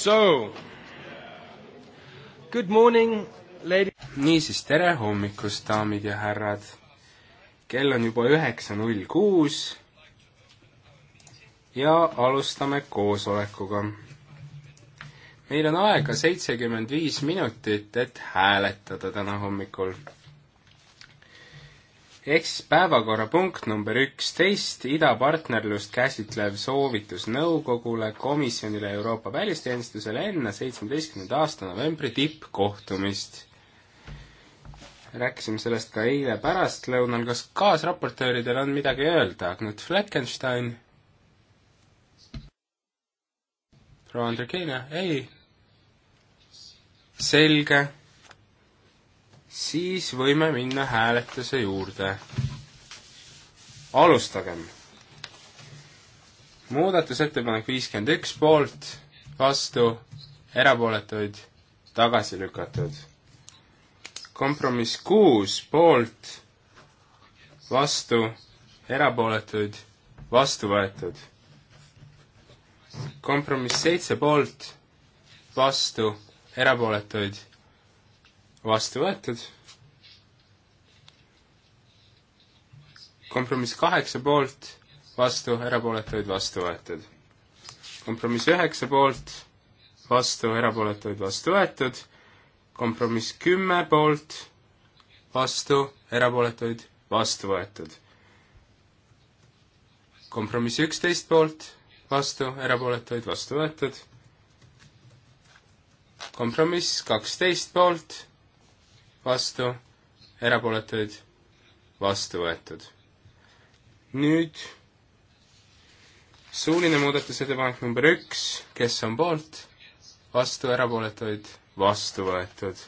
So, good morning, lady. niisiis, tere hommikust, daamid ja härrad. kell on juba üheksa null kuus ja alustame koosolekuga. meil on aega seitsekümmend viis minutit, et hääletada täna hommikul eks päevakorrapunkt number üksteist, idapartnerlust käsitlev soovitus nõukogule, komisjonile, Euroopa välisteenistusele enne seitsmeteistkümnenda aasta novembri tippkohtumist. rääkisime sellest ka eile pärastlõunal, kas kaasraportööridel on midagi öelda, Knut Fleckenstein? proua Andrekeina, ei. selge siis võime minna hääletuse juurde. alustagem. muudatusettepanek viiskümmend üks poolt, vastu, erapooletuid, tagasi lükatud. kompromiss kuus poolt, vastu, erapooletuid, vastu võetud. kompromiss seitse poolt, vastu, erapooletuid vastu võetud. kompromiss kaheksa poolt, vastu, erapooletuid vastu võetud. kompromiss üheksa poolt, vastu, erapooletuid vastu võetud. kompromiss kümme poolt, vastu, erapooletuid vastu võetud. kompromiss üksteist poolt, vastu, erapooletuid vastu võetud. kompromiss kaksteist poolt vastu, erapooletuid, vastu võetud. nüüd suuline muudatusettepanek number üks, kes on poolt, vastu, erapooletuid, vastu võetud.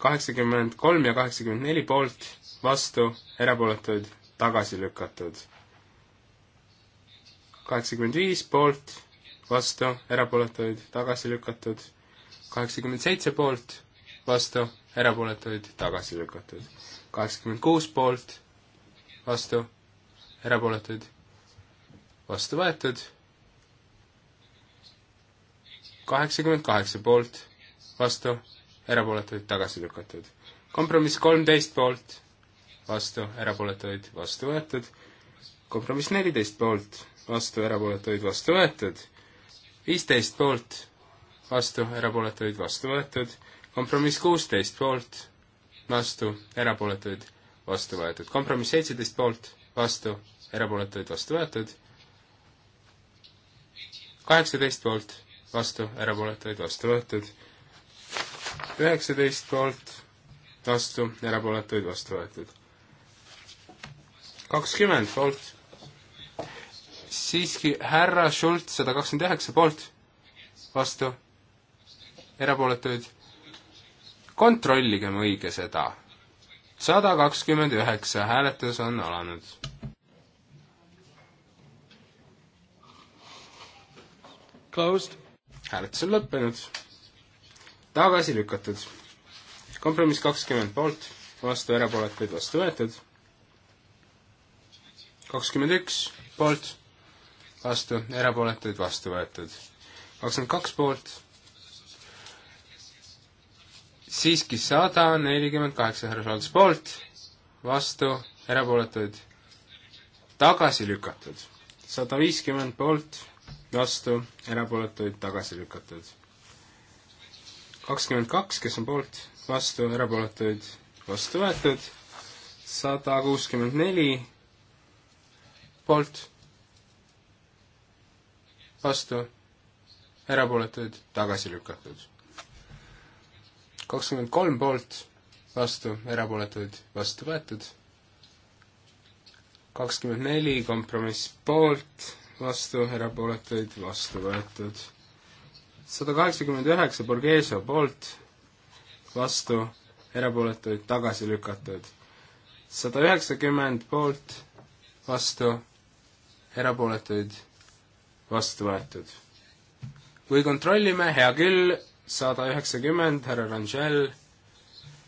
kaheksakümmend kolm ja kaheksakümmend neli poolt, vastu, erapooletuid, tagasi lükatud. kaheksakümmend viis poolt, vastu, erapooletuid, tagasi lükatud. kaheksakümmend seitse poolt, vastu, erapooletuid tagasi lükatud. kaheksakümmend kuus poolt, vastu, erapooletuid vastu võetud. kaheksakümmend kaheksa poolt, vastu, erapooletuid tagasi lükatud. kompromiss kolmteist poolt, vastu, erapooletuid vastu võetud. kompromiss neliteist poolt, vastu, erapooletuid vastu võetud. viisteist poolt, vastu, erapooletuid vastu võetud kompromiss kuusteist poolt, vastu, erapooletuid, vastu võetud. kompromiss seitseteist poolt, vastu, erapooletuid, vastu võetud. kaheksateist poolt, vastu, erapooletuid, vastu võetud. üheksateist poolt, vastu, erapooletuid, vastu võetud. kakskümmend poolt siiski härra Schultz sada kakskümmend üheksa poolt, vastu, erapooletuid, kontrolligem õige seda. sada kakskümmend üheksa, hääletus on alanud. Closed. hääletus on lõppenud. tagasi lükatud. kompromiss kakskümmend poolt, vastu erapooletuid, vastu võetud. kakskümmend üks poolt, vastu erapooletuid, vastu võetud. kakskümmend kaks poolt siiski sada nelikümmend kaheksa härra Šolts poolt, vastu, erapooletuid tagasi lükatud. sada viiskümmend poolt, vastu, erapooletuid tagasi lükatud. kakskümmend kaks, kes on poolt, vastu, erapooletuid vastu võetud, sada kuuskümmend neli poolt, vastu, erapooletuid tagasi lükatud kakskümmend kolm poolt, vastu, erapooletuid, vastu võetud. kakskümmend neli kompromiss poolt, vastu, erapooletuid, vastu võetud. sada kaheksakümmend üheksa Borghese poolt, vastu, erapooletuid, tagasi lükatud sada üheksakümmend poolt, vastu, erapooletuid, vastu võetud. kui kontrollime, hea küll, sada üheksakümmend, härra Rangel,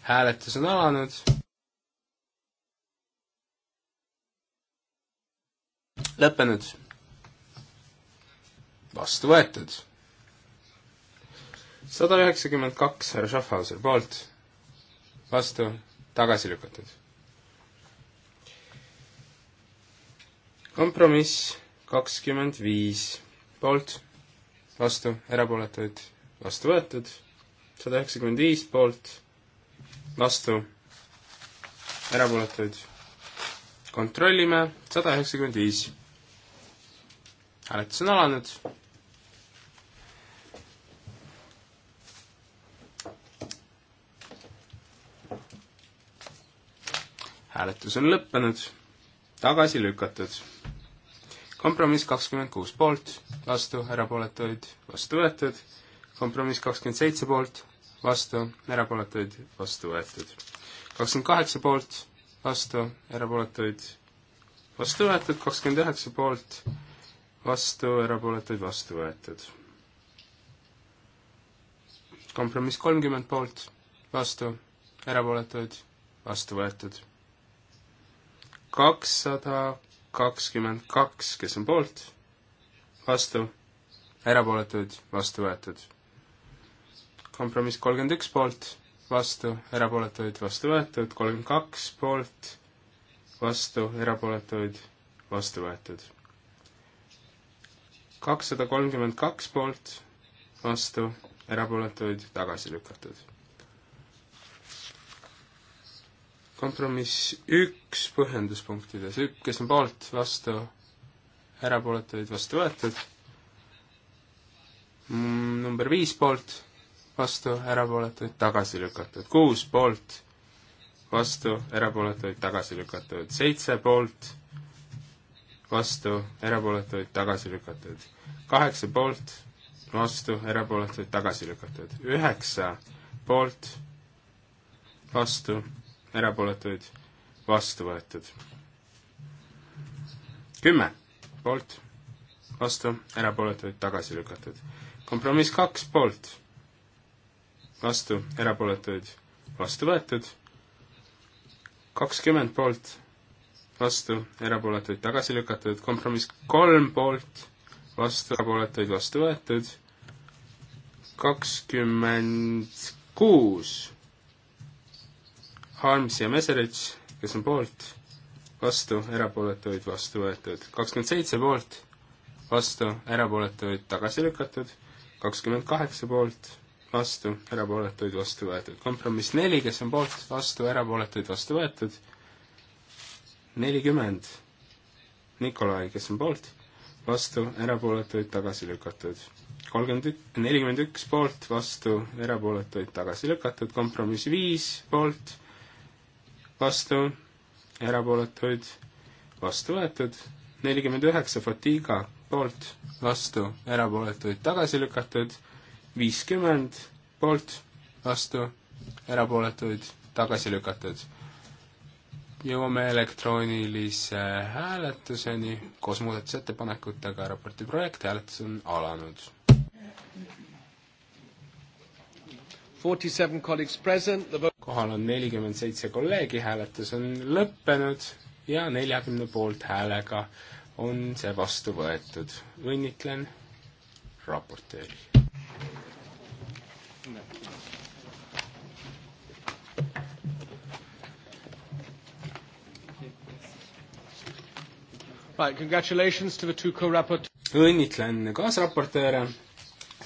hääletus on alanud. lõppenud. vastu võetud. sada üheksakümmend kaks härra Schaffhauser poolt, vastu, tagasi lükatud. kompromiss kakskümmend viis poolt, vastu, erapooletuid vastu võetud, sada üheksakümmend viis poolt, vastu, erapooletuid kontrollime, sada üheksakümmend viis. hääletus on alanud. hääletus on lõppenud, tagasi lükatud kompromiss kakskümmend kuus poolt, vastu, erapooletuid, vastu võetud, kompromiss kakskümmend seitse poolt, vastu, erapooletuid, vastu võetud. kakskümmend kaheksa poolt, vastu, erapooletuid, vastu võetud, kakskümmend üheksa poolt, vastu, erapooletuid, vastu võetud. kompromiss kolmkümmend poolt, vastu, erapooletuid, vastu võetud. kakssada kakskümmend kaks, kes on poolt, vastu, erapooletuid, vastu võetud kompromiss kolmkümmend üks poolt, vastu, erapooletuid vastu võetud, kolmkümmend kaks poolt, vastu, erapooletuid vastu võetud. kakssada kolmkümmend kaks poolt, vastu, erapooletuid tagasi lükatud. kompromiss üks põhjenduspunktides, kes on poolt, vastu, erapooletuid vastu võetud, mm, number viis poolt vastu, erapooletuid tagasi lükatud. kuus poolt, vastu, erapooletuid tagasi lükatud. seitse poolt, vastu, erapooletuid tagasi lükatud. kaheksa poolt, vastu, erapooletuid tagasi lükatud. üheksa poolt, vastu, erapooletuid vastu võetud. kümme poolt, vastu, erapooletuid tagasi lükatud. kompromiss kaks poolt vastu, erapooletuid vastu võetud, kakskümmend poolt, vastu, erapooletuid tagasi lükatud, kompromiss kolm poolt, vastu, erapooletuid vastu võetud, kakskümmend kuus Harms ja Meserits, kes on poolt, vastu, erapooletuid vastu võetud. kakskümmend seitse poolt, vastu, erapooletuid tagasi lükatud, kakskümmend kaheksa poolt, vastu, erapooletuid vastu võetud. kompromiss neli, kes on poolt, vastu, erapooletuid vastu võetud. nelikümmend. Nikolai, kes on poolt, vastu, erapooletuid tagasi lükatud. kolmkümmend ük-, nelikümmend üks poolt, vastu, erapooletuid tagasi lükatud. kompromiss viis poolt, vastu, erapooletuid vastu võetud. nelikümmend üheksa Fatiga poolt, vastu, erapooletuid tagasi lükatud viiskümmend poolt, vastu, erapooletuid, tagasi lükatud. jõuame elektroonilise hääletuseni koos muudatusettepanekutega, raporti projekt, hääletus on alanud. kohal on nelikümmend seitse kolleegi, hääletus on lõppenud ja neljakümne poolthäälega on see vastu võetud. õnnitlen raportööri. Right, congratulations to the two co-raport-. õnnitlen kaasraportööre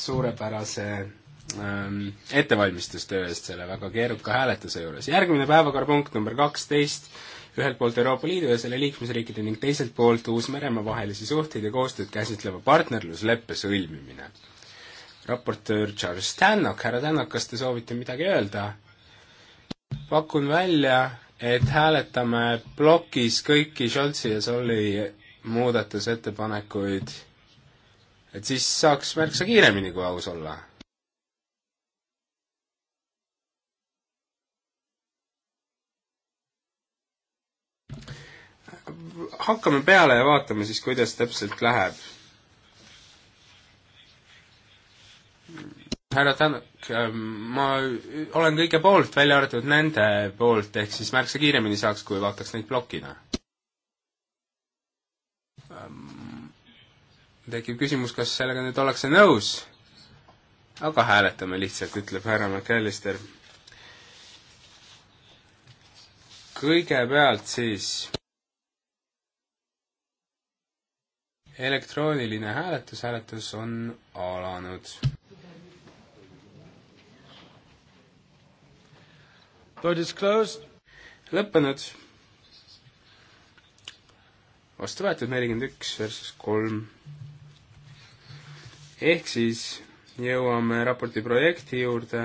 suurepärase ähm, ettevalmistustöö eest selle väga keeruka hääletuse juures. järgmine päevakorrapunkt number kaksteist, ühelt poolt Euroopa Liidu ja selle liikmesriikide ning teiselt poolt Uus-Meremaa vahelisi suhteid ja koostööd käsitleva partnerlusleppe sõlmimine raportöör Charles Tannock, härra Tannock, kas te soovite midagi öelda? pakun välja, et hääletame plokis kõiki Scholzi ja Solli muudatusettepanekuid, et siis saaks märksa kiiremini, kui aus olla hakkame peale ja vaatame siis, kuidas täpselt läheb. härra Tänak, ähm, ma olen kõige poolt, välja arvatud nende poolt, ehk siis märksa kiiremini saaks, kui vaataks neid plokina. Ähm, tekib küsimus, kas sellega nüüd ollakse nõus, aga hääletame lihtsalt, ütleb härra McAllister. kõigepealt siis elektrooniline hääletus, hääletus on alanud. Vote is closed. lõppenud. vastu võetud nelikümmend üks versus kolm. ehk siis jõuame raporti projekti juurde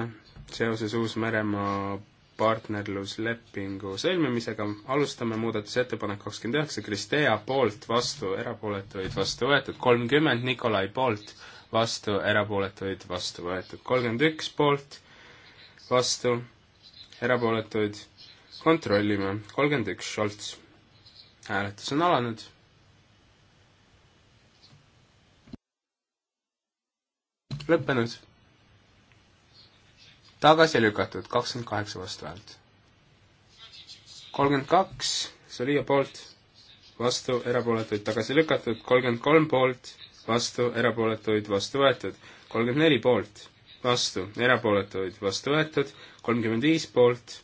seoses Uus-Meremaa partnerluslepingu sõlmimisega. alustame muudatusettepanek kakskümmend üheksa, Kristea poolt, vastu, erapooletuid, vastu võetud, kolmkümmend, Nikolai poolt, vastu, erapooletuid, vastu võetud, kolmkümmend üks poolt, vastu, erapooletuid kontrollime, kolmkümmend üks, Šolts. hääletus on alanud. lõppenud. tagasi lükatud, kakskümmend kaheksa vastuhäält. kolmkümmend kaks, Solija poolt, vastu, erapooletuid tagasi lükatud, kolmkümmend kolm poolt, vastu, erapooletuid vastu võetud, kolmkümmend neli poolt vastu, erapooletuid vastu võetud, kolmkümmend viis poolt,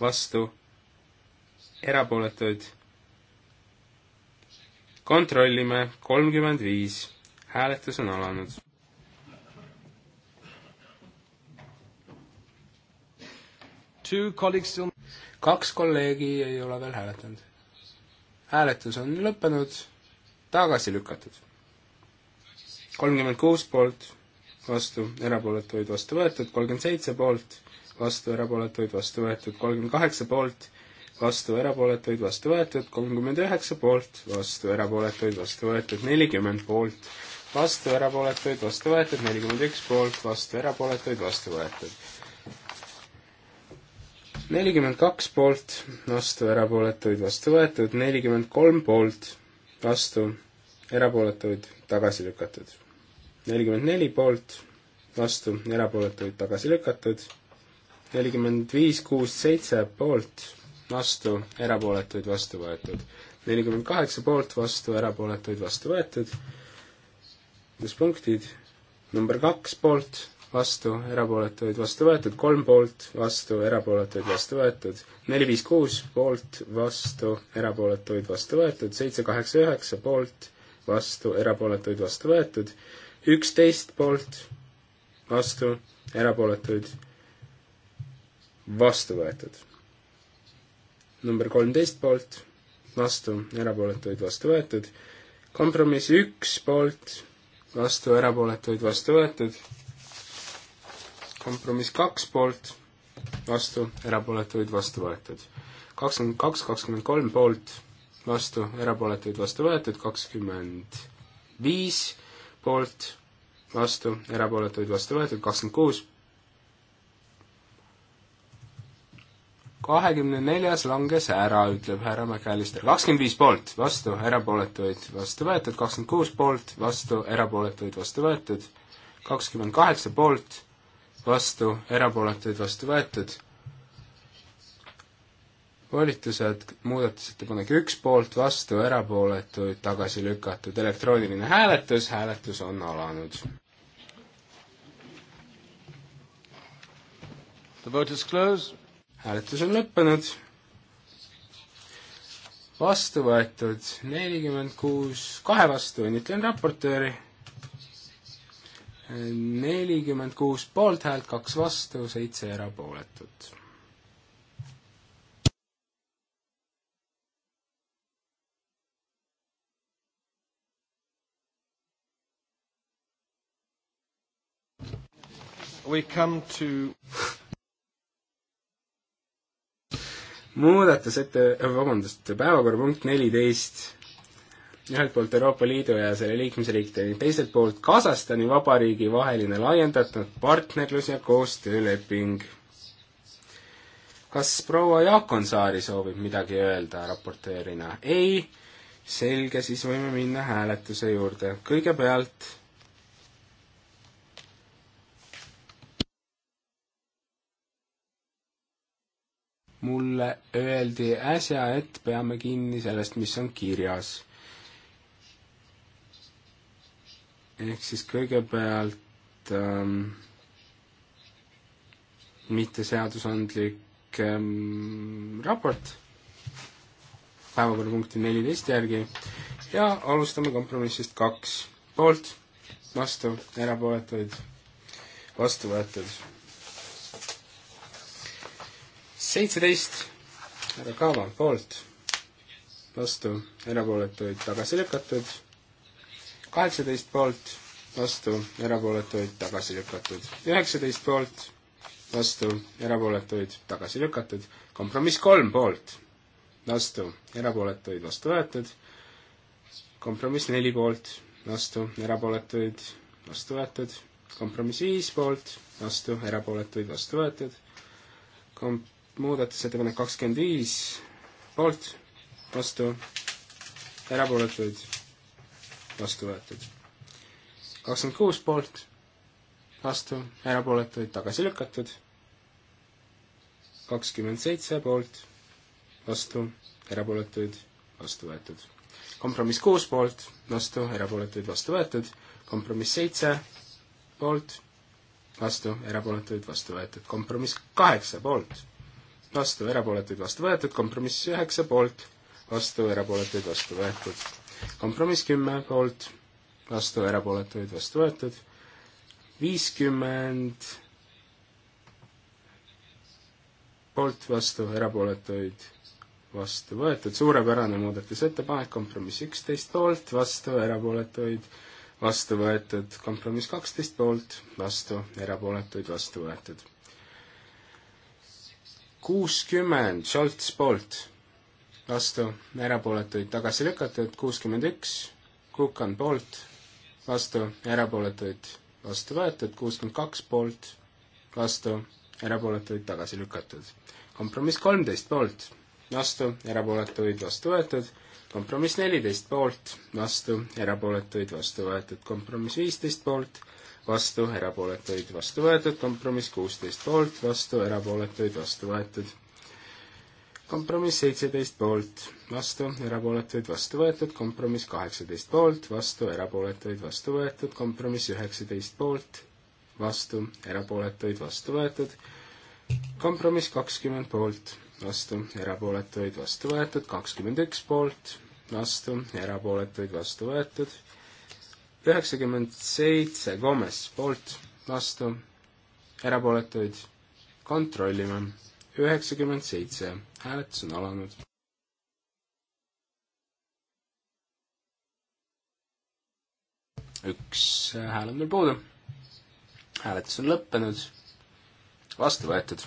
vastu, erapooletuid. kontrollime, kolmkümmend viis, hääletus on alanud. kaks kolleegi ei ole veel hääletanud. hääletus on lõppenud, tagasi lükatud. kolmkümmend kuus poolt vastu, erapooletuid vastu võetud, kolmkümmend seitse poolt, vastu, erapooletuid vastu võetud, kolmkümmend kaheksa poolt, vastu, erapooletuid vastu võetud, kolmkümmend üheksa poolt, vastu, erapooletuid vastu võetud, nelikümmend poolt, vastu, erapooletuid vastu võetud, nelikümmend üks poolt, vastu, erapooletuid vastu võetud nelikümmend kaks poolt, vastu, erapooletuid vastu võetud, nelikümmend kolm poolt, vastu, erapooletuid tagasi lükatud nelikümmend neli poolt, vastu, erapooletuid tagasi lükatud, nelikümmend viis, kuus, seitse poolt, vastu, erapooletuid vastu võetud. nelikümmend kaheksa poolt, vastu, erapooletuid vastu võetud, kus punktid, number kaks poolt, vastu, erapooletuid vastu võetud, kolm poolt, vastu, erapooletuid vastu võetud, neli, viis, kuus poolt, vastu, erapooletuid vastu võetud, seitse, kaheksa, üheksa poolt, vastu, erapooletuid vastu võetud, üksteist poolt, vastu, erapooletuid, vastu võetud. number kolmteist poolt, vastu, erapooletuid, vastu võetud. kompromiss üks poolt, vastu, erapooletuid, vastu võetud. kompromiss kaks poolt, vastu, erapooletuid, vastu võetud. kakskümmend kaks, kakskümmend kolm poolt, vastu, erapooletuid, vastu võetud, kakskümmend viis poolt, vastu, erapooletuid vastu võetud, kakskümmend kuus. kahekümne neljas langes ära, ütleb härra McAllister. kakskümmend viis poolt, vastu, erapooletuid vastu võetud, kakskümmend kuus poolt, vastu, erapooletuid vastu võetud, kakskümmend kaheksa poolt, vastu, erapooletuid vastu võetud volitused, muudatusettepanek üks poolt, vastu, erapooletuid, tagasi lükatud. elektrooniline hääletus, hääletus on alanud. The vote is closed. hääletus on lõppenud. vastu võetud nelikümmend kuus, kahe vastu, õnnitlen raportööri. nelikümmend kuus poolthäält, kaks vastu, seitse erapooletut we come to muudatusette, äh, vabandust, päevakorrapunkt neliteist. ühelt poolt Euroopa Liidu ja selle liikmesriikide ning teiselt poolt Kasahstani Vabariigi vaheline laiendatud partnerlus ja koostööleping. kas proua Jaakonsaari soovib midagi öelda raportöörina? ei? selge, siis võime minna hääletuse juurde. kõigepealt mulle öeldi äsja, et peame kinni sellest, mis on kirjas. ehk siis kõigepealt ähm, mitteseadusandlik ähm, raport päevakorrapunkti neliteist järgi ja alustame kompromissist kaks poolt, vastu, erapooletuid, vastu võetud seitseteist, härra Kaava poolt, vastu, erapooletuid tagasi lükatud, kaheksateist poolt, vastu, erapooletuid tagasi lükatud, üheksateist poolt, vastu, erapooletuid tagasi lükatud, kompromiss kolm poolt, vastu, erapooletuid vastu võetud, kompromiss neli poolt, vastu, erapooletuid vastu võetud, kompromiss viis poolt, vastu, erapooletuid vastu võetud, komp-, muudatusettepanek kakskümmend viis, poolt, vastu, erapooletuid, vastu võetud. kakskümmend kuus poolt, vastu, erapooletuid, tagasi lükatud. kakskümmend seitse poolt, vastu, erapooletuid, vastu võetud. kompromiss kuus poolt, vastu, erapooletuid, vastu võetud. kompromiss seitse poolt, vastu, erapooletuid, vastu võetud. kompromiss kaheksa poolt vastu, erapooletuid vastu võetud, kompromiss üheksa poolt, vastu, erapooletuid vastu võetud. kompromiss kümme poolt, vastu, erapooletuid vastu võetud, viiskümmend poolt, vastu, erapooletuid vastu võetud, suurepärane muudatusettepanek, kompromiss üksteist poolt, vastu, erapooletuid vastu võetud, kompromiss kaksteist poolt, vastu, erapooletuid vastu võetud kuuskümmend Scholz poolt, vastu, erapooletuid tagasi lükatud, kuuskümmend üks, Kukan poolt, vastu, erapooletuid vastu võetud, kuuskümmend kaks poolt, vastu, erapooletuid tagasi lükatud. kompromiss kolmteist poolt, vastu, erapooletuid vastu võetud, kompromiss neliteist poolt, vastu, erapooletuid vastu võetud, kompromiss viisteist poolt, vastu, erapooletuid vastu võetud, kompromiss kuusteist poolt, vastu, erapooletuid vastu võetud. kompromiss seitseteist poolt, vastu, erapooletuid vastu võetud, kompromiss kaheksateist poolt, vastu, erapooletuid vastu võetud, kompromiss üheksateist poolt, vastu, erapooletuid vastu võetud, kompromiss kakskümmend poolt, vastu, erapooletuid vastu võetud, kakskümmend üks poolt, vastu, erapooletuid vastu võetud üheksakümmend seitse Gomes poolt, vastu, erapooletuid kontrollime. üheksakümmend seitse, hääletus on alanud. üks hääl on veel puudu. hääletus on lõppenud, vastu võetud.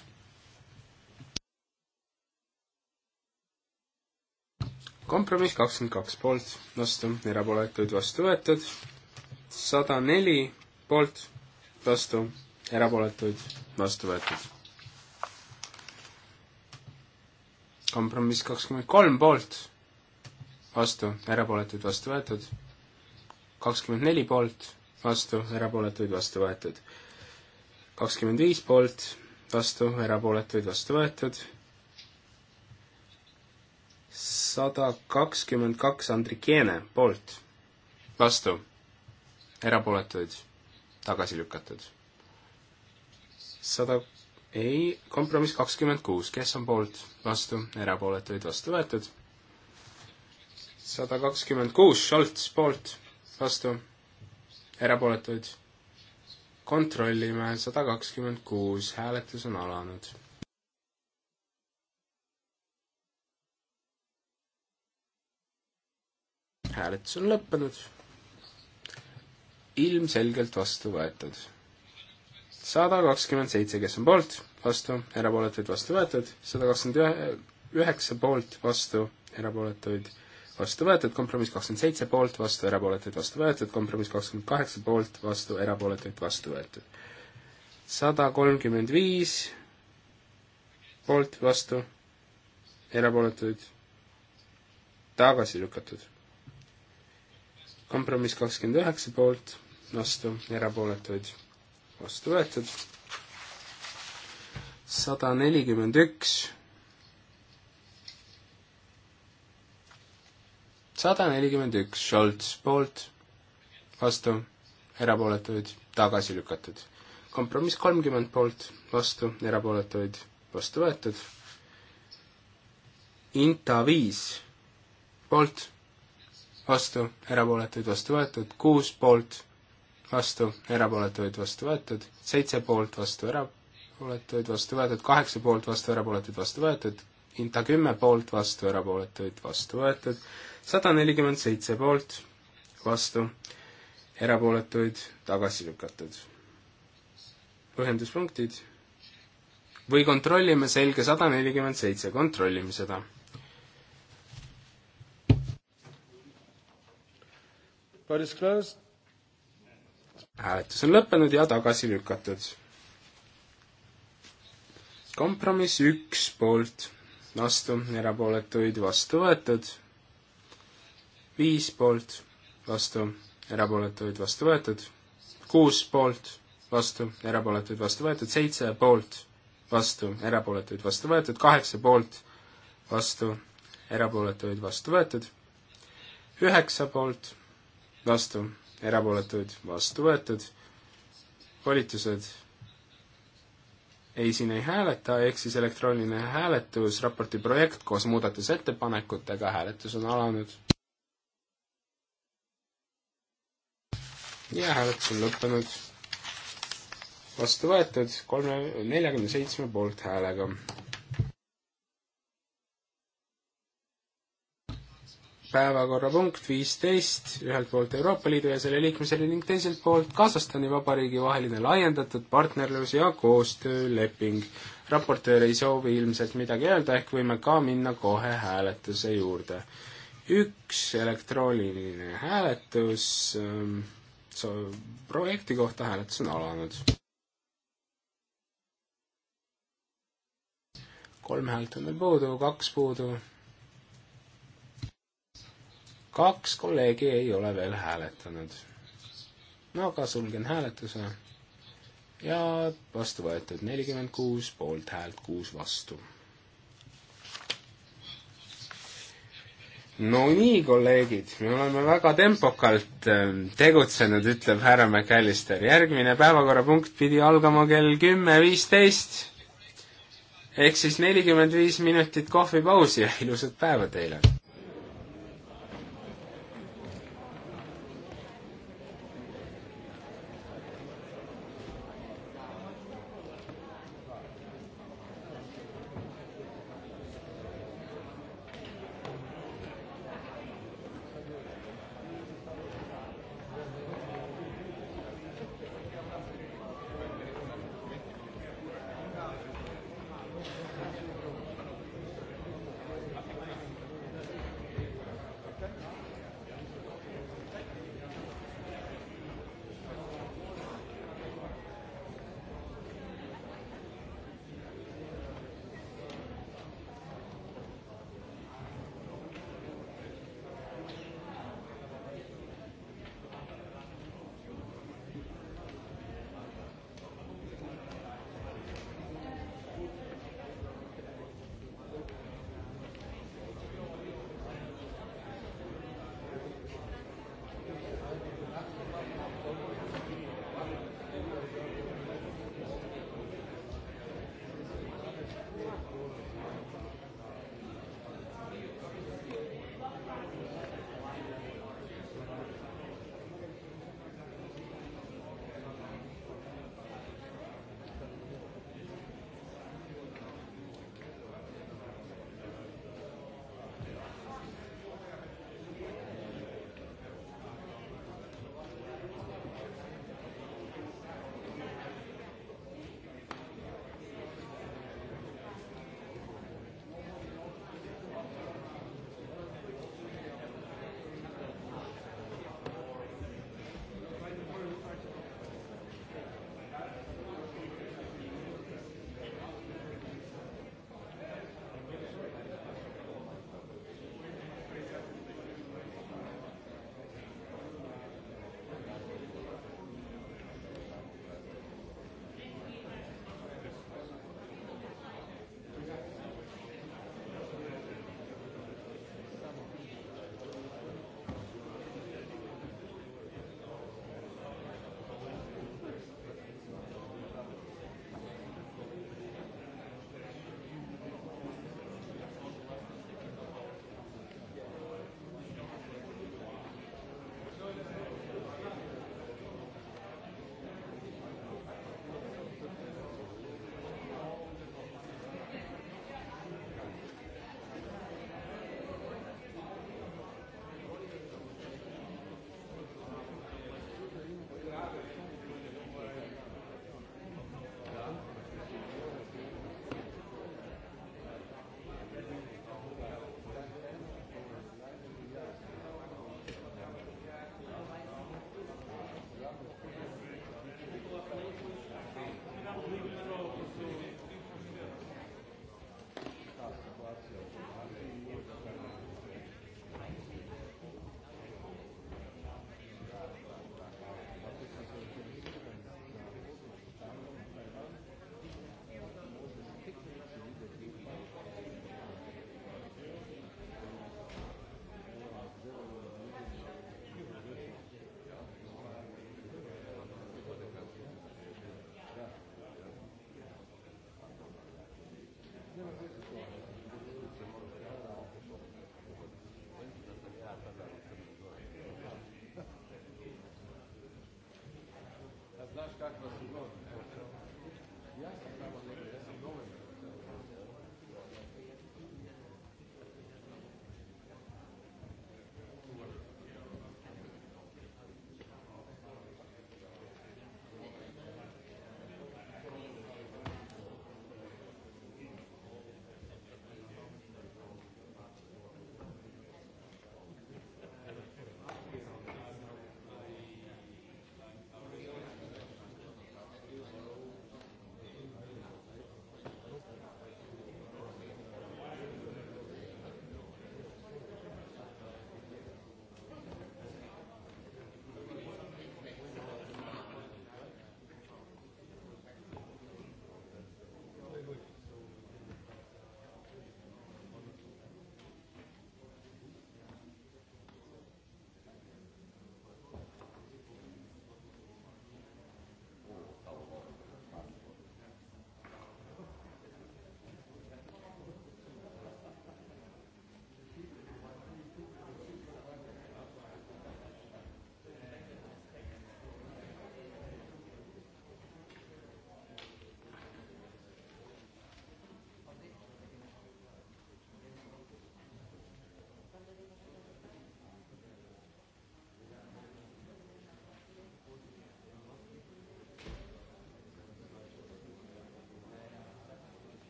kompromiss kakskümmend kaks poolt, vastu, erapooletuid vastu võetud sada neli poolt, vastu, erapooletuid, vastu võetud. kompromiss kakskümmend kolm poolt, vastu, erapooletuid, vastu võetud. kakskümmend neli poolt, vastu, erapooletuid, vastu võetud. kakskümmend viis poolt, vastu, erapooletuid, vastu võetud sada kakskümmend kaks Andrikeene poolt. vastu, erapooletuid, tagasi lükatud. sada, ei, kompromiss kakskümmend kuus, kes on poolt, vastu, erapooletuid, vastu võetud. sada kakskümmend kuus, Scholz poolt, vastu, erapooletuid. kontrollime, sada kakskümmend kuus, hääletus on alanud hääletus on lõppenud ilmselgelt vastu võetud. sada kakskümmend seitse, kes on poolt, vastu, erapooletuid vastu võetud, sada kakskümmend üheksa poolt, vastu, erapooletuid vastu võetud, kompromiss kakskümmend seitse poolt, vastu, erapooletuid vastu võetud, kompromiss kakskümmend kaheksa poolt, vastu, erapooletuid vastu võetud. sada kolmkümmend viis poolt, vastu, erapooletuid tagasi lükatud kompromiss kakskümmend üheksa poolt, vastu, erapooletuid vastu võetud. sada nelikümmend üks. sada nelikümmend üks Scholz poolt, vastu, erapooletuid tagasi lükatud. kompromiss kolmkümmend poolt, vastu, erapooletuid vastu võetud. Inta viis poolt, vastu, erapooletuid vastu võetud, kuus poolt vastu, erapooletuid vastu võetud, seitse poolt vastu erapooletuid vastu võetud, kaheksa poolt vastu erapooletuid vastu võetud, Inta kümme poolt vastu erapooletuid vastu võetud, sada nelikümmend seitse poolt vastu erapooletuid tagasi lükatud. põhjenduspunktid või kontrollime selge sada nelikümmend seitse, kontrollime seda Vote is closed hääletus on lõppenud ja tagasi lükatud. kompromiss üks poolt, vastu, erapooletuid vastu võetud, viis poolt, vastu, erapooletuid vastu võetud, kuus poolt, vastu, erapooletuid vastu võetud, seitse poolt, vastu, erapooletuid vastu võetud, kaheksa poolt, vastu, erapooletuid vastu võetud, üheksa poolt, vastu, erapooletuid vastu võetud, volitused ei, siin ei hääleta, ehk siis elektrooniline hääletus, raporti projekt koos muudatusettepanekutega, hääletus on alanud. ja hääletus on lõppenud. vastu võetud kolme, neljakümne seitsme poolthäälega. päevakorrapunkt viisteist, ühelt poolt Euroopa Liidu ja selle liikmesriigi ning teiselt poolt Kasahstani Vabariigi vaheline laiendatud partnerlus- ja koostööleping. raportöör ei soovi ilmselt midagi öelda, ehk võime ka minna kohe hääletuse juurde. üks elektrooniline hääletus ähm, so, projekti kohta, hääletus on alanud. kolm häält on veel puudu, kaks puudu kaks kolleegi ei ole veel hääletanud. no aga sulgen hääletuse ja vastu võetud nelikümmend kuus poolthäält, kuus vastu. no nii, kolleegid, me oleme väga tempokalt ähm, tegutsenud, ütleb härra McAllister. järgmine päevakorrapunkt pidi algama kell kümme viisteist. ehk siis nelikümmend viis minutit kohvipausi ja ilusat päeva teile! как вас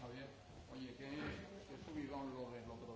Javier, oye, que, que subidón lo de lo que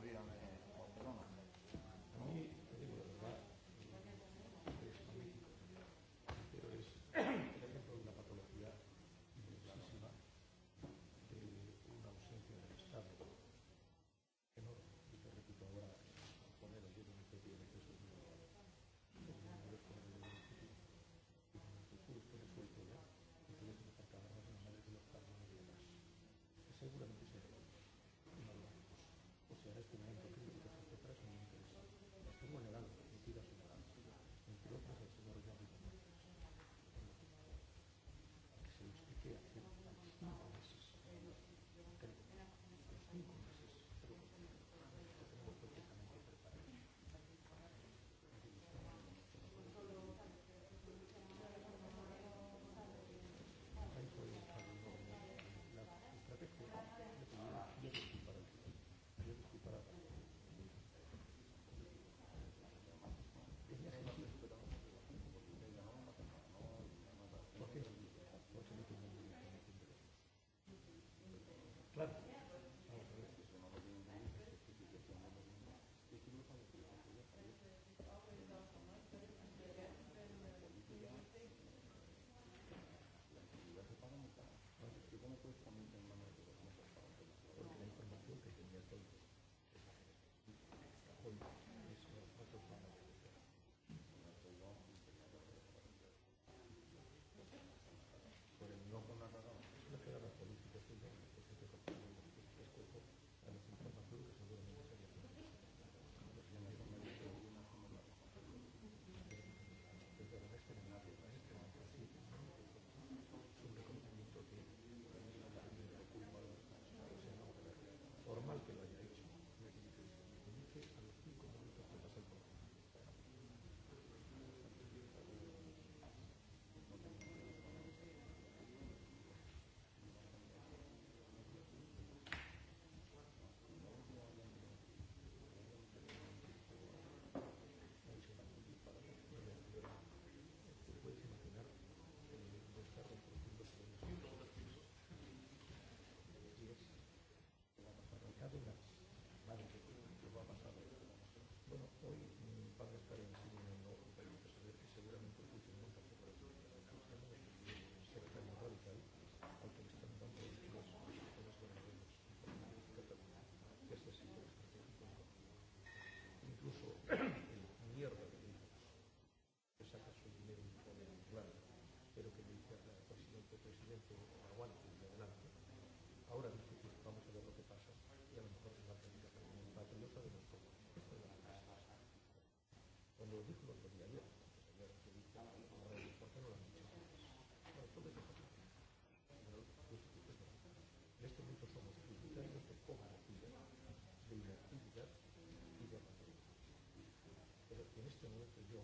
que no lo hice yo,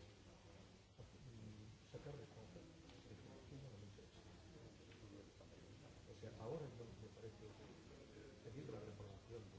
sacar de cuenta de que aquí no lo hice. O sea, ahora entonces me parece, teniendo la reformación de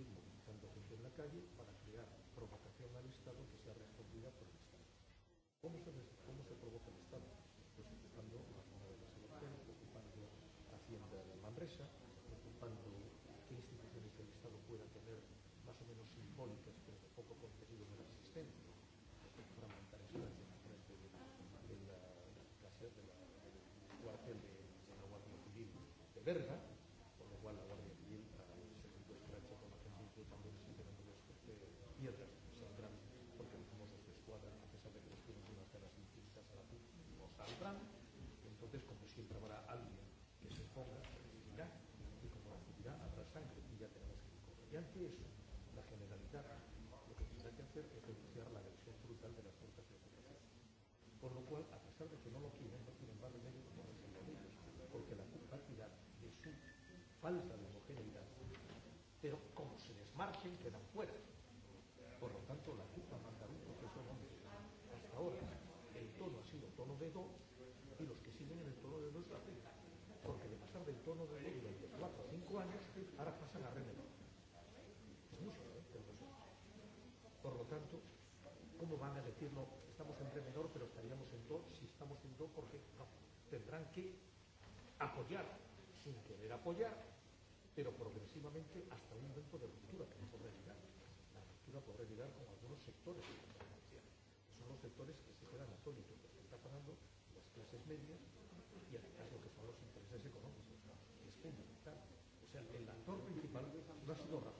terrorismo gritando gente en la calle para crear provocación al Estado que sea respondida por el Estado. ¿Cómo se, cómo se provoca el Estado? Pues ocupando la zona de las elecciones, ocupando Hacienda de Manresa, ocupando qué instituciones del Estado pueda tener más o menos simbólicas, pero de poco contenido de la existencia. Fragmentarizadas en la frente de la, de la, de la, de la, del cuartel de, de la Guardia Civil de Berga, importante es la generalidad. Lo que tendrá que hacer es renunciar a la agresión brutal de las fuerzas de ocupación. Por lo cual, a pesar de que no lo quieren, no tienen más remedio que ponerse con ellos, porque la culpabilidad de su falta de homogeneidad, pero como se desmarquen, quedan fuera. Por lo tanto, la culpa manda un proceso donde hasta ahora el tono ha sido tono de do y los que siguen en el tono de do es la culpa. Porque de pasar del tono de do durante cuatro o cinco años, ahora pasan a renunciar. decirlo, estamos en re menor, pero estaríamos en do, si estamos en do, porque no, tendrán que apoyar, sin querer apoyar, pero progresivamente hasta un momento de ruptura que no podrá llegar. La ruptura podrá llegar con algunos sectores de competencia. Son los sectores que se quedan atónitos, lo que está pagando las clases medias y además lo que son los intereses económicos. Es fundamental. O sea, el actor principal no ha sido Rafael.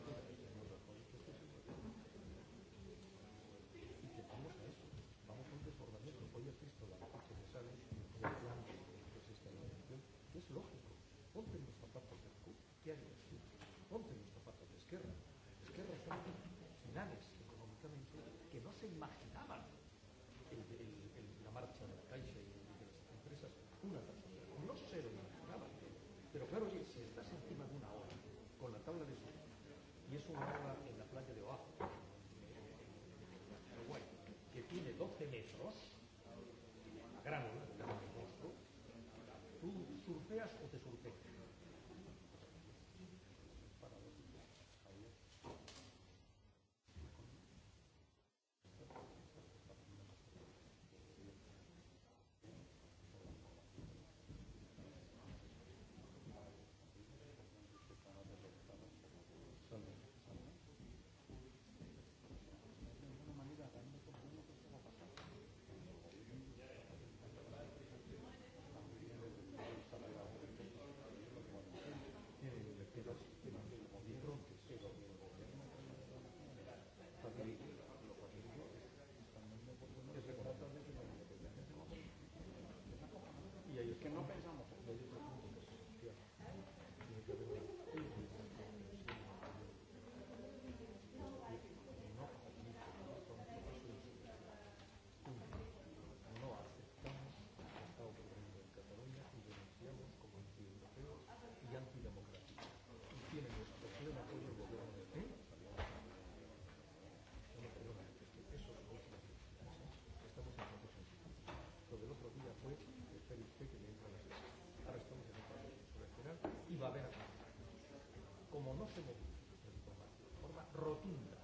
como no se movice el combate de forma rotunda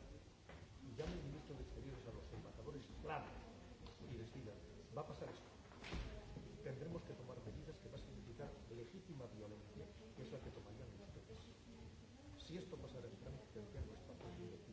y llame el ministro de Exteriores a los embajadores clave y les diga, va a pasar esto, tendremos que tomar medidas que va a significar legítima violencia, que es la que tomarían ustedes. Si esto pasara en Francia, tendrían espacio libre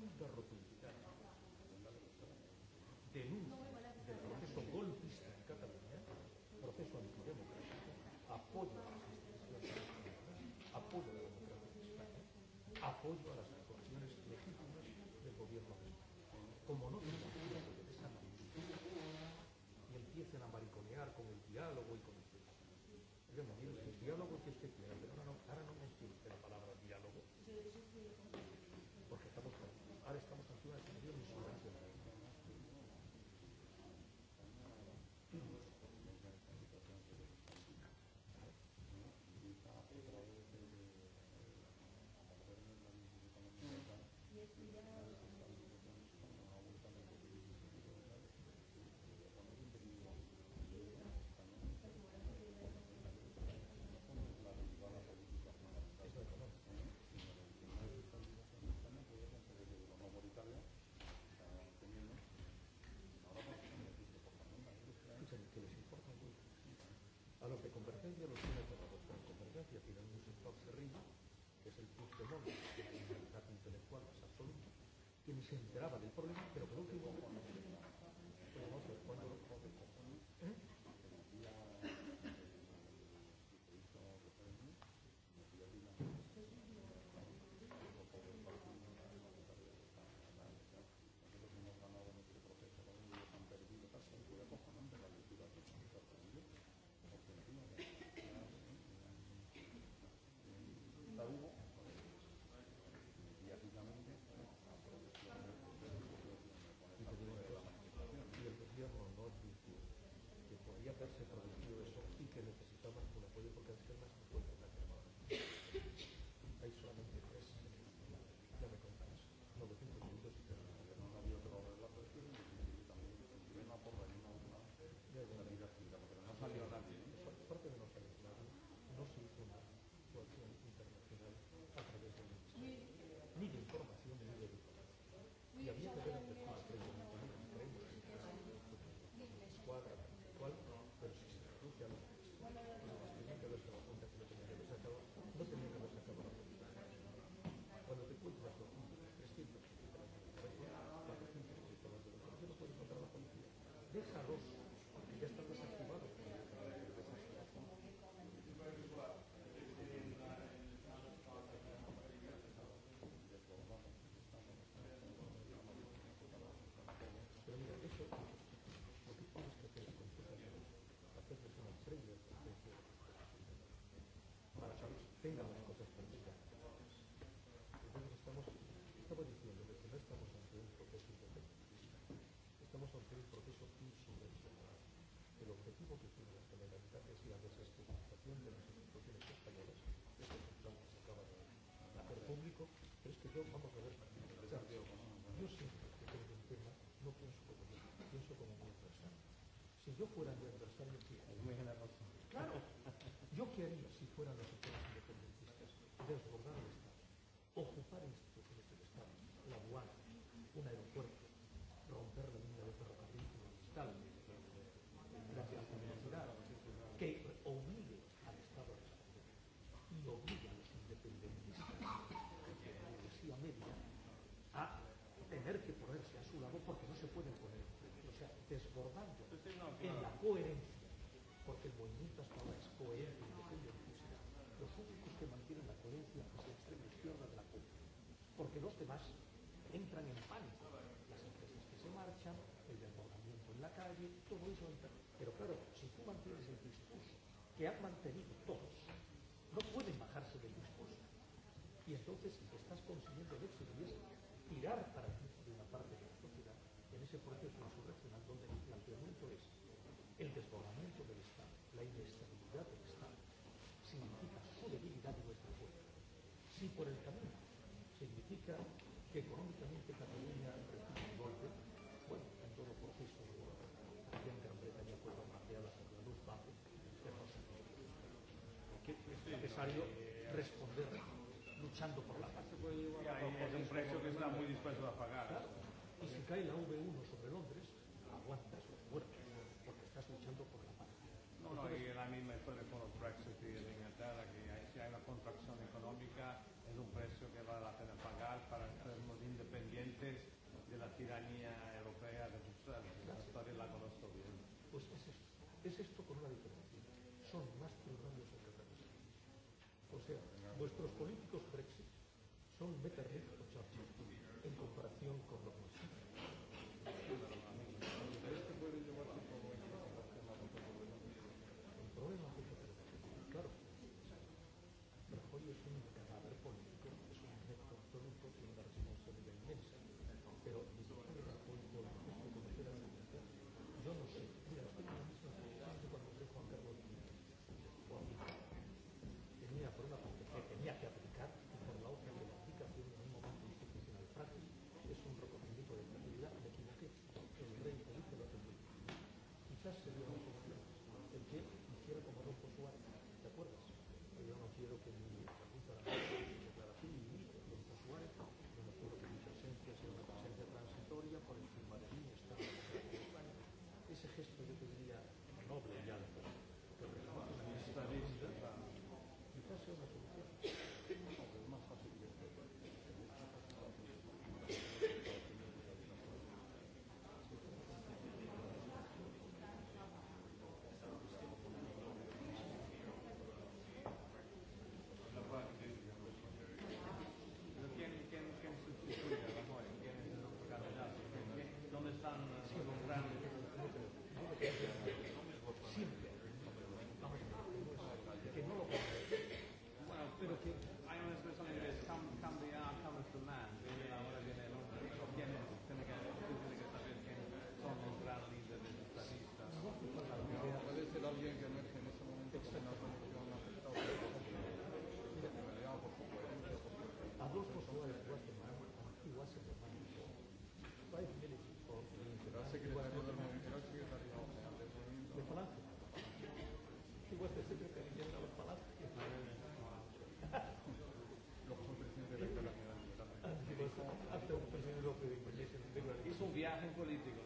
punto rotund de luz del proceso golpista en Cataluña, proceso antidemocrático, apoyo a las instituciones españolas, apoyo a la democracia en España, apoyo a la hacia tirar un sector cerrillo, que es el Puigdemont, la libertad intelectual es absoluta, quien se enteraba del problema, pero por último, cuando, cuando, cuando, cuando, ¿eh? tengan las cosas perdidas. Entonces estamos, estaba diciendo de que no estamos ante un proceso independentista, estamos ante un proceso insubvencionado. El objetivo que tiene la Generalitat es la desestabilización de las instituciones españolas, es lo que Trump acaba de hacer público, pero es que yo, vamos a ver, yo siempre que tengo un tema no pienso como yo, pienso como mi adversario. Si yo fuera mi adversario, ¿qué haría? Claro, yo qué haría si fuera mi adversario desbordando en la coherencia, porque el movimiento hasta ahora es coherente, independentista. Los únicos que mantienen la coherencia es la extrema izquierda de la CUP, porque los demás entran en muy solitario. Pero claro, si tú mantienes el discurso que has mantenido cae la V1 sobre Londres, aguantas los muertos, porque estás luchando por la paz. No, no, y la misma historia con los Brexit y en Inglaterra, que si hay una contracción económica es un precio que vale la pena pagar para sermos independientes de la tiranía europea de Bruselas. La historia la conozco bien. Pues es esto, es esto con una diferencia. Son más plurales otra cosa. O sea, vuestros políticos Brexit son meterritos viaje político.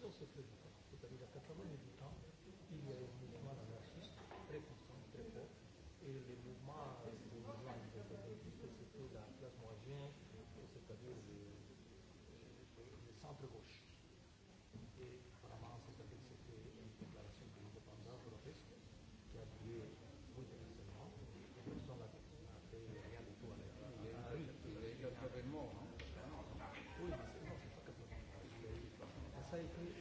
conscience que du temps. C'est-à-dire que quand même du temps, il y a un mouvement anarchiste très puissant, très fort. Et les mouvements de mouvements euh, anarchistes, c'était la classe moyenne, c'est-à-dire le, le centre-gauche. Et vraiment, c'est-à-dire que c'était une déclaration de l'indépendance grotesque qui a duré brutalement. Personne n'a fait rien du tout à l'époque. Ah il y a eu un événement, hein pas des tout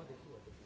à fait.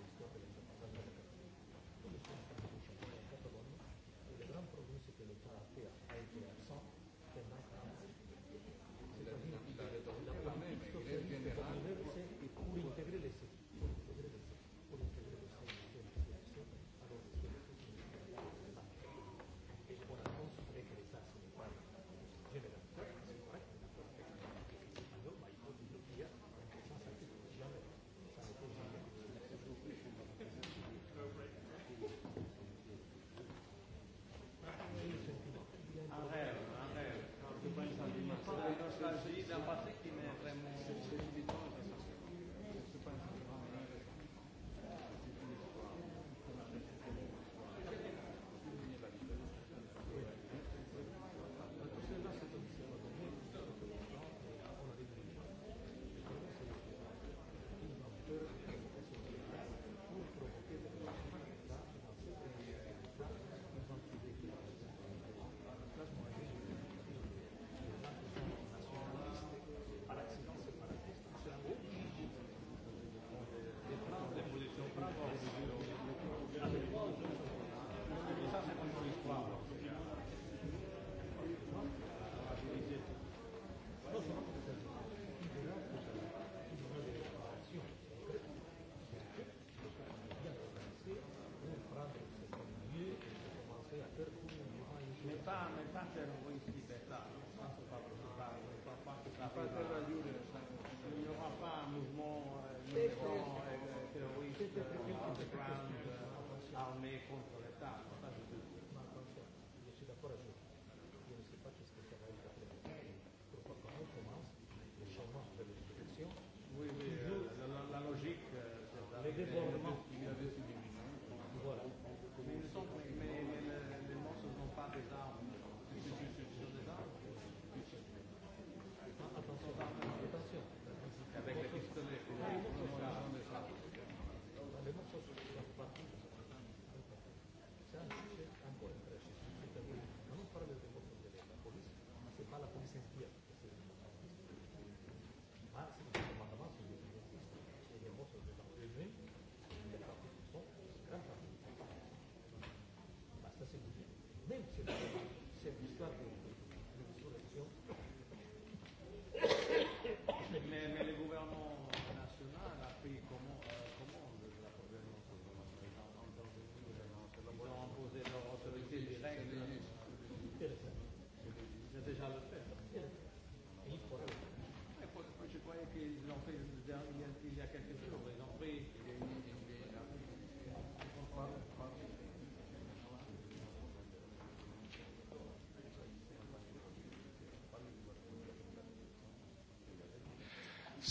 al me contro le tasse.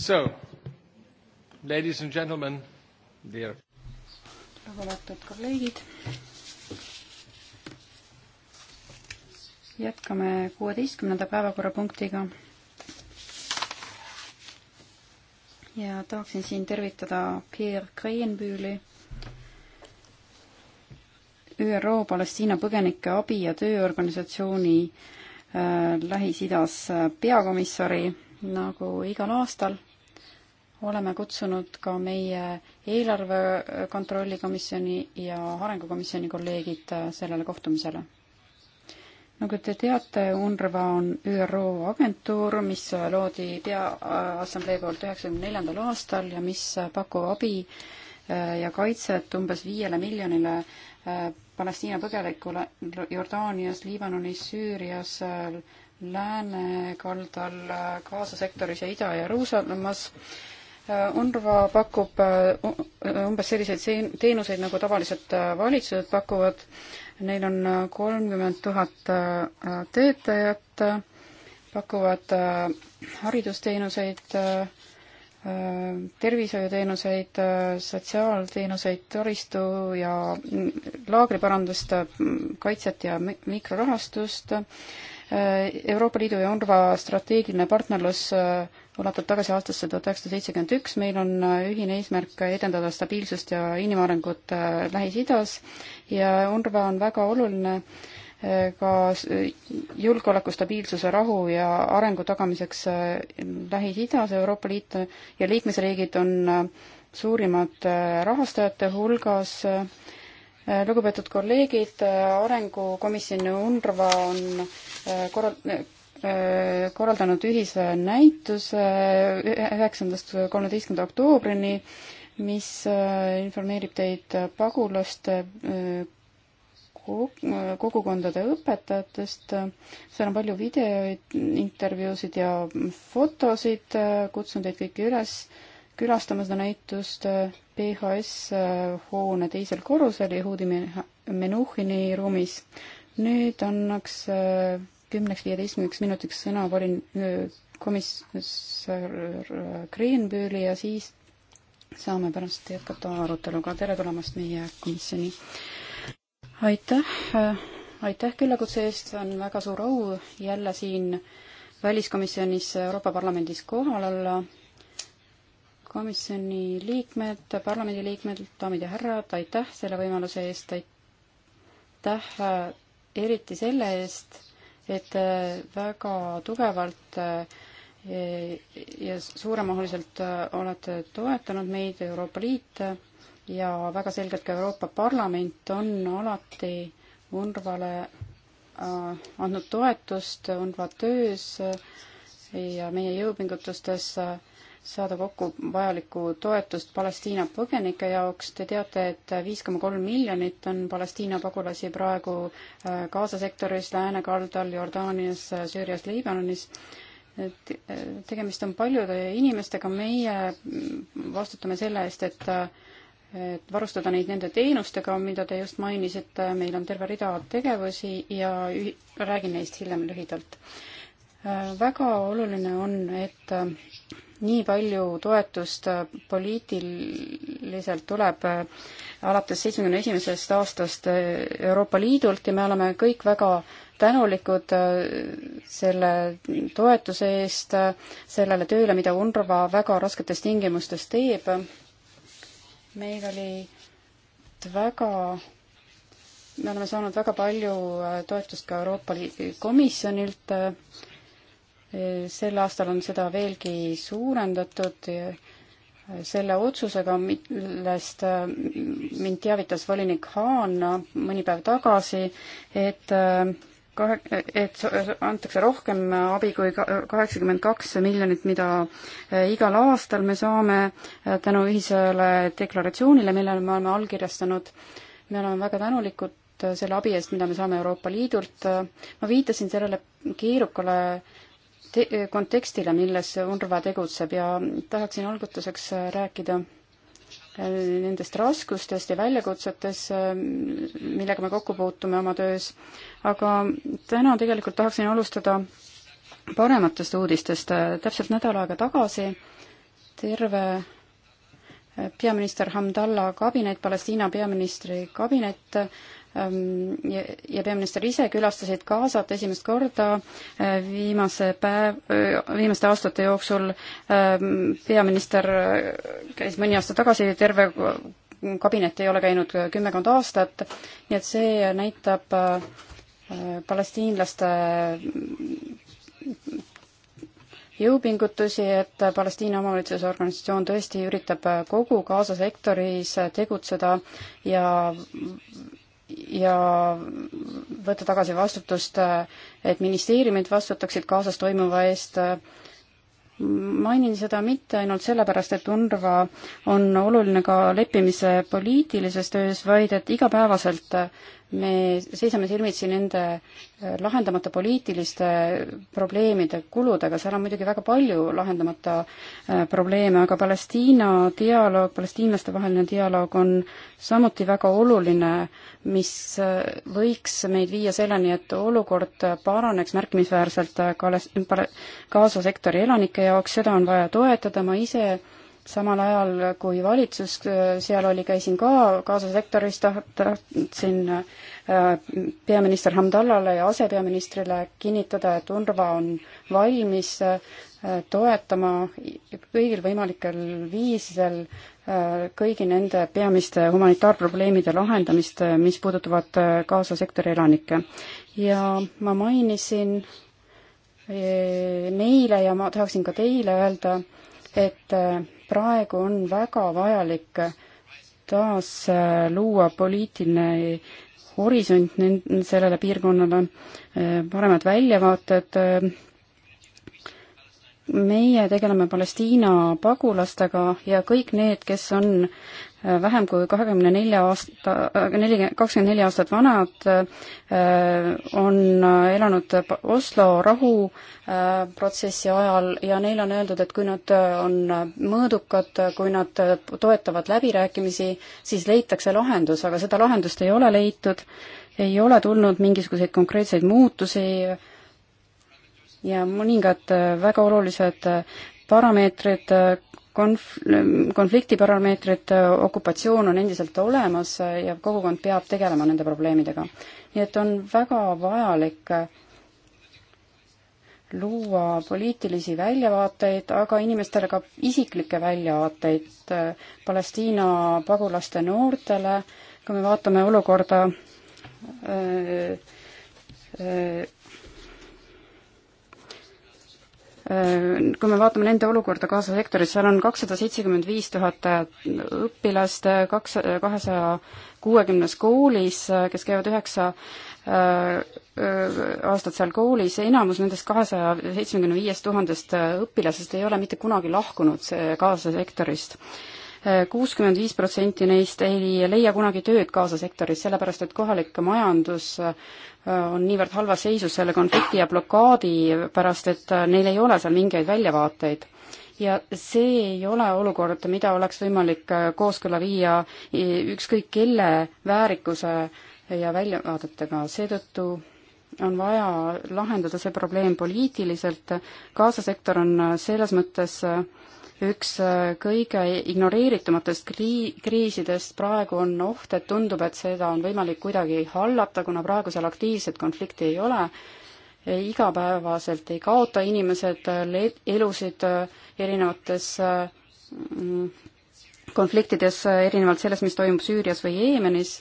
So, ladies and gentlemen, dear. lugupeetud kolleegid. jätkame kuueteistkümnenda päevakorrapunktiga. ja tahaksin siin tervitada Pierre Kreenbüüli, ÜRO Palestiina põgenike abi- ja tööorganisatsiooni äh, Lähis-Idas äh, peakomissari nagu igal aastal oleme kutsunud ka meie eelarve kontrolli komisjoni ja arengukomisjoni kolleegid äh, sellele kohtumisele. nagu te teate, UNRWA on ÜRO agentuur, mis äh, loodi Peaassamblee poolt üheksakümne neljandal aastal ja mis äh, pakub abi ja kaitset umbes viiele miljonile Palestiina põgenikule Jordaanias, Liibanonis, Süürias, läänekaldal, Gaza sektoris ja Ida-Jeruusalemmas UNRWA pakub äh, umbes selliseid teenuseid, nagu tavaliselt äh, valitsused pakuvad. Neil on äh, kolmkümmend tuhat töötajat, pakuvad haridusteenuseid, tervishoiuteenuseid, sotsiaalteenuseid, taristu ja mm, laagriparandust, kaitset ja mikrorahastust. Euroopa Liidu ja UNRWA strateegiline partnerlus ulatub tagasi aastasse tuhat üheksasada seitsekümmend üks, meil on äh, ühine eesmärk edendada stabiilsust ja inimarengut äh, Lähis-Idas ja UNRWA on väga oluline äh, ka julgeoleku, stabiilsuse, rahu ja arengu tagamiseks Lähis-Idas Euroopa Liit ja liikmesriigid on suurimad rahastajate hulgas. lugupeetud kolleegid, Arengukomisjon UNRWA on korral-, korraldanud ühise näituse üheksandast kolmeteistkümnenda oktoobrini, mis informeerib teid pagulaste kogukondade õpetajatest, seal on palju videoid, intervjuusid ja fotosid, kutsun teid kõiki üles külastama seda näitust PHS hoone teisel korrusel Yehudi Menuhini ruumis. nüüd annaks kümneks-viieteistkümneks minutiks sõna valin komissar Kreenbüüli ja siis saame pärast jätkata aruteluga. tere tulemast meie komisjoni. aitäh, aitäh küllakutse eest, on väga suur au jälle siin väliskomisjonis Euroopa Parlamendis kohal olla. komisjoni liikmed, parlamendi liikmed, daamid ja härrad, aitäh selle võimaluse eest, aitäh eriti selle eest, et te äh, väga tugevalt äh, ja suuremahuliselt äh, olete toetanud meid, Euroopa Liit ja väga selgelt ka Euroopa Parlament on alati UNRWA-le andnud toetust UNRWA töös ja meie jõupingutustes saada kokku vajalikku toetust Palestiina põgenike jaoks. Te teate, et viis koma kolm miljonit on Palestiina pagulasi praegu äh, Gaza sektoris, läänekaldal, Jordaanias, äh, Süürias, Liibanonis. et äh, tegemist on paljude inimestega, meie mm, vastutame selle eest, et et varustada neid nende teenustega, mida te just mainisite, meil on terve rida tegevusi ja ühi-, räägin neist hiljem lühidalt. väga oluline on, et nii palju toetust äh, poliitiliselt tuleb äh, alates seitsmekümne esimesest aastast äh, Euroopa Liidult ja me oleme kõik väga tänulikud selle toetuse eest, sellele tööle, mida UNRWA väga rasketes tingimustes teeb. meil olid väga me oleme saanud väga palju toetust ka Euroopa Komisjonilt äh, sel aastal on seda veelgi suurendatud selle otsusega, millest äh, mind teavitas volinik Haan mõni päev tagasi, et äh, kahe, et antakse rohkem abi kui kaheksakümmend kaks miljonit, mida äh, igal aastal me saame tänu ühisele deklaratsioonile, millele me oleme allkirjastanud. me oleme väga tänulikud selle abi eest, mida me saame Euroopa Liidult. ma viitasin sellele keerukale äh, konte-, kontekstile, milles UNRWA tegutseb ja tahaksin algutuseks rääkida äh, nendest raskustest ja väljakutsetes, äh, millega me kokku puutume oma töös, aga täna tegelikult tahaksin alustada parematest uudistest. Äh, täpselt nädal aega tagasi terve peaminister Hamdalla kabinet, Palestiina peaministri kabinet ähm, ja peaminister ise külastasid Gazat esimest korda äh, viimase päev, äh, viimaste aastate jooksul. Ähm, peaminister äh, käis mõni aasta tagasi, terve kabinet ei ole käinud kümmekond aastat, nii et see näitab palestiinlaste jõupingutusi, et Palestiina omavalitsusorganisatsioon tõesti üritab kogu Gaza sektoris tegutseda ja ja võtta tagasi vastutust, et ministeeriumid vastutaksid Gazas toimuva eest. mainin seda mitte ainult sellepärast, et UNRWA on oluline ka leppimise poliitilises töös, vaid et igapäevaselt me seisame silmitsi nende äh, lahendamata poliitiliste äh, probleemide kuludega, seal on muidugi väga palju lahendamata äh, probleeme, aga Palestiina dialoog, palestiinlaste vaheline dialoog on samuti väga oluline, mis võiks meid viia selleni, et olukord paraneks märkimisväärselt ka Gaza sektori elanike jaoks, seda on vaja toetada, ma ise samal ajal kui valitsus seal oli, käisin ka Gaza sektoris, tahtsin äh, peaminister Hamdallale ja asepeaministrile kinnitada, et UNRWA on valmis äh, toetama kõigil võimalikel viisidel äh, kõigi nende peamiste humanitaarprobleemide lahendamist, mis puudutavad Gaza sektori elanikke. ja ma mainisin neile ja ma tahaksin ka teile öelda, et praegu on väga vajalik taas äh, luua poliitiline horisont sellele piirkonnale, äh, paremad väljavaated. Äh. meie tegeleme Palestiina pagulastega ja kõik need, kes on vähem kui kahekümne nelja aasta, neli, kakskümmend neli aastat vanad, äh, on elanud Oslo rahuprotsessi äh, ajal ja neile on öeldud, et kui nad on mõõdukad, kui nad toetavad läbirääkimisi, siis leitakse lahendus, aga seda lahendust ei ole leitud, ei ole tulnud mingisuguseid konkreetseid muutusi ja mõningad väga olulised parameetrid, konf-, konfliktiparameetrid, okupatsioon on endiselt olemas ja kogukond peab tegelema nende probleemidega. nii et on väga vajalik luua poliitilisi väljavaateid, aga inimestele ka isiklikke väljavaateid Palestiina pagulaste noortele, kui me vaatame olukorda öö, äh, öö, äh, kui me vaatame nende olukorda Gaza sektoris, seal on kakssada seitsekümmend viis tuhat õpilast kaks, kahesaja kuuekümnes koolis, kes käivad üheksa äh, aastat seal koolis, enamus nendest kahesaja seitsmekümne viiest tuhandest õpilasest ei ole mitte kunagi lahkunud Gaza sektorist kuuskümmend viis protsenti neist ei leia kunagi tööd Gaza sektoris, sellepärast et kohalik majandus äh, on niivõrd halvas seisus selle konflikti ja blokaadi pärast, et äh, neil ei ole seal mingeid väljavaateid ja see ei ole olukord, mida oleks võimalik äh, kooskõlla viia e, ükskõik kelle väärikuse ja väljavaadetega, seetõttu on vaja lahendada see probleem poliitiliselt, kaasasektor on selles mõttes äh, üks äh, kõige ignoreeritumatest krii-, kriisidest, praegu on oht, et tundub, et seda on võimalik kuidagi hallata, kuna praegu seal aktiivset konflikti ei ole, igapäevaselt ei kaota inimesed äh, elusid äh, erinevates mm, konfliktides, erinevalt sellest, mis toimub Süürias või Jeemenis,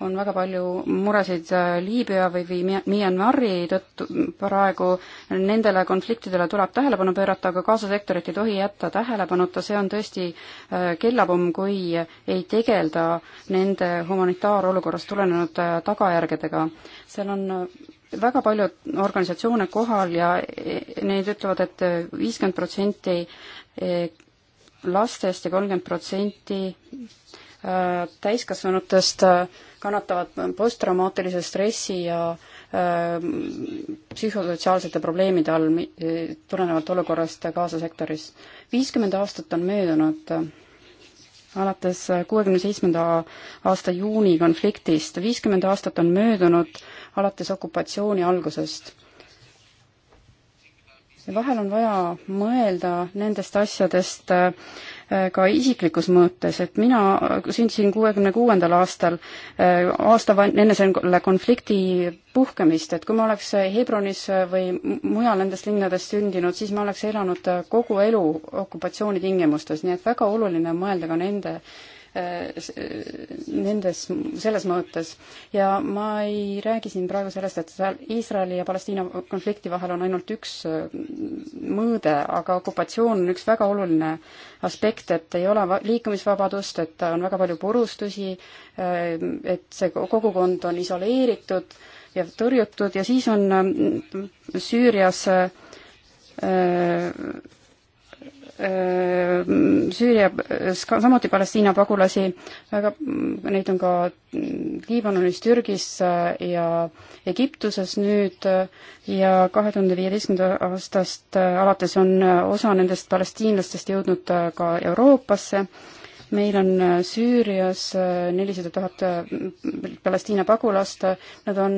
on väga palju muresid äh, Liibüa või, või Myanmari tõttu praegu, nendele konfliktidele tuleb tähelepanu pöörata, aga kaasasektorit ei tohi jätta tähelepanuta, see on tõesti äh, kellapomm, kui ei tegelda nende humanitaarolukorrast tulenenud äh, tagajärgedega. seal on väga palju organisatsioone kohal ja e, need ütlevad et, et viiskümmend protsenti e, lastest ja kolmkümmend protsenti täiskasvanutest äh, kannatavad posttraumaatilise stressi ja ähm, psühhosotsiaalsete probleemide all tulenevalt olukorrast Gaza sektoris. viiskümmend aastat on möödunud äh, alates kuuekümne seitsmenda aasta juuni konfliktist, viiskümmend aastat on möödunud alates okupatsiooni algusest. ja vahel on vaja mõelda nendest asjadest äh, Äh, ka isiklikus mõõtes, et mina sündisin kuuekümne kuuendal aastal, äh, aasta enne selle konflikti puhkemist, et kui ma oleks Hebronis või mujal nendes linnades sündinud, siis ma oleks elanud kogu elu okupatsiooni tingimustes, nii et väga oluline on mõelda ka nende Äh, äh, nendes, selles mõõtes. ja ma ei räägi siin praegu sellest, et seal Iisraeli ja Palestiina konflikti vahel on ainult üks äh, mõõde, aga okupatsioon on üks väga oluline aspekt, et ei ole liikumisvabadust, et on väga palju purustusi, et see kogukond on isoleeritud ja tõrjutud ja siis on Süürias Süüria, samuti Palestiina pagulasi, väga, neid on ka Liibanonis, Türgis äh, ja Egiptuses nüüd äh, ja kahe tuhande viieteistkümnenda aastast äh, alates on osa nendest palestiinlastest jõudnud ka Euroopasse meil on äh, Süürias äh, nelisada tuhat äh, Palestiina pagulast, nad on,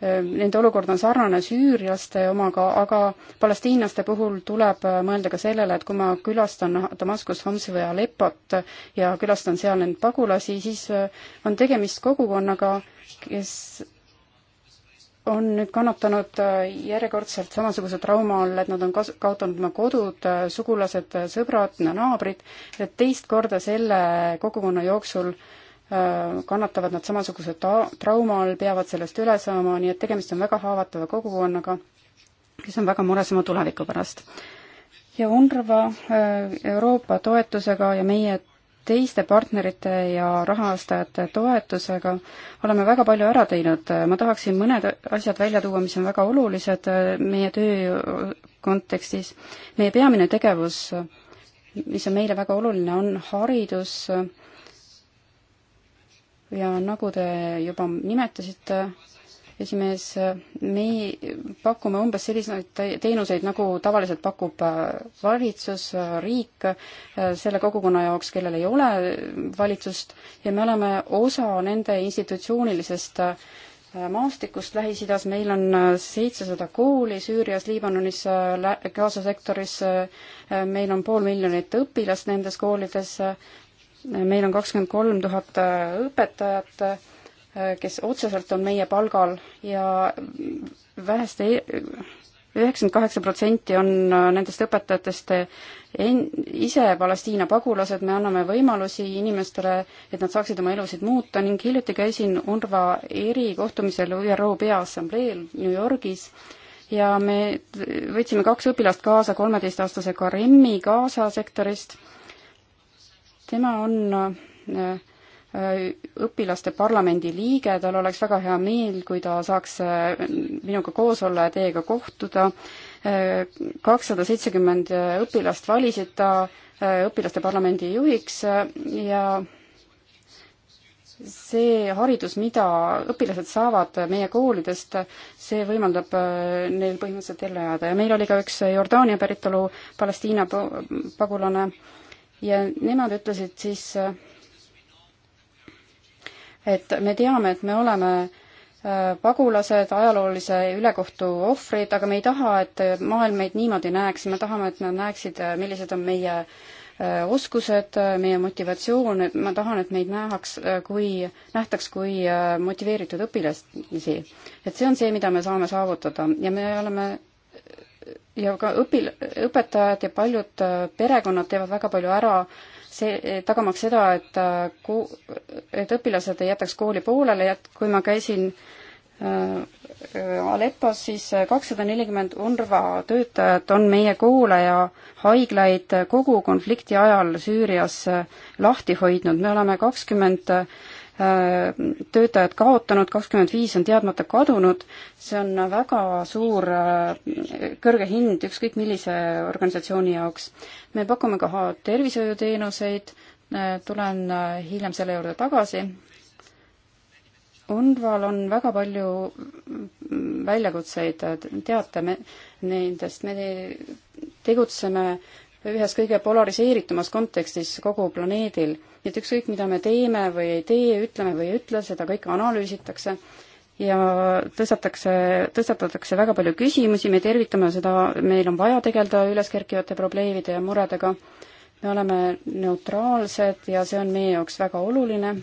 nende olukord on sarnane süüriaste omaga, aga palestiinlaste puhul tuleb mõelda ka sellele, et kui ma külastan Damaskus, Homsi või Aleppot ja külastan seal neid pagulasi, siis on tegemist kogukonnaga, kes on nüüd kannatanud äh, järjekordselt samasuguse trauma all, et nad on kas-, kaotanud oma kodud, äh, sugulased, äh, sõbrad, naabrid, et teist korda selle kogukonna jooksul kannatavad nad samasuguse ta-, trauma all, peavad sellest üle saama, nii et tegemist on väga haavatava kogukonnaga, kes on väga mures oma tuleviku pärast. ja UNRWA Euroopa toetusega ja meie teiste partnerite ja rahastajate toetusega oleme väga palju ära teinud. ma tahaksin mõned asjad välja tuua, mis on väga olulised äh, meie töö kontekstis. meie peamine tegevus, mis on meile väga oluline, on haridus ja nagu te juba nimetasite, esimees, me pakume umbes selliseid teenuseid, nagu tavaliselt pakub äh, valitsus, äh, riik, äh, selle kogukonna jaoks, kellel ei ole valitsust, ja me oleme osa nende institutsioonilisest maastikust Lähis-Idas, meil on seitsesada kooli Süürias, Liibanonis, Gaza sektoris, meil on pool miljonit õpilast nendes koolides, meil on kakskümmend kolm tuhat õpetajat, kes otseselt on meie palgal ja väheste e-, üheksakümmend kaheksa protsenti on äh, nendest õpetajatest äh, en-, ise Palestiina pagulased, me anname võimalusi inimestele, et nad saaksid oma elusid muuta ning hiljuti käisin UNRWA erikohtumisel ÜRO Peaassambleel New Yorgis ja me võtsime kaks õpilast kaasa kolmeteistaastase Karemi Gaza sektorist. tema on äh, Äh, õpilaste parlamendi liige, tal oleks väga hea meel, kui ta saaks äh, minuga koos olla ja teiega kohtuda. Äh, kakssada seitsekümmend õpilast valisid ta õpilaste parlamendi juhiks ja see haridus, mida õpilased saavad meie koolidest, see võimaldab neil põhimõtteliselt ellu jääda ja meil oli ka üks Jordaania päritolu Palestiina pagulane ja nemad ütlesid siis et me teame, et me oleme äh, pagulased, ajaloolise ülekohtu ohvrid, aga me ei taha, et maailm meid niimoodi näeks, me tahame, et nad näeksid, äh, millised on meie äh, oskused, meie motivatsioon, et ma tahan, et meid nähaks kui, nähtaks kui motiveeritud õpilasi. et see on see, mida me saame saavutada ja me oleme ja ka õpil-, õpetajad ja paljud perekonnad teevad väga palju ära äh, see, tagamaks seda, et äh, ku-, et õpilased ei jätaks kooli poolele, et kui ma käisin äh, äh, Aleppos, siis kakssada nelikümmend UNRWA töötajat on meie koole ja haiglaid kogu konflikti ajal Süürias lahti hoidnud. me oleme kakskümmend 20 töötajat kaotanud, kakskümmend viis on teadmata kadunud, see on väga suur, äh, kõrge hind ükskõik millise organisatsiooni jaoks. me pakume ka tervishoiuteenuseid, äh, tulen äh, hiljem selle juurde tagasi. UNRWA-l on väga palju mm, väljakutseid, teate me nendest, me tegutseme ühes kõige polariseeritumas kontekstis kogu planeedil. nii et ükskõik, mida me teeme või ei tee, ütleme või ei ütle, seda kõike analüüsitakse ja tõstatakse, tõstatatakse väga palju küsimusi, me tervitame seda, meil on vaja tegeleda üles kerkivate probleemide ja muredega, me oleme neutraalsed ja see on meie jaoks väga oluline,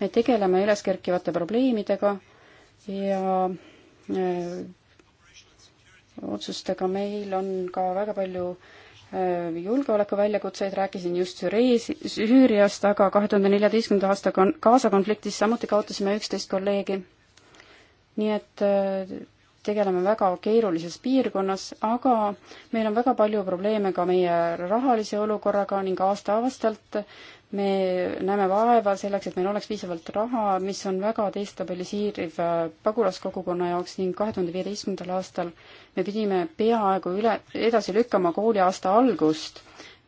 me tegeleme üles kerkivate probleemidega ja öö, äh, otsustega meil on ka väga palju öö, Äh, julgeolekuväljakutseid, rääkisin just Sürees, Süüriast, aga kahe tuhande neljateistkümnenda aasta kon-, Gaza konfliktis samuti kaotasime üksteist kolleegi. nii et äh, tegeleme väga keerulises piirkonnas, aga meil on väga palju probleeme ka meie rahalise olukorraga ning aasta-aastalt äh, me näeme vaeva selleks, et meil oleks piisavalt raha, mis on väga destabiliseeriv äh, pagulaskogukonna jaoks ning kahe tuhande viieteistkümnendal aastal me pidime peaaegu üle, edasi lükkama kooliaasta algust,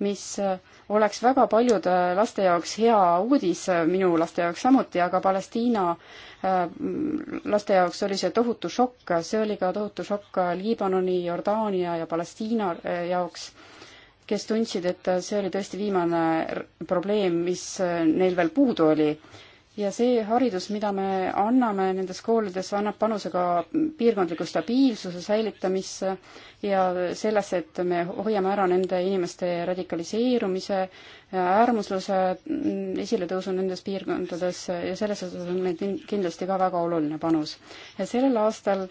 mis äh, oleks väga paljude laste jaoks hea uudis, äh, minu laste jaoks samuti, aga Palestiina laste jaoks oli see tohutu šokk, see oli ka tohutu šokk Liibanoni, Jordaania ja Palestiina jaoks kes tundsid, et see oli tõesti viimane probleem, mis äh, neil veel puudu oli. ja see haridus, mida me anname nendes koolides, annab panuse ka piirkondliku stabiilsuse säilitamisse ja sellesse, et me hoiame ära nende inimeste radikaliseerumise, äärmusluse mm, esiletõusu nendes piirkondades ja selles osas on meil kindlasti ka väga oluline panus. ja sellel aastal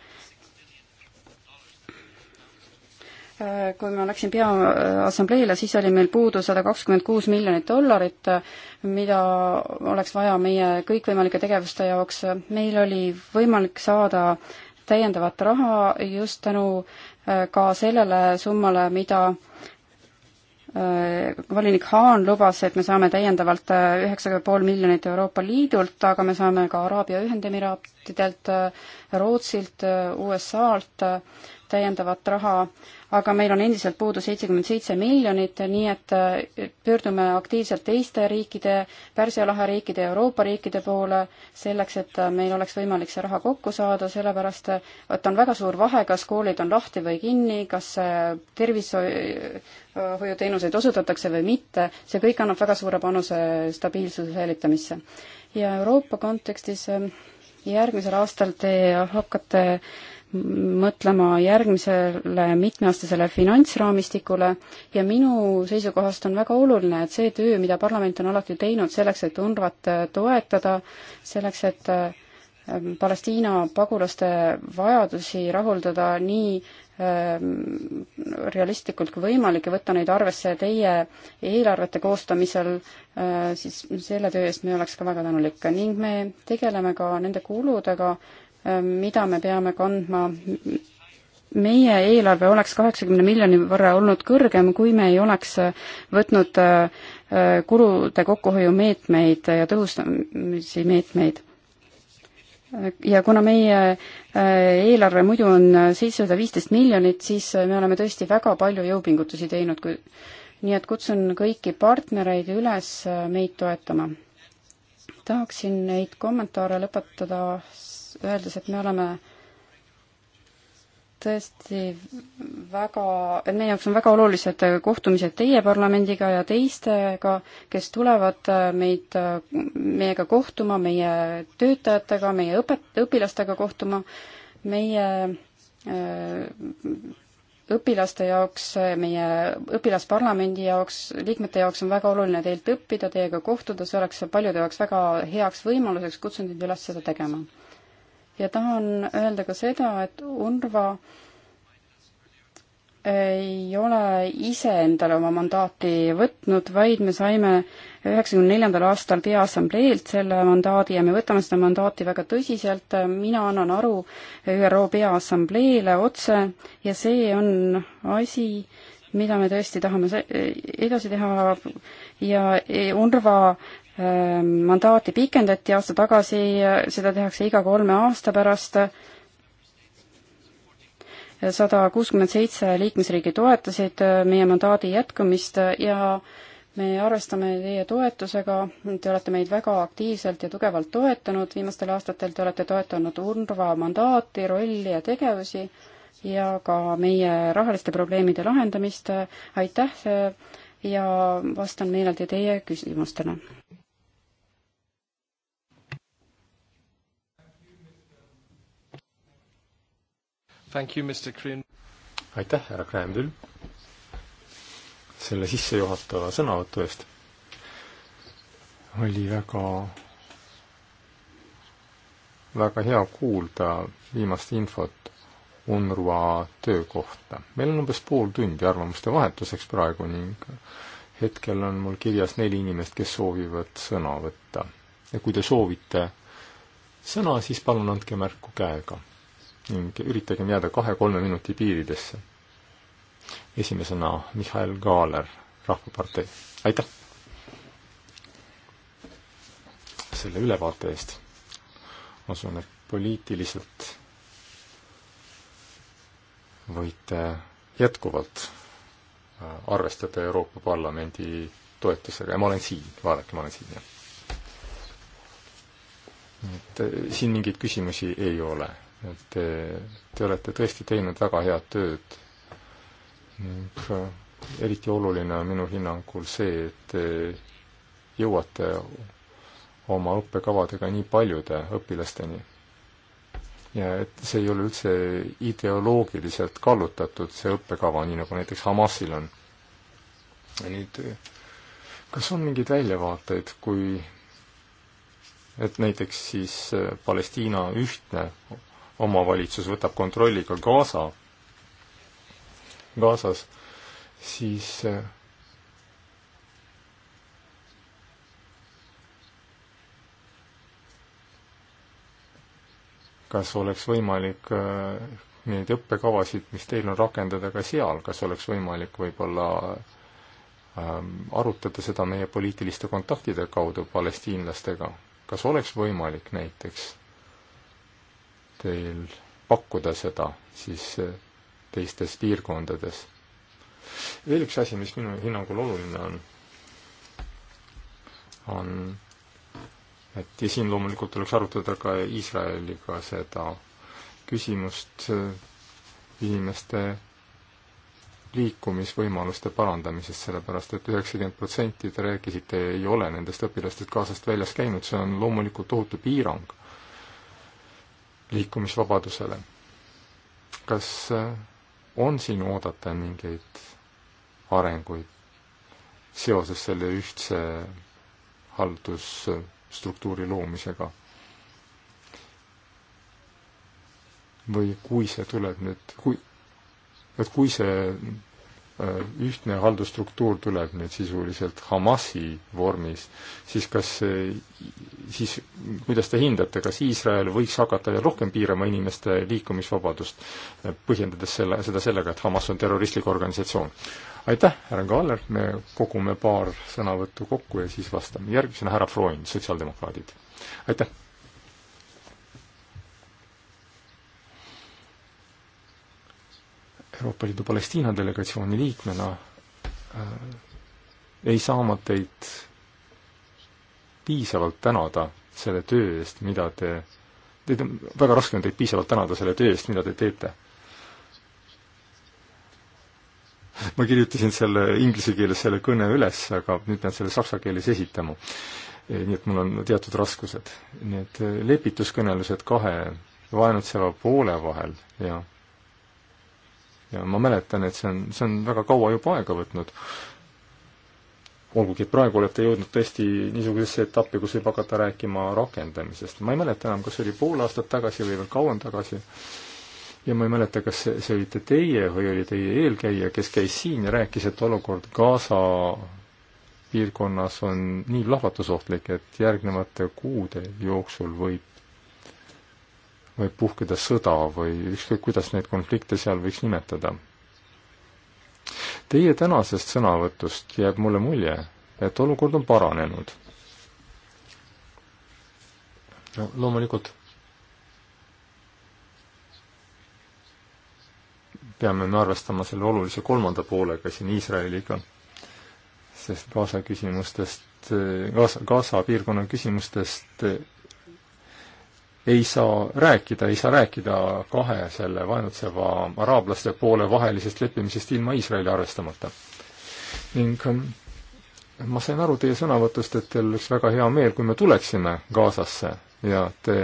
kui ma läksin Peaassambleele, siis oli meil puudu sada kakskümmend kuus miljonit dollarit, mida oleks vaja meie kõikvõimalike tegevuste jaoks. meil oli võimalik saada täiendavat raha just tänu äh, ka sellele summale, mida äh, volinik Haan lubas, et me saame täiendavalt äh, üheksa pool miljonit Euroopa Liidult, aga me saame ka Araabia Ühendemiraatidelt, Rootsilt, USA-lt täiendavat raha, aga meil on endiselt puudu seitsekümmend seitse miljonit, nii et pöördume aktiivselt teiste riikide, Pärsia lahe riikide ja Euroopa riikide poole, selleks et meil oleks võimalik see raha kokku saada, sellepärast et on väga suur vahe, kas koolid on lahti või kinni, kas äh, tervishoiuteenuseid äh, osutatakse või mitte, see kõik annab väga suure panuse stabiilsuse säilitamisse. ja Euroopa kontekstis äh, järgmisel aastal te hakkate mõtlema järgmisele mitmeaastasele finantsraamistikule ja minu seisukohast on väga oluline, et see töö, mida parlament on alati teinud selleks, et UNRWA-t äh, toetada, selleks, et äh, Palestiina pagulaste vajadusi rahuldada nii ähm, realistlikult kui võimalik ja võtta neid arvesse teie eelarvete koostamisel, äh, siis selle töö eest me oleks ka väga tänulik ning me tegeleme ka nende kuludega, mida me peame kandma. meie eelarve oleks kaheksakümne miljoni võrra olnud kõrgem, kui me ei oleks võtnud äh, kulude kokkuhoiumeetmeid ja tõhustamise meetmeid ja kuna meie äh, eelarve muidu on seitsesada viisteist miljonit, siis me oleme tõesti väga palju jõupingutusi teinud, kui nii et kutsun kõiki partnereid üles meid toetama. tahaksin neid kommentaare lõpetada öeldes, et me oleme tõesti väga, et meie jaoks on väga olulised kohtumised teie parlamendiga ja teistega, kes tulevad meid, meiega kohtuma, meie töötajatega, meie õpet-, õpilastega kohtuma, meie äh, õpilaste jaoks, meie õpilasparlamendi jaoks, liikmete jaoks on väga oluline teilt õppida, teiega kohtuda, see oleks paljude jaoks väga heaks võimaluseks, kutsun teid üles seda tegema ja tahan öelda ka seda, et UNRWA ei ole ise endale oma mandaati võtnud, vaid me saime üheksakümne neljandal aastal Peaassambleelt selle mandaadi ja me võtame seda mandaati väga tõsiselt, mina annan aru ÜRO Peaassambleele otse ja see on asi, mida me tõesti tahame edasi teha ja UNRWA Ehm, mandaati pikendati aasta tagasi, äh, seda tehakse iga kolme aasta pärast. sada kuuskümmend seitse liikmesriigi toetasid äh, meie mandaadi jätkumist äh, ja me arvestame teie toetusega, te olete meid väga aktiivselt ja tugevalt toetanud viimastel aastatel, te olete toetanud UNRWA mandaati, rolli ja tegevusi ja ka meie rahaliste probleemide lahendamist. aitäh ja vastan meeleldi teie küsimustele. aitäh, härra Kremdül, selle sissejuhatava sõnavõtu eest. oli väga, väga hea kuulda viimast infot UNRWA töö kohta. meil on umbes pool tundi arvamuste vahetuseks praegu ning hetkel on mul kirjas neli inimest, kes soovivad sõna võtta. ja kui te soovite sõna, siis palun andke märku käega ning üritagem jääda kahe-kolme minuti piiridesse. esimesena Mihhail Kaaler, Rahvapartei, aitäh! selle ülevaate eest. ma usun, et poliitiliselt võite jätkuvalt äh, arvestada Euroopa Parlamendi toetusega ja ma olen siin, vaadake, ma olen siin, jah. et äh, siin mingeid küsimusi ei ole et te, te olete tõesti teinud väga head tööd ning äh, eriti oluline on minu hinnangul see, et te jõuate oma õppekavadega nii paljude õpilasteni. ja et see ei ole üldse ideoloogiliselt kallutatud, see õppekava, nii nagu näiteks Hamasil on. nüüd, kas on mingeid väljavaateid, kui et näiteks siis äh, Palestiina ühtne omavalitsus võtab kontrolli ka Gaza, Gazas, siis äh, kas oleks võimalik äh, neid õppekavasid, mis teil on, rakendada ka seal, kas oleks võimalik võib-olla ähm, arutada seda meie poliitiliste kontaktide kaudu palestiinlastega, kas oleks võimalik näiteks teil pakkuda seda siis eh, teistes piirkondades. veel üks asi, mis minu hinnangul oluline on, on, et ja siin loomulikult tuleks arutada ka Iisraeliga seda küsimust eh, inimeste liikumisvõimaluste parandamisest, sellepärast et üheksakümmend protsenti, te rääkisite, ei ole nendest õpilastest kaasast väljas käinud, see on loomulikult tohutu piirang liikumisvabadusele. kas äh, on siin oodata mingeid arenguid seoses selle ühtse haldusstruktuuri loomisega? või kui see tuleb nüüd, kui, et kui see Äh, ühtne haldusstruktuur tuleb nüüd sisuliselt Hamasi vormis, siis kas, siis kuidas te hindate, kas Iisrael võiks hakata veel rohkem piirama inimeste liikumisvabadust, äh, põhjendades selle, seda sellega, et Hamas on terroristlik organisatsioon? aitäh, härra Kaller, me kogume paar sõnavõttu kokku ja siis vastame. järgmisena härra Freund, sotsiaaldemokraadid. aitäh! Euroopa Liidu Palestiina delegatsiooni liikmena äh, ei saa ma teid piisavalt tänada selle töö eest, mida te, teid on, väga raske on teid piisavalt tänada selle töö eest, mida te teete. ma kirjutasin selle inglise keeles selle kõne üles, aga nüüd pean selle saksa keeles esitama. nii et mul on teatud raskused. Need äh, lepituskõnelused kahe vaenutseva poole vahel ja ja ma mäletan, et see on, see on väga kaua juba aega võtnud. olgugi, et praegu olete jõudnud tõesti niisugusesse etappi, kus võib hakata rääkima rakendamisest. ma ei mäleta enam, kas see oli pool aastat tagasi või veel kauem tagasi, ja ma ei mäleta, kas see, see olite teie või oli teie eelkäija, kes käis siin ja rääkis, et olukord Gaza piirkonnas on nii plahvatusohtlik, et järgnevate kuude jooksul võib võib puhkeda sõda või ükskõik, kuidas neid konflikte seal võiks nimetada. Teie tänasest sõnavõtust jääb mulle mulje, et olukord on paranenud. no loomulikult peame me arvestama selle olulise kolmanda poolega siin Iisraeliga, sest Gaza küsimustest, Gaza, Gaza piirkonna küsimustest ei saa rääkida, ei saa rääkida kahe selle vaenutseva araablaste poole vahelisest leppimisest ilma Iisraeli arvestamata. ning ähm, ma sain aru teie sõnavõtust, et teil oleks väga hea meel, kui me tuleksime Gazasse ja te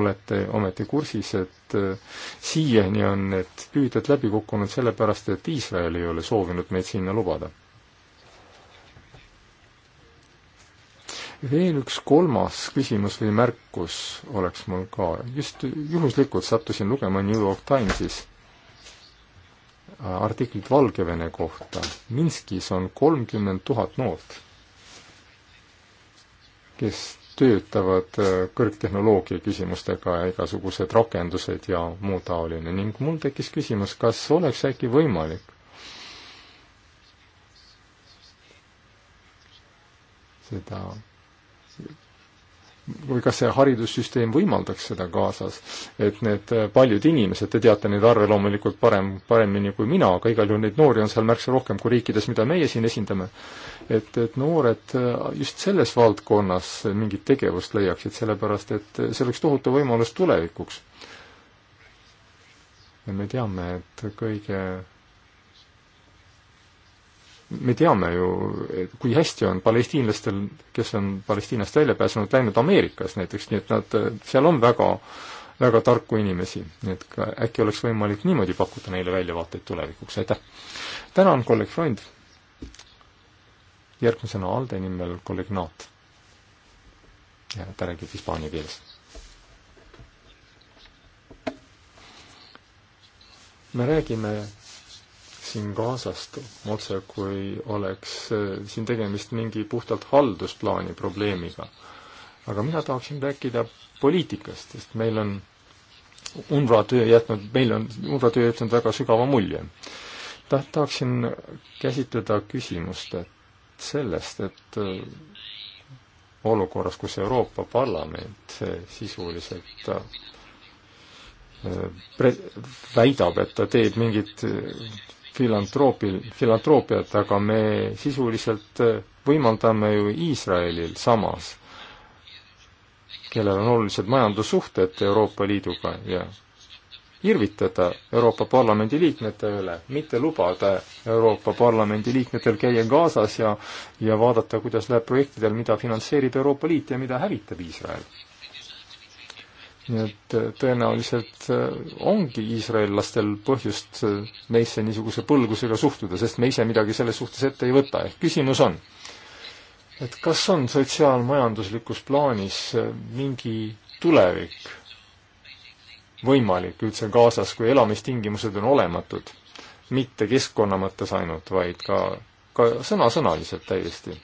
olete ometi kursis, et äh, siiani on need püüded läbi kukkunud sellepärast, et Iisrael ei ole soovinud meid sinna lubada veel üks kolmas küsimus või märkus oleks mul ka. just juhuslikult sattusin lugema New York Timesis äh, artiklit Valgevene kohta. Minskis on kolmkümmend tuhat noort, kes töötavad äh, kõrgtehnoloogia küsimustega ja igasugused rakendused ja muu taoline ning mul tekkis küsimus, kas oleks äkki võimalik seda või kas see haridussüsteem võimaldaks seda kaasas, et need äh, paljud inimesed, te teate neid arve loomulikult parem, paremini kui mina, aga igal juhul neid noori on seal märksa rohkem kui riikides, mida meie siin esindame, et, et noored äh, just selles valdkonnas mingit tegevust leiaksid, sellepärast et äh, see oleks tohutu võimalus tulevikuks. ja me teame, et kõige me teame ju, kui hästi on palestiinlastel, kes on Palestiinast välja pääsenud, läinud Ameerikas näiteks, nii et nad, seal on väga, väga tarku inimesi, nii et ka äkki oleks võimalik niimoodi pakkuda neile väljavaateid tulevikuks, aitäh! tänan, kolleeg Freund! järgmisena Alde nimel kolleeg Naat. ja ta räägib hispaania keeles. me räägime räägiksin Gazast, otse kui oleks eh, siin tegemist mingi puhtalt haldusplaani probleemiga. aga mina tahaksin rääkida poliitikast, sest meil on UNRWA töö jätnud, meil on UNRWA töö jätnud väga sügava mulje. ta-, tahaksin käsitleda küsimust, et sellest, et eh, olukorras, kus Euroopa Parlament eh, sisuliselt pre-, väidab, et ta teeb mingit filantroopil, filantroppiat, aga me sisuliselt äh, võimaldame ju Iisraelil samas, kellel on olulised majandussuhted Euroopa Liiduga ja irvitada Euroopa Parlamendi liikmete üle, mitte lubada Euroopa Parlamendi liikmetel käia Gazas ja ja vaadata, kuidas läheb projektidel, mida finantseerib Euroopa Liit ja mida hävitab Iisrael nii et äh, tõenäoliselt äh, ongi iisraellastel põhjust äh, meisse niisuguse põlgusega suhtuda, sest me ise midagi selles suhtes ette ei võta, ehk küsimus on, et kas on sotsiaalmajanduslikus plaanis mingi tulevik võimalik üldse Gazas, kui elamistingimused on olematud, mitte keskkonna mõttes ainult, vaid ka, ka sõna-sõnaliselt täiesti.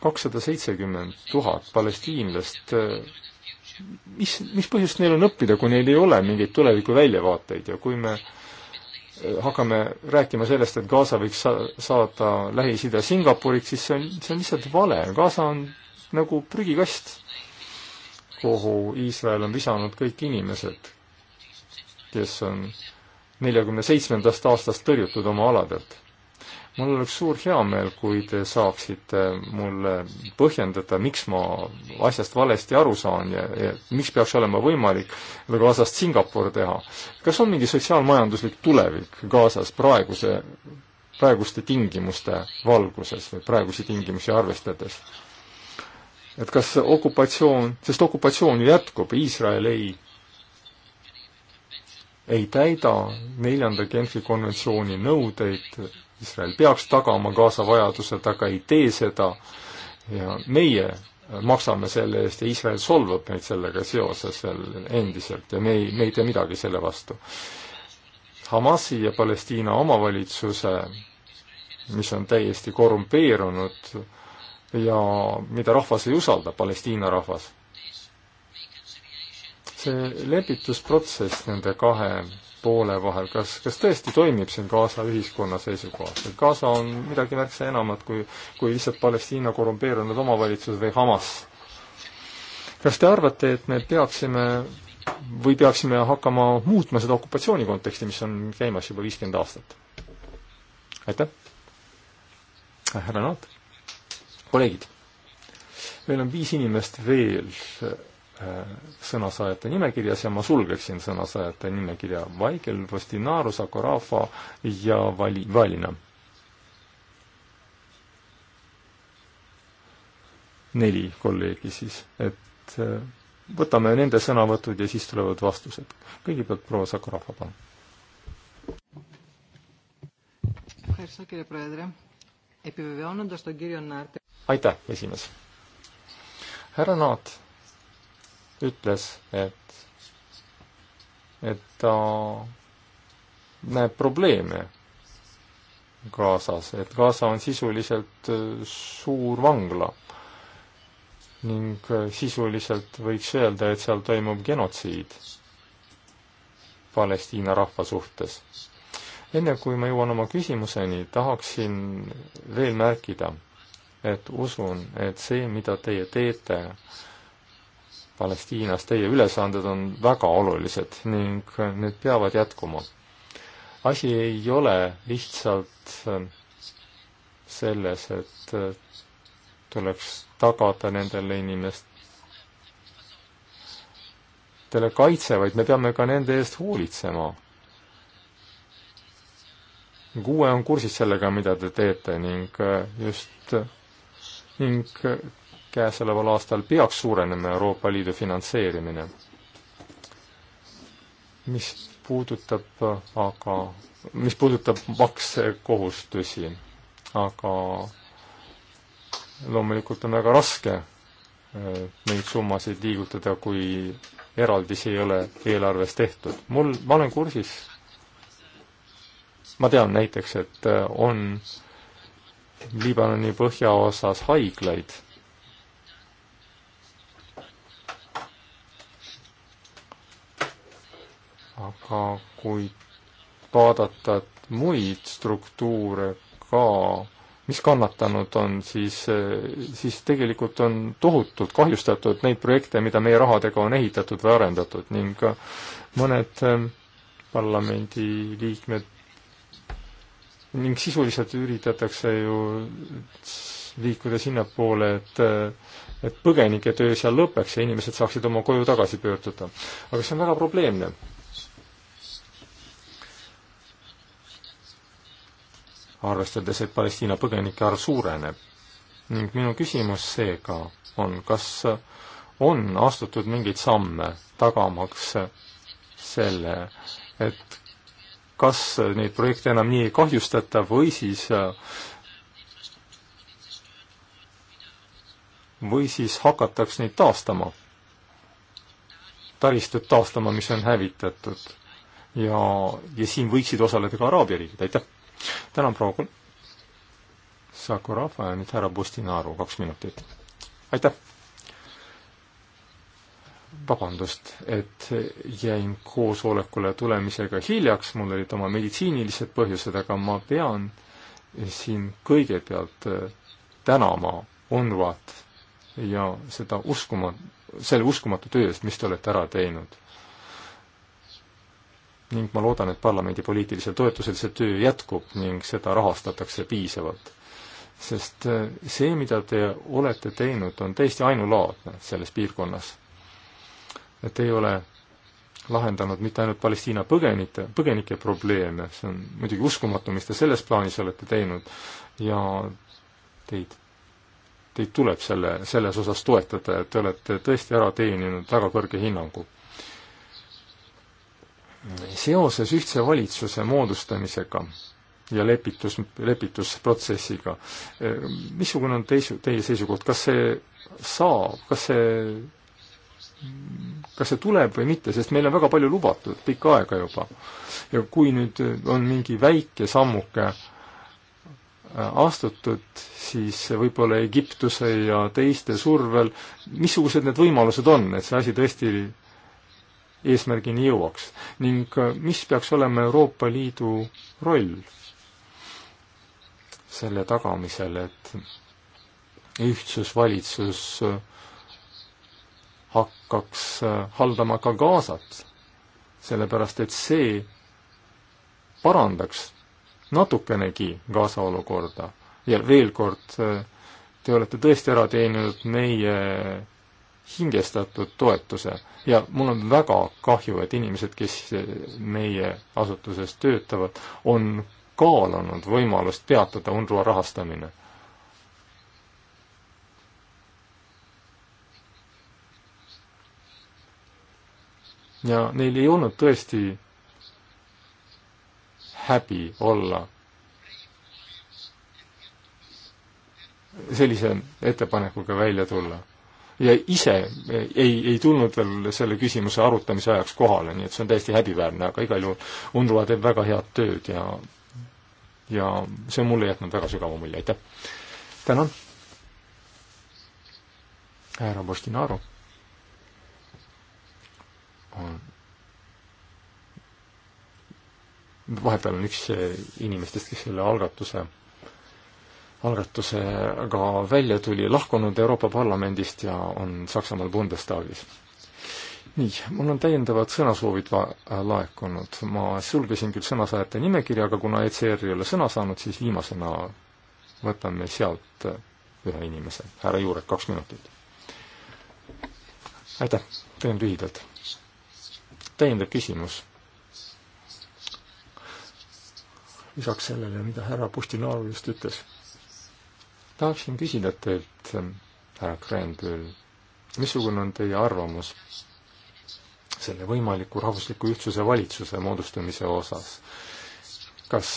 kakssada seitsekümmend tuhat palestiinlast mis, mis põhjust neil on õppida, kui neil ei ole mingeid tuleviku väljavaateid ja kui me eh, hakkame rääkima sellest, et Gaza võiks sa-, saada Lähis-Ida Singapuriks, siis see on, see on lihtsalt vale. Gaza on nagu prügikast, kuhu Iisrael on visanud kõik inimesed, kes on neljakümne seitsmendast aastast tõrjutud oma aladelt mul oleks suur heameel, kui te saaksite mulle põhjendada, miks ma asjast valesti aru saan ja, ja miks peaks olema võimalik Gazast Singapur teha. kas on mingi sotsiaalmajanduslik tulevik Gazas praeguse, praeguste tingimuste valguses või praegusi tingimusi arvestades? et kas okupatsioon, sest okupatsioon ju jätkub, Iisrael ei ei täida neljanda Genfi konventsiooni nõudeid Iisrael peaks tagama Gaza vajadused, aga ei tee seda ja meie maksame selle eest ja Iisrael solvab meid sellega seoses veel endiselt ja me ei, me ei tee midagi selle vastu. Hamasi ja Palestiina omavalitsuse, mis on täiesti korrumpeerunud ja mida rahvas ei usalda, Palestiina rahvas, see lepitusprotsess nende kahe poole vahel, kas, kas tõesti toimib siin Gaza ühiskonna seisukohast, et Gaza on midagi märksa enamat kui, kui lihtsalt Palestiina korrumpeerunud omavalitsus või Hamas. kas te arvate, et me peaksime või peaksime hakkama muutma seda okupatsiooni konteksti, mis on käimas juba viiskümmend aastat? aitäh! härra Naat, kolleegid, meil on viis inimest veel Äh, sõnasaajate nimekirjas ja ma sulgeksin sõnasaajate nimekirja Vaigel, Postinaru, Sakurafa ja Vali, Valina. neli kolleegi siis, et äh, võtame nende sõnavõtud ja siis tulevad vastused. kõigepealt proua Sakurafa, palun. aitäh, esimees. härra Naat ütles, et, et ta näeb probleeme Gazas, et Gaza on sisuliselt äh, suur vangla ning äh, sisuliselt võiks öelda, et seal toimub genotsiid Palestiina rahva suhtes. enne kui ma jõuan oma küsimuseni, tahaksin veel märkida, et usun, et see, mida teie teete, Palestiinas, teie ülesanded on väga olulised ning need peavad jätkuma. asi ei ole lihtsalt äh, selles, et äh, tuleks tagada nendele inimestele kaitse, vaid me peame ka nende eest hoolitsema. uue on kursis sellega, mida te teete ning äh, just ning käesoleval aastal peaks suurenema Euroopa Liidu finantseerimine. mis puudutab aga, mis puudutab maksekohustusi, aga loomulikult on väga raske eh, neid summasid liigutada, kui eraldisi ei ole eelarves tehtud. mul, ma olen kursis, ma tean näiteks, et eh, on Liibanoni põhjaosas haiglaid aga kui vaadata muid struktuure ka, mis kannatanud on, siis, siis tegelikult on tohutult kahjustatud neid projekte, mida meie rahadega on ehitatud või arendatud ning mõned ähm, parlamendiliikmed ning sisuliselt üritatakse ju liikuda sinnapoole, et et põgenike töö seal lõpeks ja inimesed saaksid oma koju tagasi pöörduda. aga see on väga probleemne arvestades, et Palestiina põgenike arv suureneb. ning minu küsimus seega on, kas on astutud mingeid samme tagamaks selle, et kas neid projekte enam nii ei kahjustata või siis või siis hakataks neid taastama, taristut taastama, mis on hävitatud. ja, ja siin võiksid osaleda ka araabia riigid, aitäh! tänan, proua Kul-, Sakurova ja nüüd härra Bustinaru, kaks minutit. aitäh! vabandust, et jäin koosolekule tulemisega hiljaks, mul olid oma meditsiinilised põhjused, aga ma pean siin kõigepealt äh, tänama UNRWA-t ja seda uskuma, selle uskumatu töö eest, mis te olete ära teinud ning ma loodan, et parlamendi poliitilisel toetusel see töö jätkub ning seda rahastatakse piisavalt. sest äh, see, mida te olete teinud, on täiesti ainulaadne selles piirkonnas. et ei ole lahendanud mitte ainult Palestiina põgenike, põgenike probleeme, see on muidugi uskumatu, mis te selles plaanis olete teinud ja teid, teid tuleb selle, selles osas toetada, et te olete tõesti ära teeninud väga kõrge hinnangu seoses ühtse valitsuse moodustamisega ja lepitus, lepitusprotsessiga, missugune on teisu, teie seisukoht, kas see saab, kas see, kas see tuleb või mitte, sest meil on väga palju lubatud pikka aega juba. ja kui nüüd on mingi väike sammuke äh, astutud, siis võib-olla Egiptuse ja teiste survel, missugused need võimalused on, et see asi tõesti eesmärgini jõuaks ning äh, mis peaks olema Euroopa Liidu roll selle tagamisel, et ühtsusvalitsus äh, hakkaks äh, haldama ka Gazat, sellepärast et see parandaks natukenegi Gaza olukorda ja veel kord, te olete tõesti ära teeninud meie hingestatud toetuse ja mul on väga kahju, et inimesed, kes meie asutuses töötavad, on kaalunud võimalust peatada UNRWA rahastamine. ja neil ei olnud tõesti häbi olla sellise ettepanekuga välja tulla ja ise ei, ei tulnud veel selle küsimuse arutamise ajaks kohale, nii et see on täiesti häbiväärne, aga igal juhul UNRWA teeb väga head tööd ja ja see on mulle jätnud väga sügava mulje, aitäh! tänan! härra Postinaru on vahepeal on üks inimestest, kes selle algatuse algatusega välja tuli, lahkunud Euroopa Parlamendist ja on Saksamaal Bundestagis nii, mul on täiendavad sõnasoovid la laekunud, ma sulgesin küll sõnasaajate nimekirja, aga kuna ECR ei ole sõna saanud, siis viimasena võtame sealt ühe inimese, härra Juurek, kaks minutit. aitäh, teen lühidalt. täiendav küsimus. lisaks sellele, mida härra Pustinaaru just ütles tahaksin küsida teilt, härra Kreenbühl, missugune on teie arvamus selle võimaliku rahvusliku ühtsuse valitsuse moodustamise osas? kas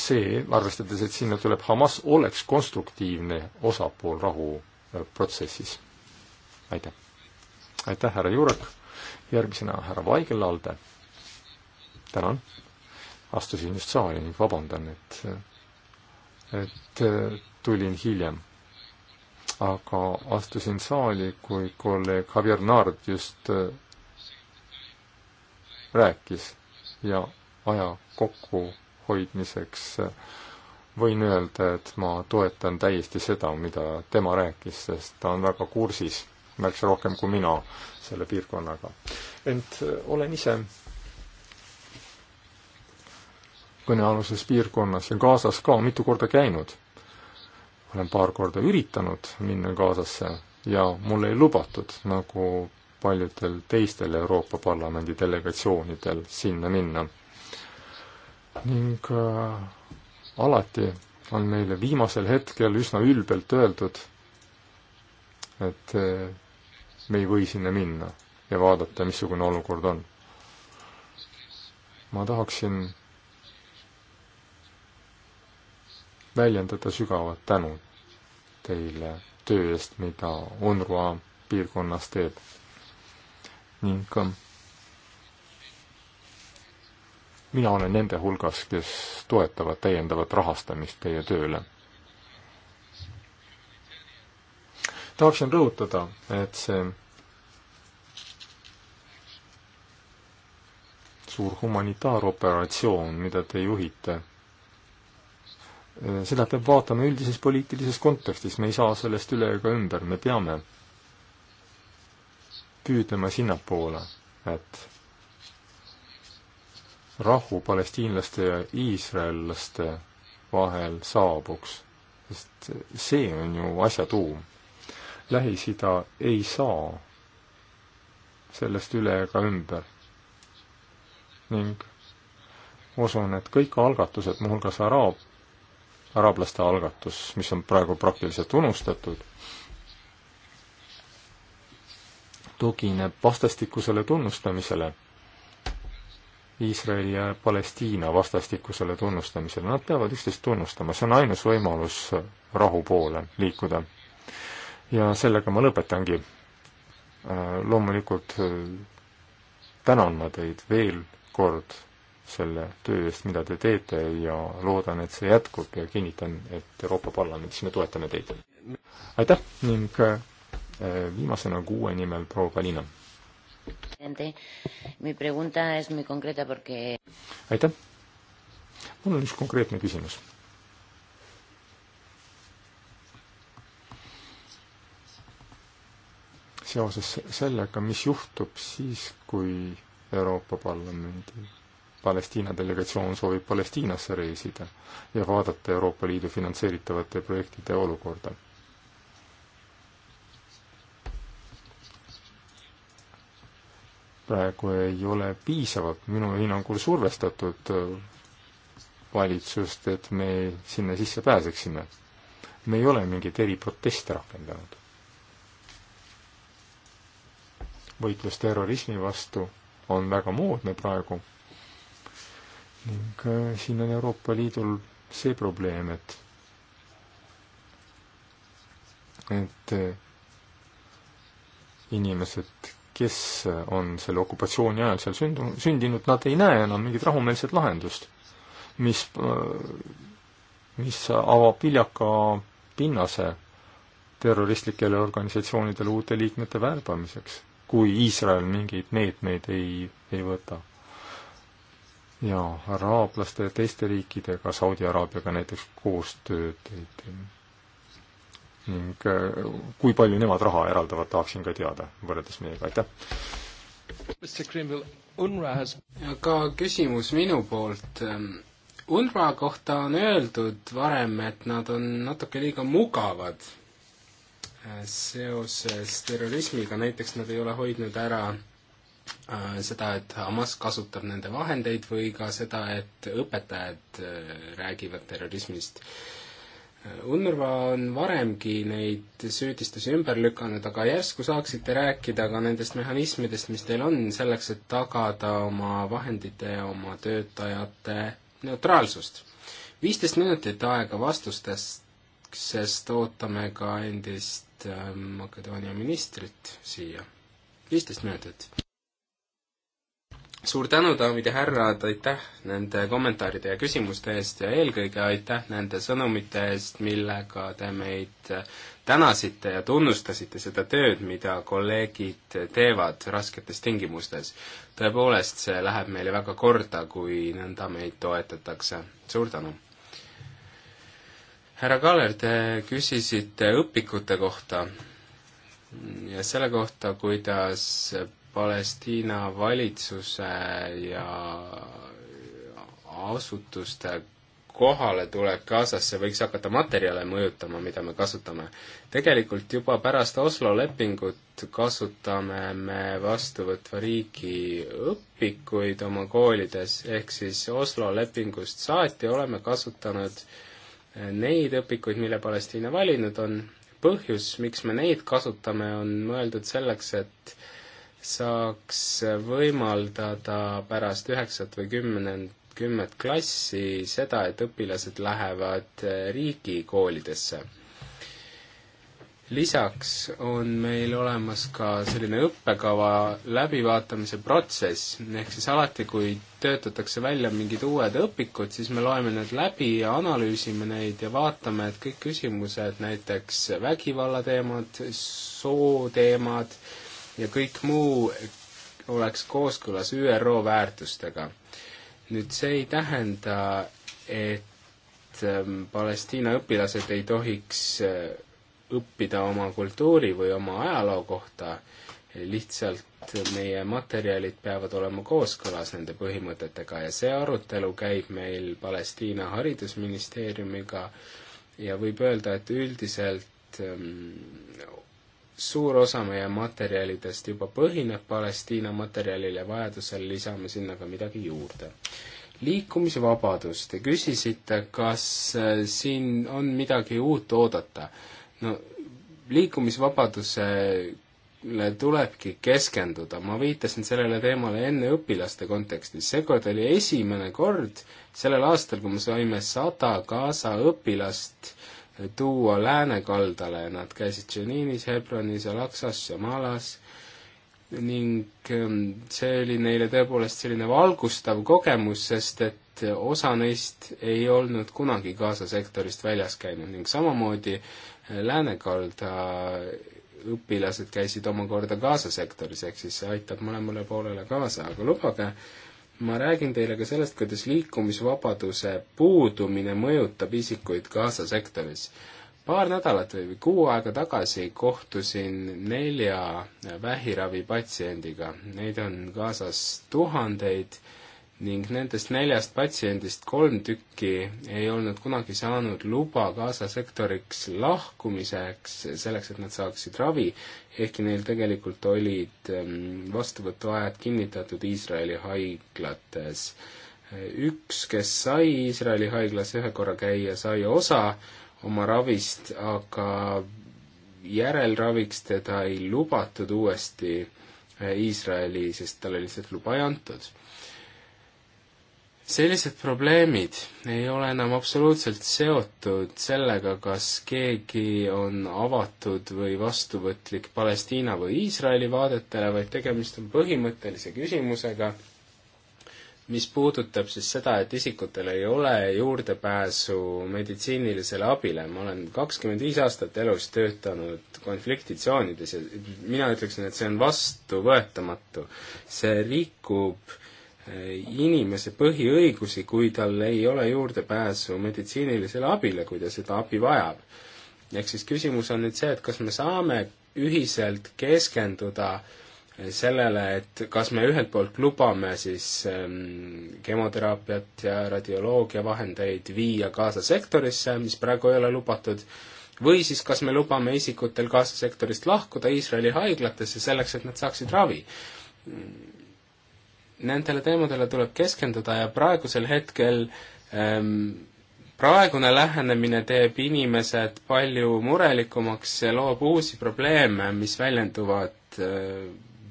see, arvestades, et sinna tuleb Hamas, oleks konstruktiivne osapool rahuprotsessis? Äh, aitäh. aitäh, härra Jurek. järgmisena härra Vaigel-Alde. tänan. astusin just saali ning vabandan, et äh, et äh, tulin hiljem. aga astusin saali, kui kolleeg Javier Nard just äh, rääkis ja aja kokkuhoidmiseks äh, võin öelda, et ma toetan täiesti seda, mida tema rääkis, sest ta on väga kursis, märksa rohkem kui mina selle piirkonnaga. ent olen ise kõnealuses piirkonnas ja Gazas ka mitu korda käinud. olen paar korda üritanud minna Gazasse ja mulle ei lubatud, nagu paljudel teistel Euroopa Parlamendi delegatsioonidel sinna minna. ning äh, alati on meile viimasel hetkel üsna ülbelt öeldud, et äh, me ei või sinna minna ja vaadata, missugune olukord on. ma tahaksin väljendada sügavat tänu teile töö eest, mida UNRWA piirkonnas teeb. ning ähm, mina olen nende hulgas, kes toetavad täiendavat rahastamist teie tööle. tahaksin rõhutada, et see suur humanitaaroperatsioon, mida te juhite Äh, seda peab vaatama üldises poliitilises kontekstis, me ei saa sellest üle ega ümber, me peame püüdlema sinnapoole, et rahu palestiinlaste ja iisraellaste vahel saabuks, sest see on ju asja tuum. Lähis-Ida ei saa sellest üle ega ümber ning usun, et kõik algatused, muuhulgas araab araablaste algatus, mis on praegu praktiliselt unustatud, tugineb vastastikusele tunnustamisele. Iisraeli ja Palestiina vastastikusele tunnustamisele, nad peavad üksteist tunnustama, see on ainus võimalus rahu poole liikuda. ja sellega ma lõpetangi. Äh, loomulikult äh, tänan ma teid veel kord selle töö eest, mida te teete ja loodan, et see jätkub ja kinnitan, et Euroopa Parlamendis me toetame teid. aitäh ning äh, viimasena kuue nimel proua Kalina. aitäh. mul on üks konkreetne küsimus. seoses sellega, mis juhtub siis, kui Euroopa Parlamendi Palestiina delegatsioon soovib Palestiinasse reisida ja vaadata Euroopa Liidu finantseeritavate projektide olukorda. praegu ei ole piisavalt minu hinnangul survestatud äh, valitsust, et me sinna sisse pääseksime. me ei ole mingeid eriproteste rakendanud. võitlus terrorismi vastu on väga moodne praegu ning äh, siin on Euroopa Liidul see probleem, et et äh, inimesed, kes on selle okupatsiooni ajal seal sündunud, sündinud, nad ei näe enam mingit rahumeelset lahendust, mis, äh, mis avab viljaka pinnase terroristlikele organisatsioonidele uute liikmete värbamiseks, kui Iisrael mingeid meetmeid ei, ei võta ja araaplaste ja teiste riikidega, Saudi Araabiaga näiteks koostööd teete? ning äh, kui palju nemad raha eraldavad, tahaksin ka teada, võrreldes meiega, aitäh! ka küsimus minu poolt. Ähm, UNRWA kohta on öeldud varem, et nad on natuke liiga mugavad äh, seoses terrorismiga, näiteks nad ei ole hoidnud ära Äh, seda, et Hamas kasutab nende vahendeid või ka seda, et õpetajad äh, räägivad terrorismist. Äh, UNRWA on varemgi neid süüdistusi ümber lükanud, aga järsku saaksite rääkida ka nendest mehhanismidest, mis teil on selleks, et tagada oma vahendite ja oma töötajate neutraalsust. viisteist minutit aega vastustest, sest ootame ka endist Makedoonia ministrit siia. viisteist minutit suur tänu, daamid ja härrad, aitäh nende kommentaaride ja küsimuste eest ja eelkõige aitäh nende sõnumite eest, millega te meid tänasite ja tunnustasite seda tööd, mida kolleegid teevad rasketes tingimustes. tõepoolest, see läheb meile väga korda, kui nõnda meid toetatakse. suur tänu! härra Kaller, te küsisite õpikute kohta ja selle kohta, kuidas Palestiina valitsuse ja asutuste kohaletulek Gazasse võiks hakata materjale mõjutama, mida me kasutame. tegelikult juba pärast Oslo lepingut kasutame me vastuvõtva riigi õpikuid oma koolides, ehk siis Oslo lepingust saati oleme kasutanud neid õpikuid, mille Palestiina valinud on. põhjus, miks me neid kasutame, on mõeldud selleks, et saaks võimaldada pärast üheksat või kümnend, kümmet klassi seda, et õpilased lähevad riigikoolidesse. lisaks on meil olemas ka selline õppekava läbivaatamise protsess, ehk siis alati, kui töötatakse välja mingid uued õpikud, siis me loeme need läbi ja analüüsime neid ja vaatame, et kõik küsimused, näiteks vägivalla teemad, soo teemad, ja kõik muu oleks kooskõlas ÜRO väärtustega. nüüd see ei tähenda, et ähm, Palestiina õpilased ei tohiks äh, õppida oma kultuuri või oma ajaloo kohta, lihtsalt meie materjalid peavad olema kooskõlas nende põhimõtetega ja see arutelu käib meil Palestiina haridusministeeriumiga ja võib öelda, et üldiselt ähm, suur osa meie materjalidest juba põhineb Palestiina materjalil ja vajadusel lisame sinna ka midagi juurde. liikumisvabadus, te küsisite, kas äh, siin on midagi uut oodata. no liikumisvabadusele tulebki keskenduda, ma viitasin sellele teemale enne õpilaste kontekstis, seekord oli esimene kord sellel aastal, kui me saime sada kaasa õpilast tuua läänekaldale, nad käisid Dženinis, Hebronis, Alaksas, Šamalas ning ähm, see oli neile tõepoolest selline valgustav kogemus, sest et osa neist ei olnud kunagi Gaza sektorist väljas käinud ning samamoodi äh, läänekalda õpilased käisid omakorda Gaza sektoris, ehk siis see aitab mõlemale poolele kaasa, aga lubage ma räägin teile ka sellest, kuidas liikumisvabaduse puudumine mõjutab isikuid Gaza sektoris. paar nädalat või kuu aega tagasi kohtusin nelja vähiravipatsiendiga, neid on Gazas tuhandeid ning nendest neljast patsiendist kolm tükki ei olnud kunagi saanud luba Gaza sektoriks lahkumiseks, selleks et nad saaksid ravi, ehkki neil tegelikult olid ähm, vastuvõtuajad kinnitatud Iisraeli haiglates. üks, kes sai Iisraeli haiglas ühe korra käia, sai osa oma ravist, aga järelraviks teda ei lubatud uuesti äh, Iisraeli, sest talle lihtsalt luba ei antud sellised probleemid ei ole enam absoluutselt seotud sellega, kas keegi on avatud või vastuvõtlik Palestiina või Iisraeli vaadetele, vaid tegemist on põhimõttelise küsimusega, mis puudutab siis seda, et isikutel ei ole juurdepääsu meditsiinilisele abile. ma olen kakskümmend viis aastat elus töötanud konfliktitsioonides ja mina ütleksin, et see on vastuvõetamatu. see rikub Eh, inimese põhiõigusi, kui tal ei ole juurdepääsu meditsiinilisele abile, kui ta seda abi vajab. ehk siis küsimus on nüüd see, et kas me saame ühiselt keskenduda eh, sellele, et kas me ühelt poolt lubame siis ähm, kemoteraapiat ja radioloogia vahendeid viia Gaza sektorisse, mis praegu ei ole lubatud, või siis kas me lubame isikutel Gaza sektorist lahkuda Iisraeli haiglatesse selleks, et nad saaksid ravi nendele teemadele tuleb keskenduda ja praegusel hetkel ähm, praegune lähenemine teeb inimesed palju murelikumaks ja loob uusi probleeme, mis väljenduvad äh,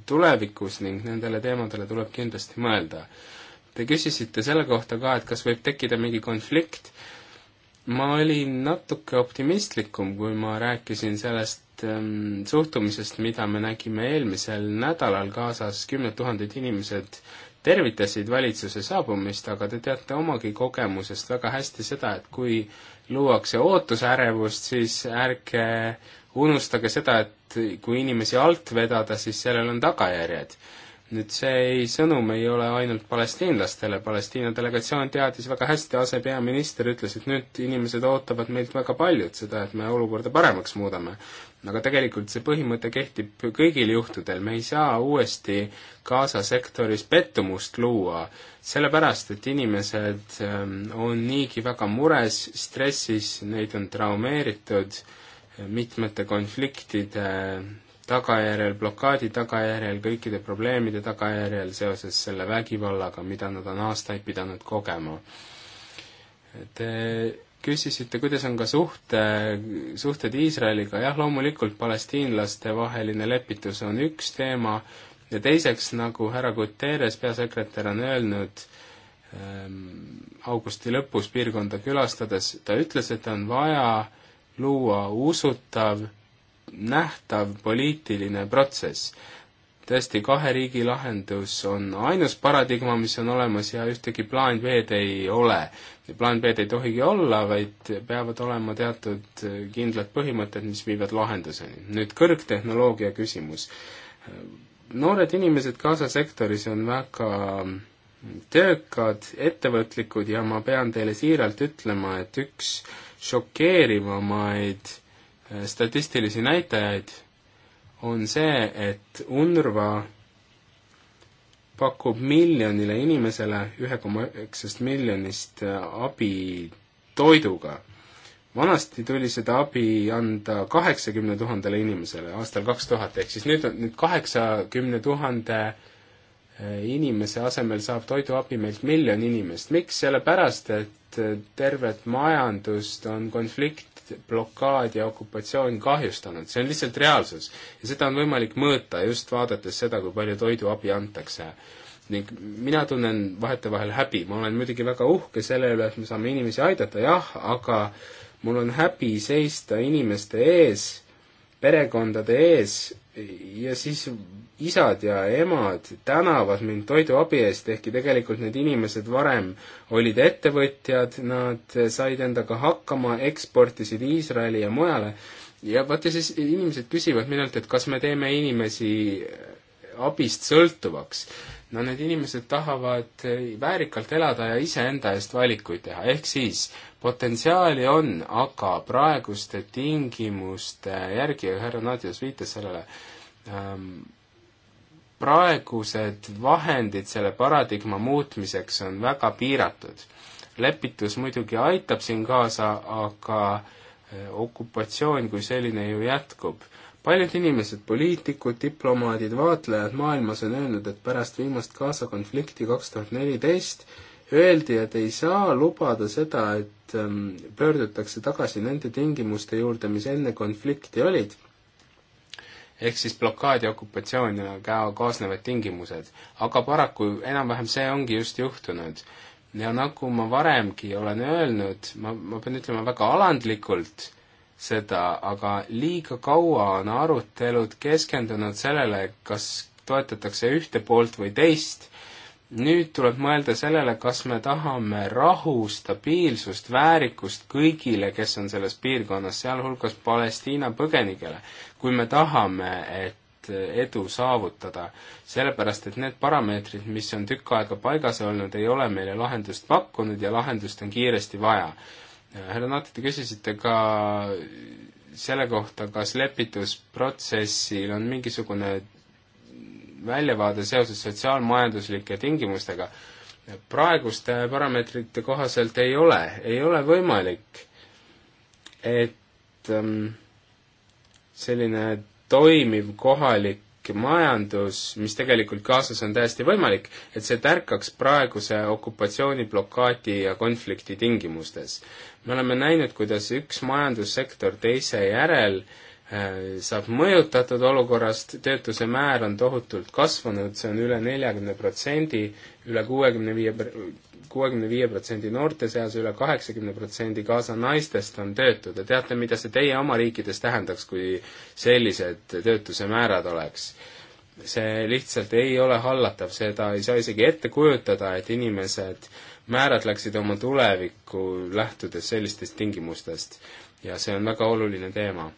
tulevikus ning nendele teemadele tuleb kindlasti mõelda. Te küsisite selle kohta ka, et kas võib tekkida mingi konflikt. ma olin natuke optimistlikum, kui ma rääkisin sellest Ähm, suhtumisest, mida me nägime eelmisel nädalal Gazas, kümned tuhanded inimesed tervitasid valitsuse saabumist, aga te teate omagi kogemusest väga hästi seda, et kui luuakse ootusärevust, siis ärge unustage seda, et kui inimesi alt vedada, siis sellel on tagajärjed. nüüd see ei, sõnum ei ole ainult palestiinlastele, Palestiina delegatsioon teadis väga hästi, asepeaminister ütles, et nüüd inimesed ootavad meilt väga paljud seda, et me olukorda paremaks muudame aga tegelikult see põhimõte kehtib kõigil juhtudel, me ei saa uuesti Gaza sektoris pettumust luua, sellepärast et inimesed ähm, on niigi väga mures, stressis, neid on traumeeritud äh, mitmete konfliktide tagajärjel, blokaadi tagajärjel, kõikide probleemide tagajärjel seoses selle vägivallaga, mida nad on aastaid pidanud kogema. Te küsisite, kuidas on ka suhte, suhted Iisraeliga, jah, loomulikult palestiinlaste vaheline lepitus on üks teema ja teiseks, nagu härra Guterres, peasekretär, on öelnud ähm, augusti lõpus piirkonda külastades, ta ütles, et on vaja luua usutav, nähtav poliitiline protsess tõesti, kahe riigi lahendus on ainus paradigma, mis on olemas ja ühtegi plaan B-d ei ole. plaan B-d ei tohigi olla, vaid peavad olema teatud kindlad põhimõtted, mis viivad lahenduseni. nüüd kõrgtehnoloogia küsimus. noored inimesed Gaza sektoris on väga töökad, ettevõtlikud ja ma pean teile siiralt ütlema, et üks šokeerivamaid statistilisi näitajaid on see, et UNRWA pakub miljonile inimesele ühe koma üheksast miljonist äh, abi toiduga. vanasti tuli seda abi anda kaheksakümne tuhandele inimesele aastal kaks tuhat, ehk siis nüüd on, nüüd kaheksakümne tuhande äh, inimese asemel saab toiduabi meilt miljon inimest. miks? sellepärast, et äh, tervet majandust on konflikt konflikt, blokaad ja okupatsioon kahjustanud, see on lihtsalt reaalsus. ja seda on võimalik mõõta just vaadates seda, kui palju toiduabi antakse. ning mina tunnen vahetevahel häbi, ma olen muidugi väga uhke selle üle, et me saame inimesi aidata, jah, aga mul on häbi seista inimeste ees, perekondade ees, ja siis isad ja emad tänavad mind toiduabi eest, ehkki tegelikult need inimesed varem olid ettevõtjad, nad said endaga hakkama, eksportisid Iisraeli ja mujale, ja vaata siis inimesed küsivad minult, et kas me teeme inimesi abist sõltuvaks no need inimesed tahavad eh, väärikalt elada ja iseenda eest valikuid teha, ehk siis potentsiaali on, aga praeguste tingimuste järgi, härra Nadjas viitas sellele ähm,, praegused vahendid selle paradigma muutmiseks on väga piiratud. lepitus muidugi aitab siin kaasa, aga eh, okupatsioon kui selline ju jätkub paljud inimesed, poliitikud, diplomaadid, vaatlejad maailmas on öelnud, et pärast viimast Gaza konflikti kaks tuhat neliteist öeldi, et ei saa lubada seda, et ähm, pöördutakse tagasi nende tingimuste juurde, mis enne konflikti olid. ehk siis blokaad ja okupatsioon ja ka kaasnevad tingimused. aga paraku enam-vähem see ongi just juhtunud. ja nagu ma varemgi olen öelnud, ma, ma pean ütlema väga alandlikult, seda, aga liiga kaua on arutelud keskendunud sellele, kas toetatakse ühte poolt või teist. nüüd tuleb mõelda sellele, kas me tahame rahu, stabiilsust, väärikust kõigile, kes on selles piirkonnas, sealhulgas Palestiina põgenikele. kui me tahame, et edu saavutada, sellepärast et need parameetrid, mis on tükk aega paigas olnud, ei ole meile lahendust pakkunud ja lahendust on kiiresti vaja härra Natt, te küsisite ka selle kohta, kas lepitusprotsessil on mingisugune väljavaade seoses sotsiaalmajanduslike tingimustega. praeguste parameetrite kohaselt ei ole, ei ole võimalik, et ähm, selline toimiv kohalik majandus, mis tegelikult Gazas on täiesti võimalik, et see tärkaks praeguse okupatsiooni, blokaadi ja konflikti tingimustes. me oleme näinud, kuidas üks majandussektor teise järel äh, saab mõjutatud olukorrast, töötuse määr on tohutult kasvanud, see on üle neljakümne protsendi, üle kuuekümne viie kuuekümne viie protsendi noorte seas ja üle kaheksakümne protsendi Gaza naistest on töötud ja teate, mida see teie oma riikides tähendaks, kui sellised töötuse määrad oleks? see lihtsalt ei ole hallatav, seda ei saa isegi ette kujutada, et inimesed määratleksid oma tulevikku, lähtudes sellistest tingimustest. ja see on väga oluline teema.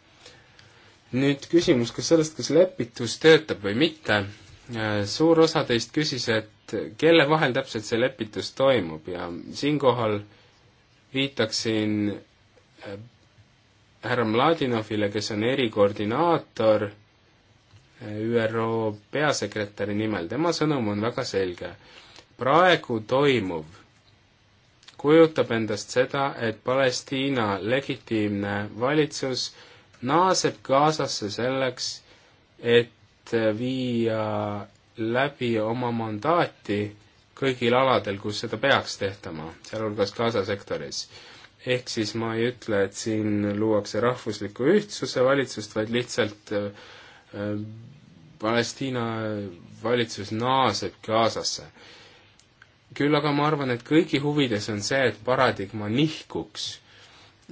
nüüd küsimus, kas sellest, kas lepitus töötab või mitte, suur osa teist küsis, et kelle vahel täpselt see lepitus toimub ja siinkohal viitaksin äh, härra Mladinovile, kes on erikoordinaator äh, ÜRO peasekretäri nimel, tema sõnum on väga selge. praegu toimuv kujutab endast seda, et Palestiina legitiimne valitsus naaseb Gazasse selleks, et viia läbi oma mandaati kõigil aladel, kus seda peaks tehtama, sealhulgas Gaza sektoris. ehk siis ma ei ütle, et siin luuakse rahvusliku ühtsuse valitsust, vaid lihtsalt äh, äh, Palestiina valitsus naaseb Gazasse. küll aga ma arvan, et kõigi huvides on see, et paradigma nihkuks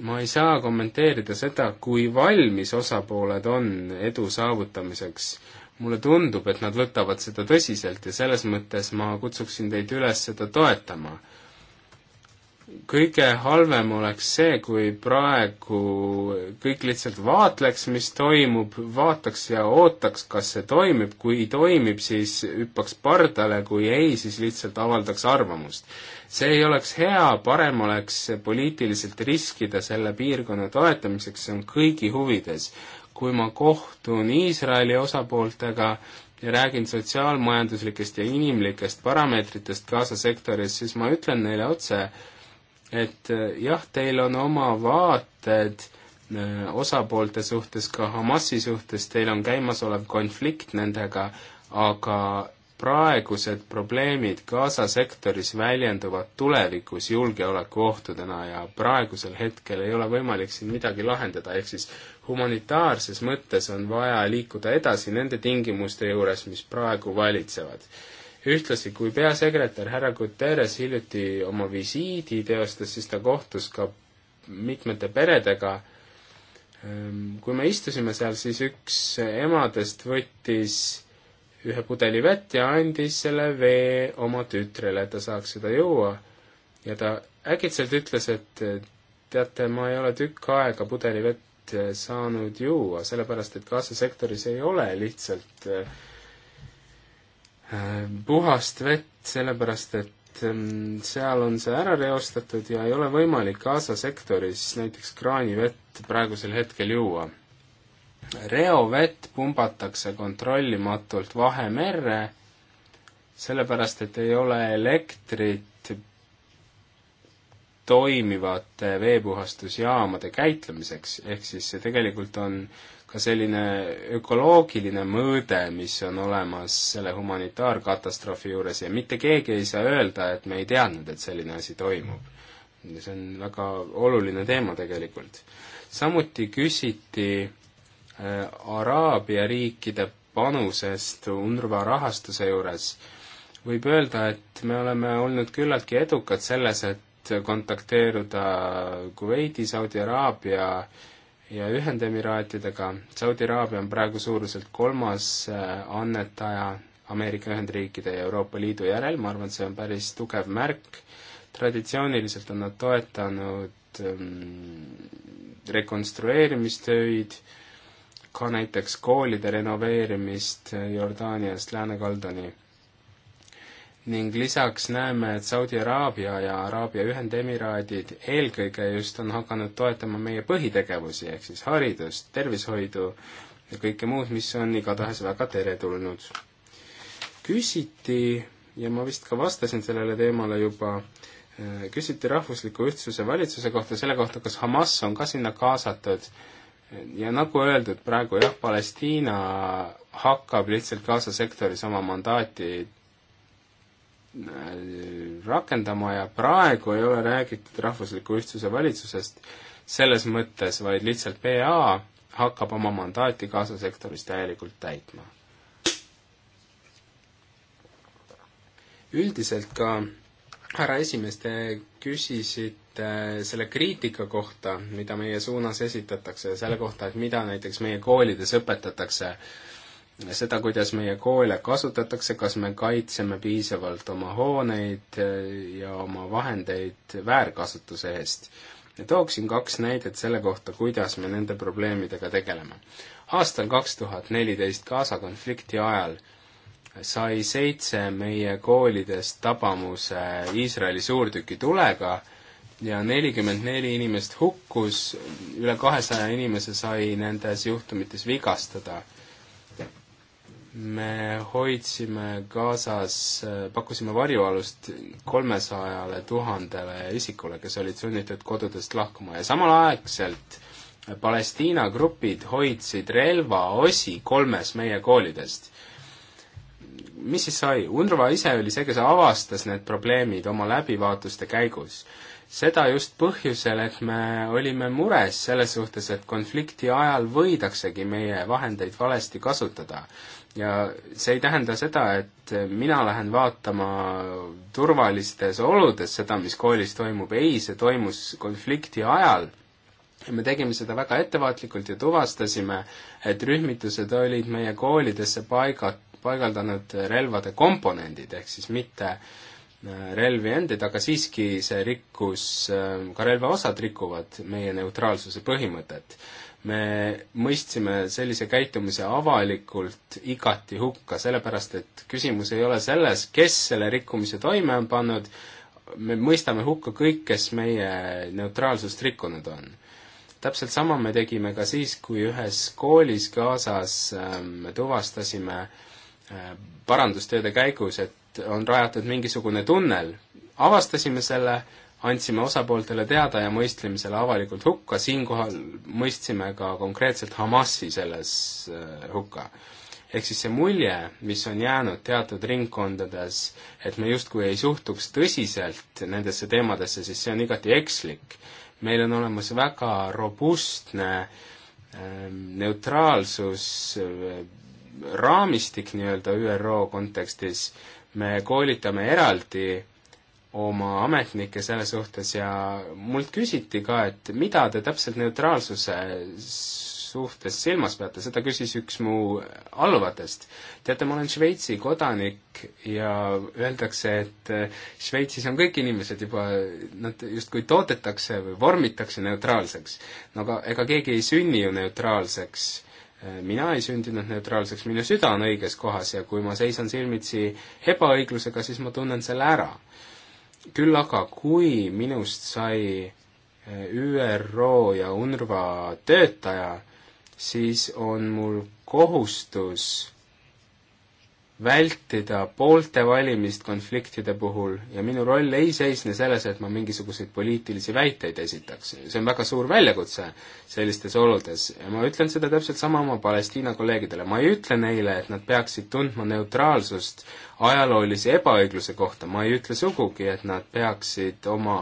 ma ei saa kommenteerida seda, kui valmis osapooled on edu saavutamiseks mulle tundub, et nad võtavad seda tõsiselt ja selles mõttes ma kutsuksin teid üles seda toetama. kõige halvem oleks see, kui praegu kõik lihtsalt vaatleks, mis toimub, vaataks ja ootaks, kas see toimib, kui toimib, siis hüppaks pardale, kui ei, siis lihtsalt avaldaks arvamust. see ei oleks hea, parem oleks poliitiliselt riskida selle piirkonna toetamiseks, see on kõigi huvides kui ma kohtun Iisraeli osapooltega ja räägin sotsiaalmajanduslikest ja inimlikest parameetritest Gaza sektoris, siis ma ütlen neile otse, et eh, jah, teil on oma vaated eh, osapoolte suhtes, ka Hamasi suhtes, teil on käimasolev konflikt nendega, aga praegused probleemid Gaza sektoris väljenduvad tulevikus julgeolekuohtudena ja praegusel hetkel ei ole võimalik siin midagi lahendada, ehk siis humanitaarses mõttes on vaja liikuda edasi nende tingimuste juures, mis praegu valitsevad. ühtlasi, kui peasekretär härra Guterres hiljuti oma visiidi teostas, siis ta kohtus ka mitmete peredega. Ehm, kui me istusime seal, siis üks emadest võttis ühe pudeli vett ja andis selle vee oma tütrele, et ta saaks seda juua. ja ta äkitselt ütles, et teate, ma ei ole tükk aega pudelivett Eh, saanud juua, sellepärast et kaasasektoris ei ole lihtsalt eh, puhast vett, sellepärast et mm, seal on see ära reostatud ja ei ole võimalik kaasasektoris näiteks kraanivett praegusel hetkel juua. reovett pumbatakse kontrollimatult Vahemerre, sellepärast et ei ole elektrit toimivate veepuhastusjaamade käitlemiseks, ehk siis see tegelikult on ka selline ökoloogiline mõõde, mis on olemas selle humanitaarkatastroofi juures ja mitte keegi ei saa öelda, et me ei teadnud, et selline asi toimub. see on väga oluline teema tegelikult. samuti küsiti äh, Araabia riikide panusest UNRWA rahastuse juures võib öelda, et me oleme olnud küllaltki edukad selles, et kontakteeruda Kuveidi, Saudi Araabia ja Ühendemiraatidega. Saudi Araabia on praegu suuruselt kolmas äh, annetaja Ameerika Ühendriikide ja Euroopa Liidu järel, ma arvan, et see on päris tugev märk. traditsiooniliselt on nad toetanud ähm, rekonstrueerimistöid, ka näiteks koolide renoveerimist Jordaaniast läänekaldani ning lisaks näeme, et Saudi Araabia ja Araabia Ühendemiraadid eelkõige just on hakanud toetama meie põhitegevusi, ehk siis haridust, tervishoidu ja kõike muud, mis on igatahes väga teretulnud. küsiti, ja ma vist ka vastasin sellele teemale juba, eh, küsiti rahvusliku ühtsuse valitsuse kohta, selle kohta, kas Hamas on ka sinna kaasatud ja nagu öeldud, praegu jah, Palestiina hakkab lihtsalt Gaza sektoris oma mandaati Äh, rakendama ja praegu ei ole räägitud rahvusliku ühtsuse valitsusest selles mõttes, vaid lihtsalt PA hakkab oma mandaati kaasasektoris täielikult täitma. üldiselt ka härra esimees, te küsisite äh, selle kriitika kohta, mida meie suunas esitatakse ja selle kohta, et mida näiteks meie koolides õpetatakse äh, seda, kuidas meie koole kasutatakse, kas me kaitseme piisavalt oma hooneid eh, ja oma vahendeid väärkasutuse eest. ja tooksin kaks näidet selle kohta, kuidas me nende probleemidega tegeleme. aastal kaks tuhat neliteist Gaza konflikti ajal sai seitse meie koolidest tabamuse Iisraeli suurtükitulega ja nelikümmend neli inimest hukkus, üle kahesaja inimese sai nendes juhtumites vigastada me hoidsime Gazas, pakkusime varjualust kolmesajale tuhandele isikule, kes olid sunnitud kodudest lahkuma ja samalaegselt Palestiina grupid hoidsid relvaosi kolmes meie koolidest. mis siis sai? UNRWA ise oli see, kes avastas need probleemid oma läbivaatuste käigus. seda just põhjusel, et me olime mures selles suhtes, et konflikti ajal võidaksegi meie vahendeid valesti kasutada ja see ei tähenda seda, et mina lähen vaatama turvalistes oludes seda, mis koolis toimub, ei, see toimus konflikti ajal. ja me tegime seda väga ettevaatlikult ja tuvastasime, et rühmitused olid meie koolidesse paigat-, paigaldanud relvade komponendid, ehk siis mitte äh, relvi endid, aga siiski see rikkus, äh, ka relvaosad rikuvad meie neutraalsuse põhimõtet me mõistsime sellise käitumise avalikult igati hukka, sellepärast et küsimus ei ole selles, kes selle rikkumise toime on pannud, me mõistame hukka kõik, kes meie neutraalsust rikkunud on. täpselt sama me tegime ka siis, kui ühes koolis Gazas ähm, me tuvastasime äh, parandustööde käigus, et on rajatud mingisugune tunnel. avastasime selle, andsime osapooltele teada ja mõistlime selle avalikult hukka, siinkohal mõistsime ka konkreetselt Hamasi selles äh, hukka. ehk siis see mulje, mis on jäänud teatud ringkondades, et me justkui ei suhtuks tõsiselt nendesse teemadesse, siis see on igati ekslik. meil on olemas väga robustne ähm, neutraalsus, äh, raamistik nii-öelda ÜRO kontekstis, me koolitame eraldi oma ametnikke selle suhtes ja mult küsiti ka, et mida te täpselt neutraalsuse suhtes silmas peate, seda küsis üks mu alluvatest. teate, ma olen Šveitsi kodanik ja öeldakse, et eh, Šveitsis on kõik inimesed juba, nad justkui toodetakse või vormitakse neutraalseks. no aga ega keegi ei sünni ju neutraalseks eh, mina ei sündinud neutraalseks, minu süda on õiges kohas ja kui ma seisan silmitsi ebaõiglusega, siis ma tunnen selle ära küll aga, kui minust sai eh, ÜRO ja UNRWA töötaja, siis on mul kohustus vältida poolte valimist konfliktide puhul ja minu roll ei seisne selles, et ma mingisuguseid poliitilisi väiteid esitaks. see on väga suur väljakutse sellistes oludes ja ma ütlen seda täpselt sama oma Palestiina kolleegidele, ma ei ütle neile, et nad peaksid tundma neutraalsust äh, ajaloolise ebaõigluse kohta, ma ei ütle sugugi, et nad peaksid oma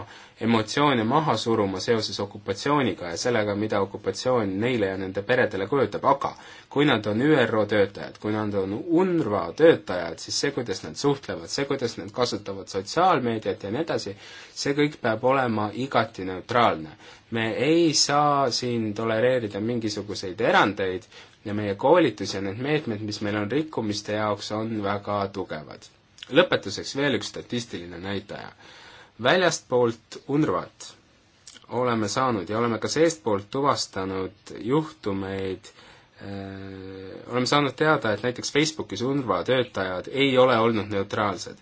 emotsioone maha suruma seoses okupatsiooniga ja sellega, mida okupatsioon neile ja nende peredele kujutab, aga kui nad on ÜRO töötajad, kui nad on UNRWA töötajad, siis see, kuidas nad suhtlevad, see, kuidas nad kasutavad sotsiaalmeediat ja nii edasi, see kõik peab olema igati neutraalne. me ei saa siin tolereerida mingisuguseid erandeid, ja meie koolitus ja need meetmed, mis meil on rikkumiste jaoks, on väga tugevad. lõpetuseks veel üks statistiline näitaja. väljastpoolt UNRWA-t oleme saanud ja oleme ka seestpoolt tuvastanud juhtumeid, äh, oleme saanud teada, et näiteks Facebookis UNRWA töötajad ei ole olnud neutraalsed.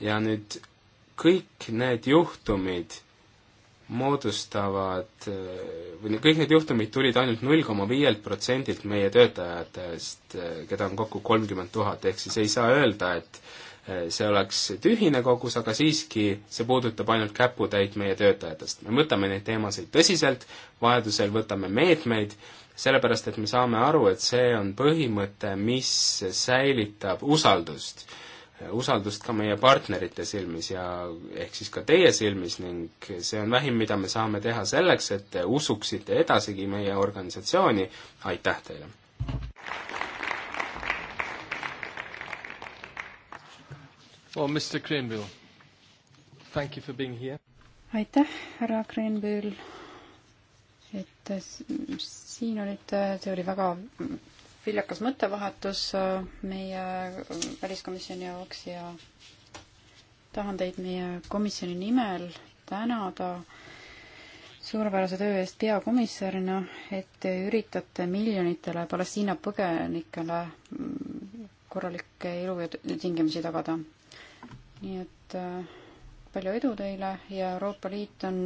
ja nüüd kõik need juhtumid moodustavad eh, või kõik need juhtumid tulid ainult null koma viielt protsendilt meie töötajatest, eh, keda on kokku kolmkümmend tuhat, ehk siis ei saa öelda, et eh, see oleks tühine kogus, aga siiski see puudutab ainult käputäit meie töötajatest. me võtame neid teemasid tõsiselt, vajadusel võtame meetmeid, sellepärast et me saame aru, et see on põhimõte, mis säilitab usaldust usaldust ka meie partnerite silmis ja ehk siis ka teie silmis ning see on vähim, mida me saame teha selleks, et te usuksite edasigi meie organisatsiooni, aitäh teile! Well, Mr Greenville, thank you for being here. aitäh, härra Greenville, et siin olite, see oli väga viljakas mõttevahetus äh, meie äh, väliskomisjoni jaoks ja tahan teid meie komisjoni nimel tänada suurepärase töö eest peakomissarina, et te üritate miljonitele Palestiina põgenikele mm, korralikke elu ja tingimusi tagada. nii et äh, palju edu teile ja Euroopa Liit on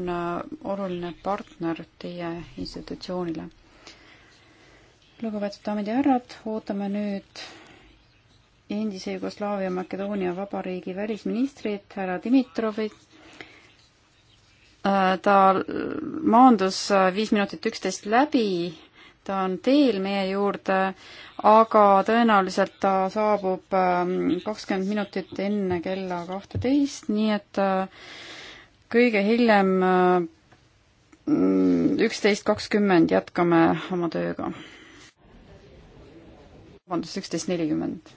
oluline partner teie institutsioonile lugupeetud daamid ja härrad, ootame nüüd endise Jugoslaavia Makedoonia Vabariigi välisministrit härra Dimitrovit. Äh, ta maandus äh, viis minutit üksteist läbi, ta on teel meie juurde, aga tõenäoliselt ta saabub ähm, kakskümmend minutit enne kella kahteteist, nii et äh, kõige hiljem mm, üksteist kakskümmend jätkame oma tööga vabandust, üksteist nelikümmend.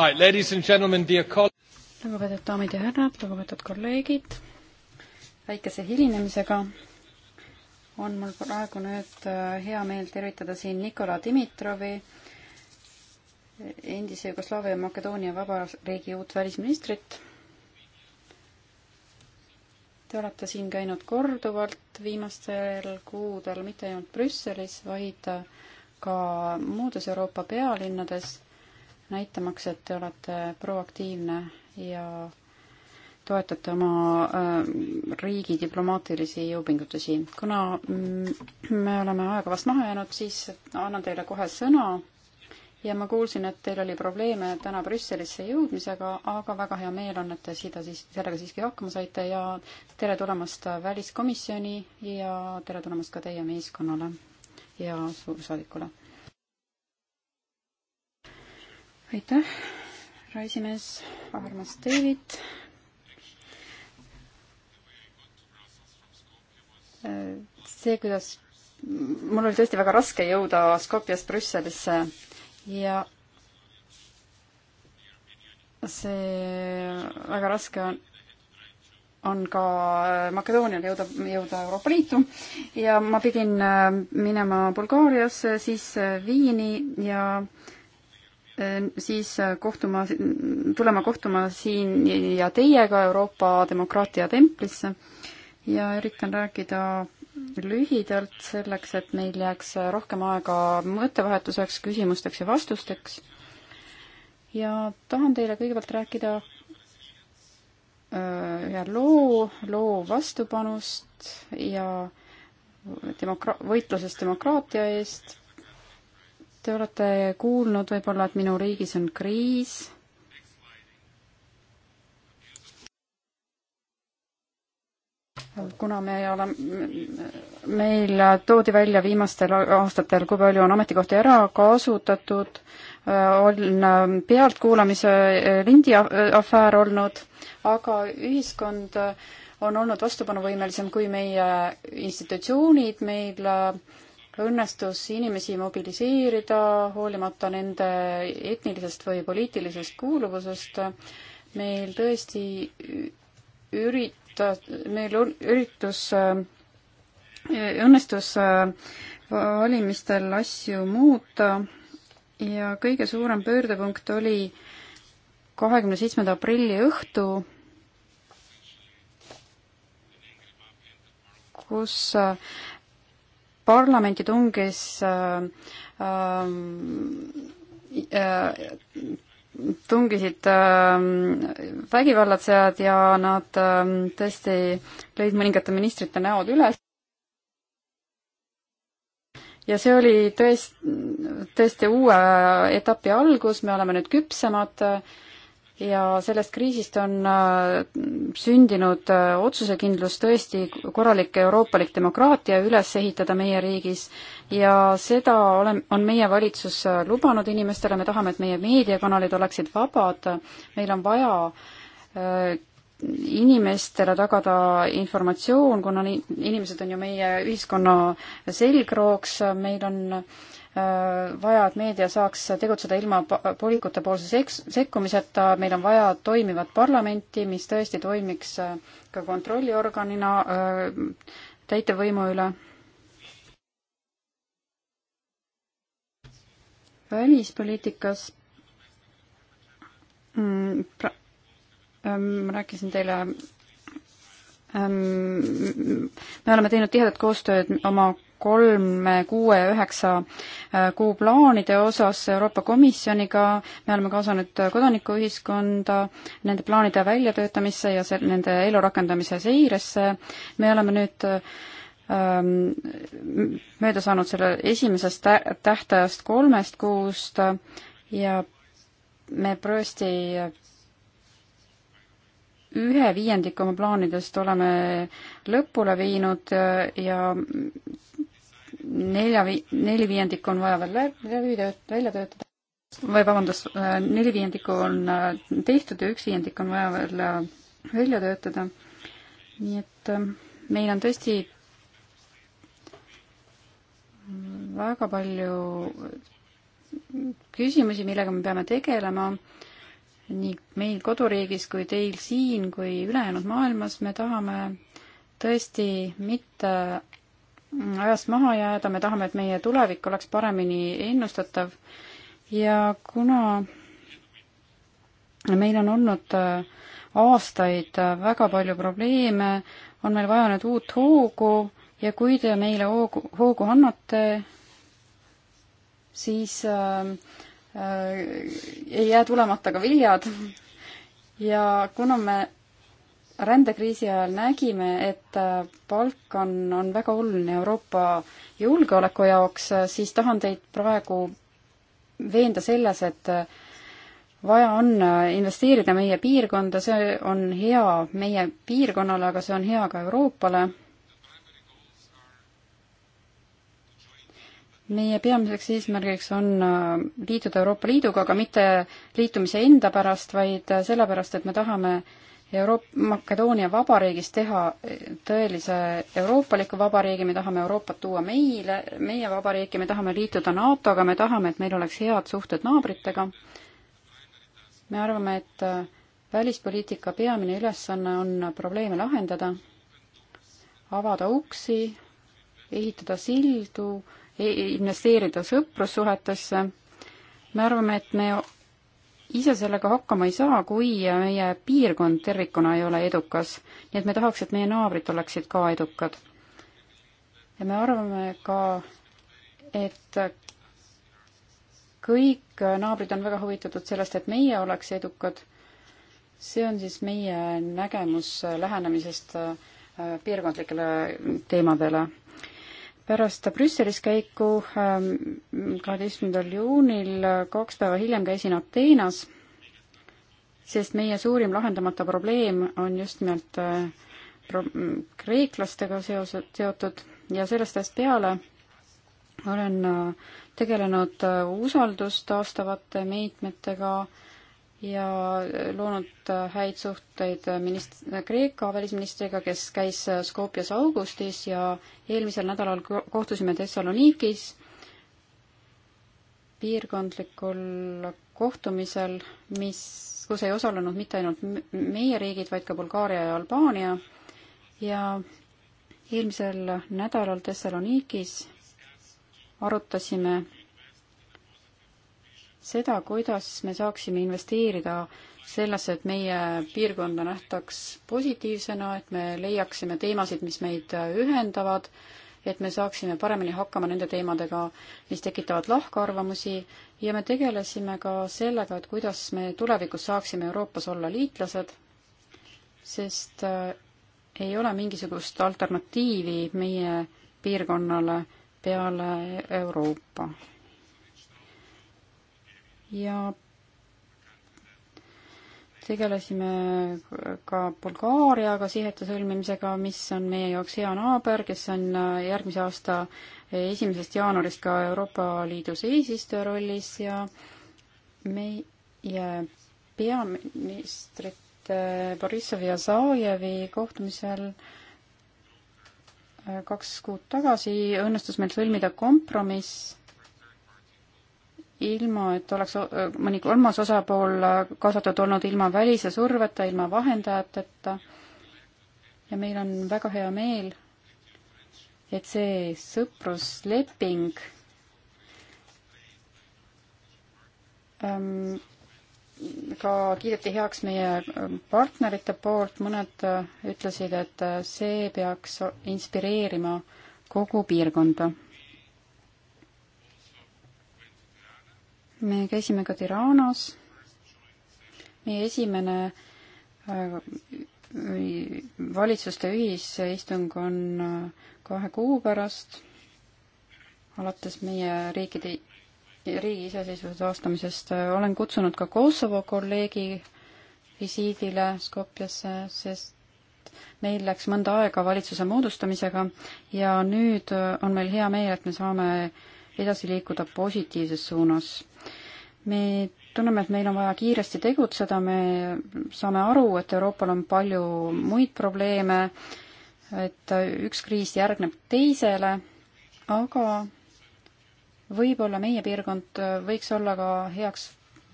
Right, ladies and gentlemen, dear colleagues. lugupeetud daamid ja härrad, lugupeetud kolleegid, väikese hilinemisega on mul praegu nüüd äh, hea meel tervitada siin Nikola Dimitrovi, endise Jugoslaavia ja Makedoonia Vabariigi uut välisministrit. Te olete siin käinud korduvalt viimastel kuudel mitte ainult Brüsselis, vaid ka muudes Euroopa pealinnades näitamaks, et te olete proaktiivne ja toetate oma äh, riigi diplomaatilisi jõupingutusi. kuna me oleme aega vast maha jäänud, siis annan teile kohe sõna ja ma kuulsin, et teil oli probleeme täna Brüsselisse jõudmisega, aga väga hea meel on, et te seda siis, sellega siiski hakkama saite ja tere tulemast väliskomisjoni ja tere tulemast ka teie meeskonnale ja suursaadikule aitäh, härra esimees, armas David. see, kuidas mul oli tõesti väga raske jõuda Skopjast Brüsselisse ja see väga raske on, on ka Makedoonial jõuda, jõuda Euroopa Liitu ja ma pidin äh, minema Bulgaariasse, siis äh, Viini ja äh, Ehm, siis äh, kohtuma, tulema kohtuma siin ja teiega Euroopa demokraatia templisse ja üritan rääkida lühidalt selleks, et meil jääks rohkem aega mõttevahetuseks, küsimusteks ja vastusteks. ja tahan teile kõigepealt rääkida äh, ühe loo, loo vastupanust ja demokra-, võitlusest demokraatia eest Te olete kuulnud võib-olla, et minu riigis on kriis kuna me oleme, meil toodi välja viimastel aastatel, kui palju on ametikohti ära kasutatud, on pealtkuulamise lindi afäär olnud, aga ühiskond on olnud vastupanuvõimelisem kui meie institutsioonid, meil õnnestus inimesi mobiliseerida, hoolimata nende etnilisest või poliitilisest kuuluvusest. meil tõesti ürita-, meil üritus, äh, õnnestus äh, valimistel asju muuta ja kõige suurem pöördepunkt oli kahekümne seitsmenda aprilli õhtu, kus äh, parlamenti tungis äh, äh, tungisid äh, vägivallatsejad ja nad äh, tõesti lõid mõningate ministrite näod üles. ja see oli tõest-, tõesti uue etapi algus, me oleme nüüd küpsemad äh, ja sellest kriisist on äh, sündinud äh, otsusekindlus tõesti korralik euroopalik demokraatia üles ehitada meie riigis ja seda ole, on meie valitsus äh, lubanud inimestele, me tahame, et meie meediakanalid oleksid vabad, meil on vaja inimestele tagada informatsioon, kuna inimesed on ju meie ühiskonna selgrooks, meil on äh, vaja, et meedia saaks tegutseda ilma poliitikute poolse sekkumiseta, meil on vaja toimivat parlamenti, mis tõesti toimiks äh, ka kontrolliorganina äh, täitevvõimu üle. välispoliitikas mm, pra-, ähm, ma rääkisin teile ähm, me oleme teinud tihedat koostööd oma kolme, kuue ja üheksa äh, kuu plaanide osas Euroopa Komisjoniga, me oleme kaasanud kodanikuühiskonda nende plaanide väljatöötamisse ja sel-, nende elurakendamise seiresse, me oleme nüüd ähm, mööda saanud selle esimesest tähtajast kolmest kuust ja me tõesti ühe viiendiku oma plaanidest oleme lõpule viinud ja nelja, neli viiendikku on vaja veel läbi tööt-, välja töötada või vabandust, äh, neli viiendikku on äh, tehtud ja üks viiendik on vaja veel äh, välja töötada. nii et meil on tõesti väga palju küsimusi, millega me peame tegelema nii meil koduriigis kui teil siin kui ülejäänud maailmas. me tahame tõesti mitte ajast maha jääda, me tahame, et meie tulevik oleks paremini ennustatav ja kuna meil on olnud äh, aastaid äh, väga palju probleeme, on meil vaja nüüd uut hoogu ja kui te meile hoogu, hoogu annate, siis äh, äh, ei jää tulemata ka viljad. ja kuna me rändekriisi ajal nägime, et äh, Balkan on väga oluline Euroopa julgeoleku jaoks, äh, siis tahan teid praegu veenda selles, et äh, vaja on investeerida meie piirkonda, see on hea meie piirkonnale, aga see on hea ka Euroopale. meie peamiseks eesmärgiks on liituda Euroopa Liiduga, aga mitte liitumise enda pärast, vaid sellepärast, et me tahame äh, Euroop-, Makedoonia vabariigist teha eh, tõelise euroopaliku vabariigi, me tahame Euroopat tuua meile, meie vabariiki, me tahame liituda NATO-ga, me tahame, et meil oleks head suhted naabritega. me arvame, et eh, välispoliitika peamine ülesanne on probleeme lahendada, avada uksi, ehitada sildu, e-, investeerida sõprussuhetesse. me arvame, et me ise sellega hakkama ei saa, kui meie piirkond tervikuna ei ole edukas. nii et me tahaks, et meie naabrid oleksid ka edukad. ja me arvame ka, et kõik naabrid on väga huvitatud sellest, et meie oleks edukad. see on siis meie nägemus lähenemisest äh, piirkondlikele teemadele pärast Brüsselis käiku ähm, kaheteistkümnendal juunil, kaks päeva hiljem käisin Ateenas, sest meie suurim lahendamata probleem on just nimelt äh, pro-, mm, kreeklastega seos-, seotud ja sellest ajast peale olen äh, tegelenud äh, usaldust taastavate meetmetega äh,, ja loonud häid suhteid minist-, Kreeka välisministriga, kes käis Skopjas augustis ja eelmisel nädalal kohtusime Thessalonikis piirkondlikul kohtumisel, mis, kus ei osalenud mitte ainult meie riigid, vaid ka Bulgaaria ja Albaania ja eelmisel nädalal Thessalonikis arutasime seda, kuidas me saaksime investeerida sellesse, et meie piirkonda nähtaks positiivsena, et me leiaksime teemasid, mis meid ühendavad, et me saaksime paremini hakkama nende teemadega, mis tekitavad lahkarvamusi ja me tegelesime ka sellega, et kuidas me tulevikus saaksime Euroopas olla liitlased, sest äh, ei ole mingisugust alternatiivi meie piirkonnale peale Euroopa ja tegelesime ka Bulgaariaga sihete sõlmimisega, mis on meie jaoks hea naaber, kes on järgmise aasta esimesest jaanuarist ka Euroopa Liidus eesistuja rollis ja meie peaministrite Borissovi ja Zajevi kohtumisel kaks kuud tagasi õnnestus meil sõlmida kompromiss ilma, et oleks äh, mõni kolmas osapool äh, kaasatud olnud ilma välise surveta, ilma vahendajateta. ja meil on väga hea meel, et see sõprusleping ähm, ka kiideti heaks meie ähm, partnerite poolt, mõned äh, ütlesid, et see peaks inspireerima kogu piirkonda me käisime ka Tiranas. meie esimene äh, valitsuste ühisistung on äh, kahe kuu pärast, alates meie riikide, riigi iseseisvuse taastamisest. Äh, olen kutsunud ka Kosovo kolleegi visiidile Skopjasse, sest meil läks mõnda aega valitsuse moodustamisega ja nüüd on meil hea meel, et me saame edasi liikuda positiivses suunas me tunneme, et meil on vaja kiiresti tegutseda, me saame aru, et Euroopal on palju muid probleeme, et üks kriis järgneb teisele, aga võib-olla meie piirkond võiks olla ka heaks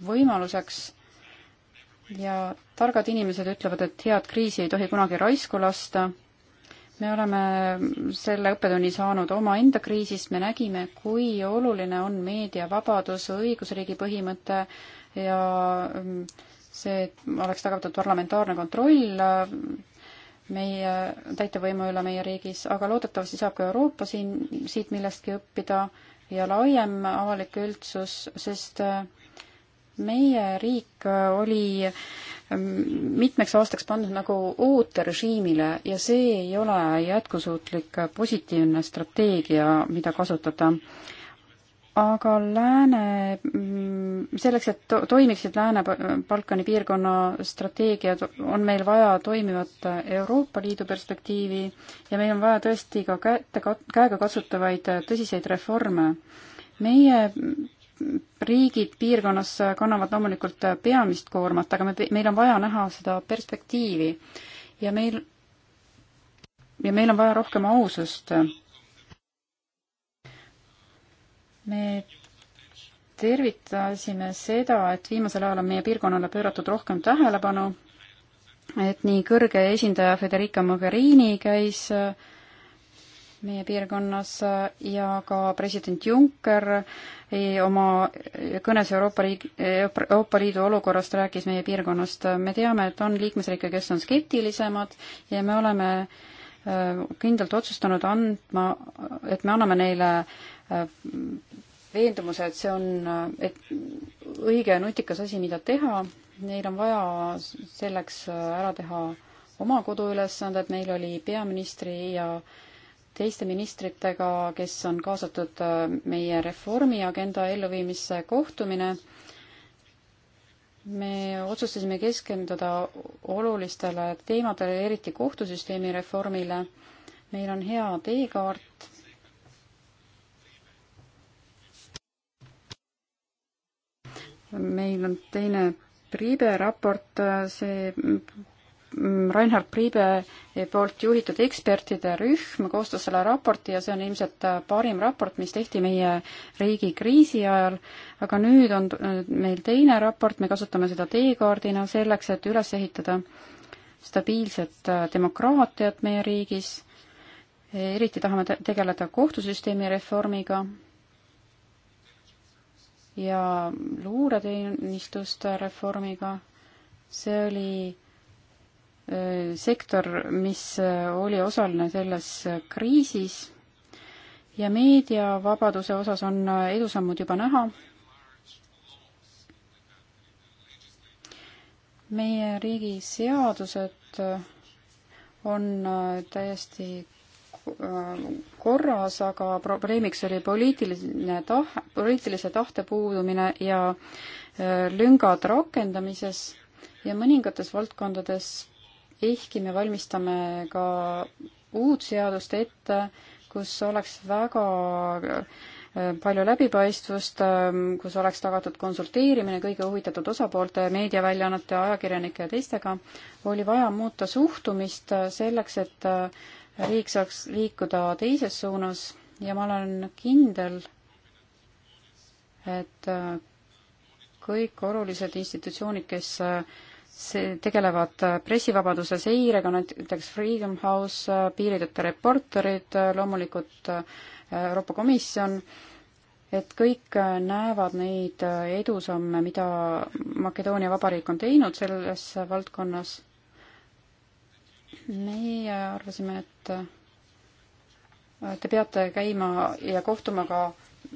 võimaluseks ja targad inimesed ütlevad, et head kriisi ei tohi kunagi raisku lasta me oleme selle õppetunni saanud omaenda kriisist, me nägime, kui oluline on meediavabadus, õigusriigi põhimõte ja mm, see, et oleks tagatud parlamentaarne kontroll meie täitevvõimu üle meie riigis, aga loodetavasti saab ka Euroopa siin siit millestki õppida ja laiem avalik üldsus, sest äh, meie riik äh, oli äh, mitmeks aastaks pandud nagu ooterežiimile ja see ei ole jätkusuutlik positiivne strateegia, mida kasutada aga Lääne, mm, selleks, et to toimiksid Lääne-Balkani piirkonna strateegiad, on meil vaja toimivat Euroopa Liidu perspektiivi ja meil on vaja tõesti ka kätte, käega katsutavaid tõsiseid reforme. meie riigid piirkonnas kannavad loomulikult peamist koormat, aga me, meil on vaja näha seda perspektiivi ja meil, ja meil on vaja rohkem ausust. me tervitasime seda, et viimasel ajal on meie piirkonnale pööratud rohkem tähelepanu, et nii kõrge esindaja Federica Mogherini käis äh, meie piirkonnas ja ka president Juncker oma kõnes Euroopa riik, Euroopa Liidu olukorrast rääkis meie piirkonnast. me teame, et on liikmesriike, kes on skeptilisemad ja me oleme äh, kindlalt otsustanud andma, et me anname neile äh, veendumuse, et see on, äh, et õige ja nutikas asi, mida teha. Neil on vaja selleks ära teha oma koduülesanded, meil oli peaministri ja äh, teiste ministritega, kes on kaasatud äh, meie reformiagenda elluviimisse kohtumine. me otsustasime keskenduda olulistele teemadele, eriti kohtusüsteemi reformile. meil on hea teekaart. meil on teine Priibe raport, äh, see Mm, Reinhard Priibe poolt juhitud ekspertide rühm koostas selle raporti ja see on ilmselt parim raport, mis tehti meie riigi kriisi ajal, aga nüüd on meil teine raport, me kasutame seda teekaardina selleks, et üles ehitada stabiilset äh, demokraatiat meie riigis, eriti tahame tegeleda kohtusüsteemi reformiga ja luureteenistuste reformiga, see oli sektor, mis oli osaline selles kriisis ja meediavabaduse osas on edusammud juba näha. meie riigi seadused on täiesti korras, aga probleemiks oli poliitiline tahe, poliitilise tahte puudumine ja lüngad rakendamises ja mõningates valdkondades ehkki me valmistame ka uut seadust ette, kus oleks väga äh, palju läbipaistvust, ähm, kus oleks tagatud konsulteerimine kõige huvitatud osapoolte, meediaväljaannete, ajakirjanike ja teistega, oli vaja muuta suhtumist äh, selleks, et äh, riik saaks liikuda teises suunas ja ma olen kindel, et kõik olulised institutsioonid, kes see tegelevad pressivabaduse seirega, näiteks Freedom House, piirideta reporterid, loomulikult äh, Euroopa Komisjon, et kõik äh, näevad neid äh, edusamme, mida Makedoonia Vabariik on teinud selles valdkonnas. meie arvasime, et te peate käima ja kohtuma ka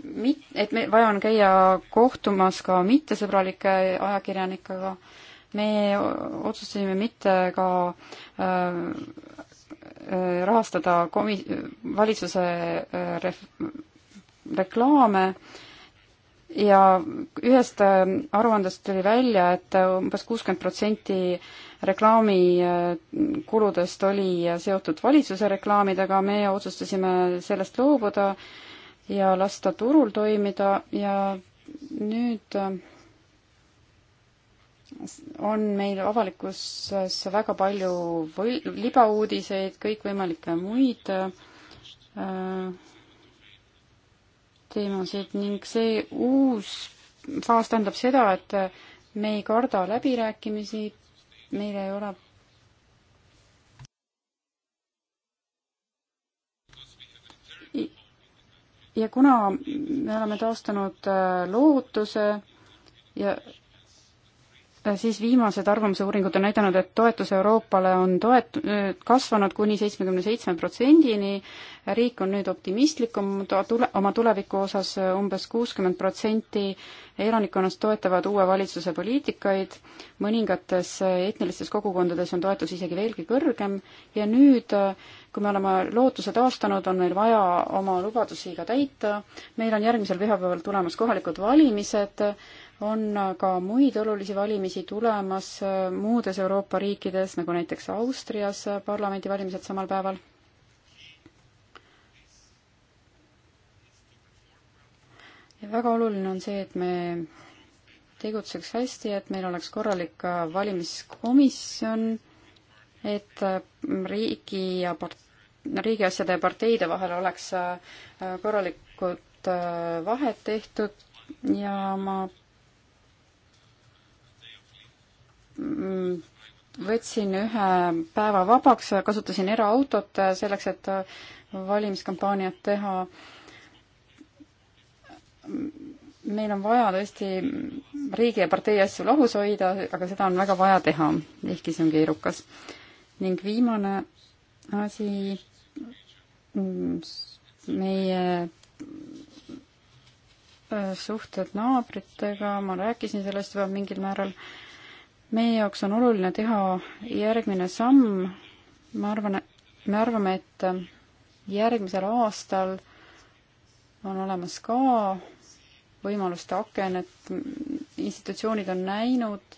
mit-, et me, vaja on käia kohtumas ka mittesõbralike ajakirjanikega me otsustasime mitte ka äh, äh, rahastada komi-, valitsuse äh, ref-, reklaame ja ühest aruandest tuli välja, et umbes kuuskümmend protsenti reklaamikuludest oli seotud valitsuse reklaamidega, me otsustasime sellest loobuda ja lasta turul toimida ja nüüd on meil avalikkuses väga palju või-, libauudiseid, kõikvõimalikke muid äh, teemasid ning see uus faas tähendab seda, et me ei karda läbirääkimisi, meil ei ole ja kuna me oleme taastanud äh, lootuse ja siis viimased arvamusuuringud on näidanud, et toetus Euroopale on toet-, kasvanud kuni seitsmekümne seitsme protsendini, riik on nüüd optimistlikum tule-, oma tuleviku osas umbes kuuskümmend protsenti elanikkonnast toetavad uue valitsuse poliitikaid, mõningates etnilistes kogukondades on toetus isegi veelgi kõrgem ja nüüd, kui me oleme lootuse taastanud, on meil vaja oma lubadusi ka täita, meil on järgmisel pühapäeval tulemas kohalikud valimised, on ka muid olulisi valimisi tulemas muudes Euroopa riikides, nagu näiteks Austrias parlamendivalimised samal päeval. ja väga oluline on see, et me tegutseks hästi, et meil oleks korralik valimiskomisjon, et riigi ja part-, riigiasjade ja parteide vahel oleks korralikud vahed tehtud ja ma Mm, võtsin ühe päeva vabaks, kasutasin eraautot selleks, et valimiskampaaniat teha. meil on vaja tõesti riigi ja partei asju lahus hoida, aga seda on väga vaja teha, ehkki see on keerukas. ning viimane asi, mm, meie äh, suhted naabritega, ma rääkisin sellest juba mingil määral äh,, meie jaoks on oluline teha järgmine samm, ma arvan, me arvame, et järgmisel aastal on olemas ka võimaluste aken, et institutsioonid on näinud,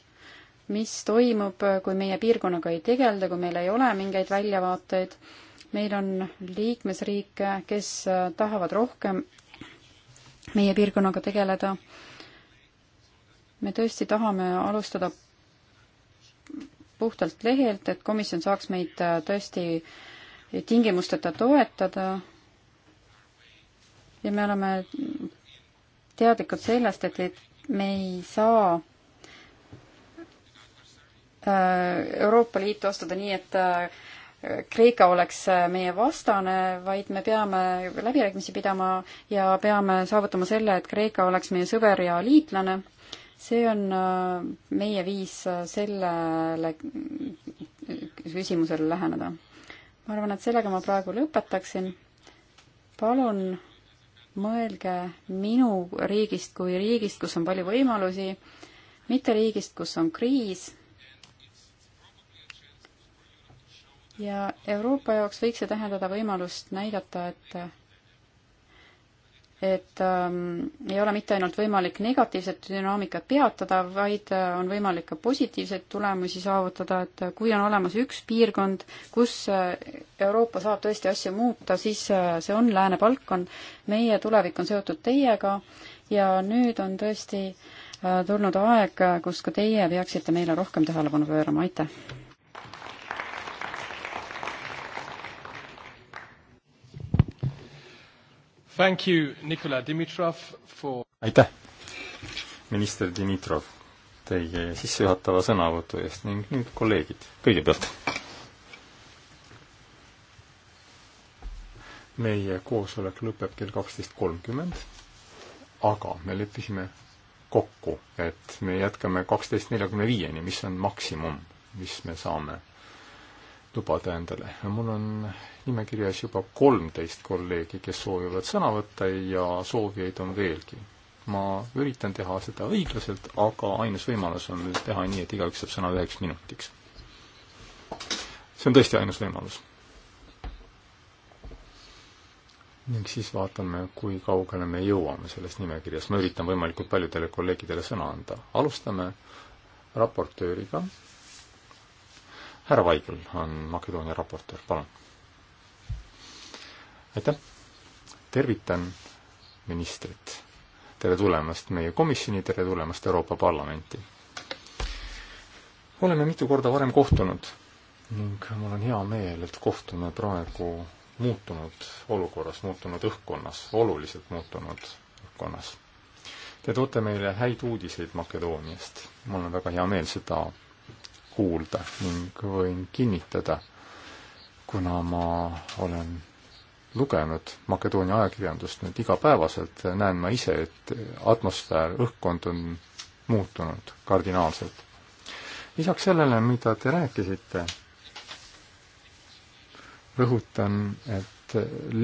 mis toimub, kui meie piirkonnaga ei tegelda, kui meil ei ole mingeid väljavaateid. meil on liikmesriike, kes tahavad rohkem meie piirkonnaga tegeleda. me tõesti tahame alustada puhtalt lehelt, et komisjon saaks meid äh, tõesti tingimusteta toetada. ja me oleme teadlikud sellest, et, et me ei saa äh, Euroopa Liitu astuda nii, et äh, Kreeka oleks meie vastane, vaid me peame läbirääkimisi pidama ja peame saavutama selle, et Kreeka oleks meie sõber ja liitlane see on äh, meie viis äh, sellele küsimusele läheneda. ma arvan, et sellega ma praegu lõpetaksin. palun mõelge minu riigist kui riigist, kus on palju võimalusi, mitte riigist, kus on kriis. ja Euroopa jaoks võiks see tähendada võimalust näidata, et et ähm, ei ole mitte ainult võimalik negatiivset dünaamikat peatada, vaid äh, on võimalik ka positiivseid tulemusi saavutada, et äh, kui on olemas üks piirkond, kus äh, Euroopa saab tõesti asju muuta, siis äh, see on Lääne-Balkan. meie tulevik on seotud teiega ja nüüd on tõesti äh, tulnud aeg, kus ka teie peaksite meile rohkem tähelepanu pöörama, aitäh! Thank you, Nikola Dimitrov for aitäh, minister Dimitrov, teie sissejuhatava sõnavõtu eest ning nüüd kolleegid kõigepealt. meie koosolek lõpeb kell kaksteist kolmkümmend, aga me leppisime kokku, et me jätkame kaksteist neljakümne viieni, mis on maksimum, mis me saame lubada endale. mul on nimekirjas juba kolmteist kolleegi, kes soovivad sõna võtta ja soovijaid on veelgi. ma üritan teha seda õiglaselt, aga ainus võimalus on teha nii, et igaüks saab sõna üheks minutiks. see on tõesti ainus võimalus. ning siis vaatame, kui kaugele me jõuame selles nimekirjas. ma üritan võimalikult paljudele kolleegidele sõna anda. alustame raportööriga härra Vaigel on Makedoonia raportöör, palun. aitäh, tervitan ministrit. tere tulemast meie komisjoni, tere tulemast Euroopa Parlamenti. oleme mitu korda varem kohtunud ning mul on hea meel, et kohtume praegu muutunud olukorras, muutunud õhkkonnas, oluliselt muutunud õhkkonnas. Te toote meile häid uudiseid Makedooniast. mul on väga hea meel seda kuulda ning võin kinnitada, kuna ma olen lugenud Makedoonia ajakirjandust nüüd igapäevaselt, näen ma ise, et atmosfäär, õhkkond on muutunud kardinaalselt. lisaks sellele, mida te rääkisite, rõhutan, et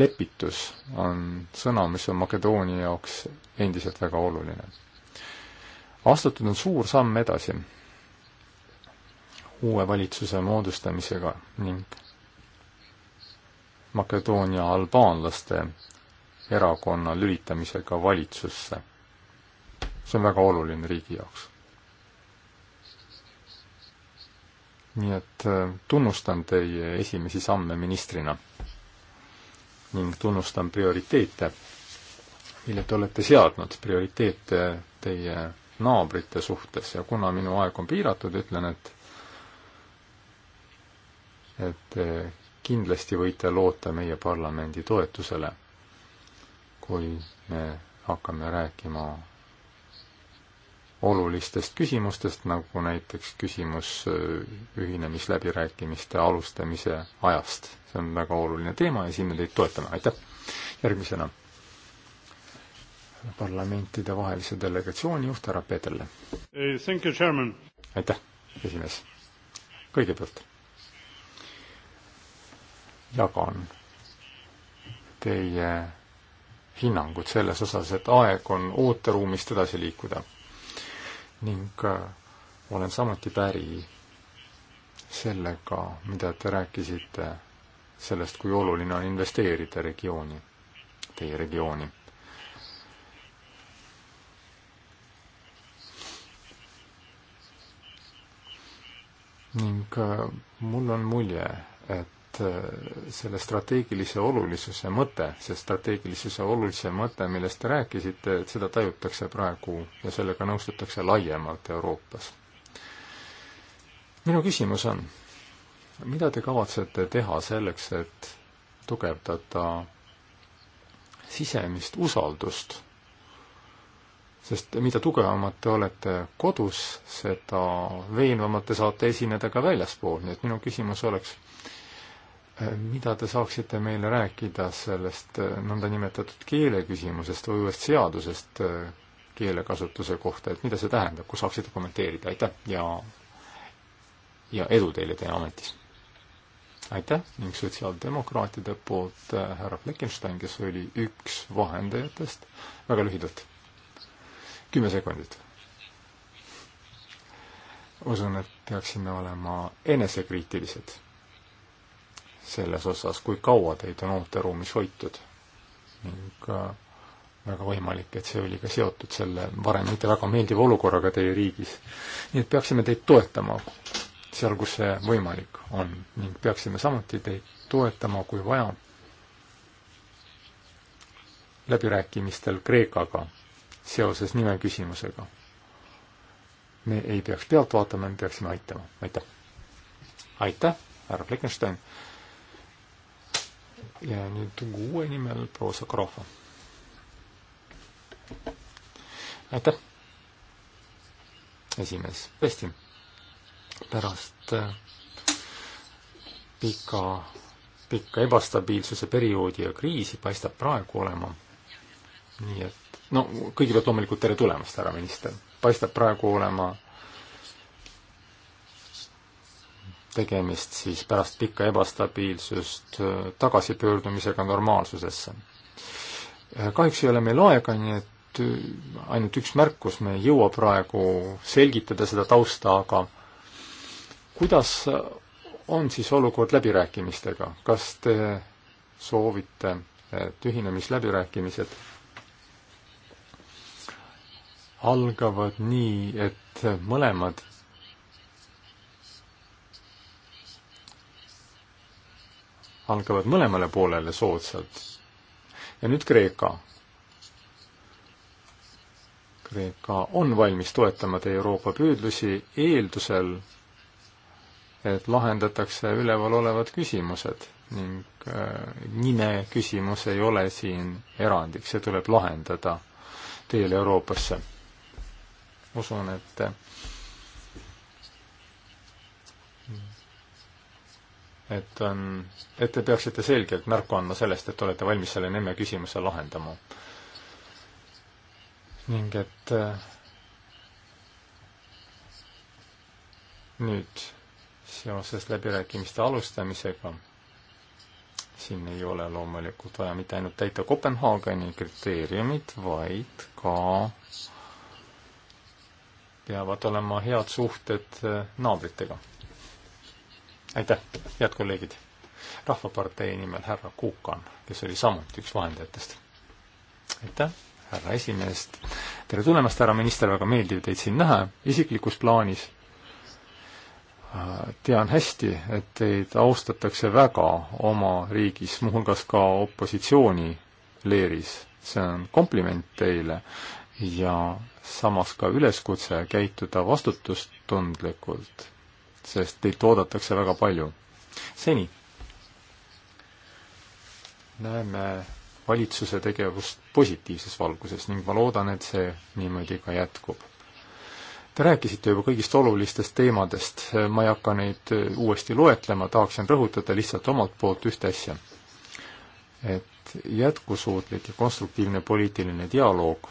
lepitus on sõna, mis on Makedoonia jaoks endiselt väga oluline. astutud on suur samm edasi uue valitsuse moodustamisega ning Makedoonia albaanlaste erakonna lülitamisega valitsusse. see on väga oluline riigi jaoks. nii et äh, tunnustan teie esimesi samme ministrina ning tunnustan prioriteete, mille te olete seadnud, prioriteete teie naabrite suhtes ja kuna minu aeg on piiratud, ütlen, et et eh, kindlasti võite loota meie parlamendi toetusele, kui me hakkame rääkima olulistest küsimustest, nagu näiteks küsimus eh, ühinemisläbirääkimiste alustamise ajast. see on väga oluline teema ja siin me teid toetame, aitäh! järgmisena parlamentidevahelise delegatsiooni juht härra Peeterle. Eh, aitäh, esimees! kõigepealt jagan teie hinnangut selles osas, et aeg on ooteruumist edasi liikuda. ning äh, olen samuti päri sellega, mida te rääkisite sellest, kui oluline on investeerida regiooni, teie regiooni. ning äh, mul on mulje, et Äh, selle strateegilise olulisuse mõte, see strateegilisuse olulise mõte, millest te rääkisite, et seda tajutakse praegu ja sellega nõustutakse laiemalt Euroopas. minu küsimus on, mida te kavatsete teha selleks, et tugevdada sisemist usaldust sest mida tugevamad te olete kodus, seda veenvamalt te saate esineda ka väljaspool, nii et minu küsimus oleks, mida te saaksite meile rääkida sellest äh, nõndanimetatud keele küsimusest või uuest seadusest äh, keelekasutuse kohta, et mida see tähendab, kui saaksite kommenteerida, aitäh ja, ja edu teile teie ametis! aitäh ning sotsiaaldemokraatide poolt äh, härra Fleckenstein, kes oli üks vahendajatest, väga lühidalt, kümme sekundit. usun, et peaksime olema enesekriitilised selles osas, kui kaua teid on ooteruumis hoitud. ning äh, väga võimalik, et see oli ka seotud selle varem mitte väga meeldiva olukorraga teie riigis. nii et peaksime teid toetama seal, kus see võimalik on ning peaksime samuti teid toetama, kui vaja, läbirääkimistel Kreekaga seoses nime küsimusega. me ei peaks pealt vaatama, me peaksime aitama, aitäh! aitäh, härra Fleckenstein! ja nüüd kuue nimel proua Sokorova. aitäh, esimees, tõesti, pärast äh, pika, pika ebastabiilsuse perioodi ja kriisi paistab praegu olema nii et no kõigepealt loomulikult tere tulemast, härra minister, paistab praegu olema tegemist siis pärast pikka ebastabiilsust äh, tagasipöördumisega normaalsusesse. Äh, kahjuks ei ole meil aega, nii et äh, ainult üks märkus, me ei jõua praegu selgitada seda tausta, aga kuidas on siis olukord läbirääkimistega, kas te soovite, et ühinemisläbirääkimised algavad nii, et mõlemad algavad mõlemale poolele soodsalt. ja nüüd Kreeka. Kreeka on valmis toetama teie Euroopa püüdlusi eeldusel, et lahendatakse üleval olevad küsimused ning äh, nime küsimus ei ole siin erandiks, see tuleb lahendada teel Euroopasse. usun, et et on, et te peaksite selgelt märku andma sellest, et olete valmis selle Nemme küsimuse lahendama. ning et äh, nüüd seoses läbirääkimiste alustamisega siin ei ole loomulikult vaja mitte ainult täita Kopenhaageni kriteeriumid, vaid ka peavad olema head suhted äh, naabritega aitäh, head kolleegid. rahvapartei nimel härra Kuukan, kes oli samuti üks vahendajatest. aitäh, härra esimees. tere tulemast, härra minister, väga meeldiv teid siin näha, isiklikus plaanis. Äh, tean hästi, et teid austatakse väga oma riigis, muuhulgas ka opositsiooni leeris. see on kompliment teile ja samas ka üleskutse käituda vastutustundlikult sest teilt oodatakse väga palju. seni näeme valitsuse tegevust positiivses valguses ning ma loodan, et see niimoodi ka jätkub. Te rääkisite juba kõigist olulistest teemadest, ma ei hakka neid uuesti loetlema, tahaksin rõhutada lihtsalt omalt poolt ühte asja. et jätkusuutlik ja konstruktiivne poliitiline dialoog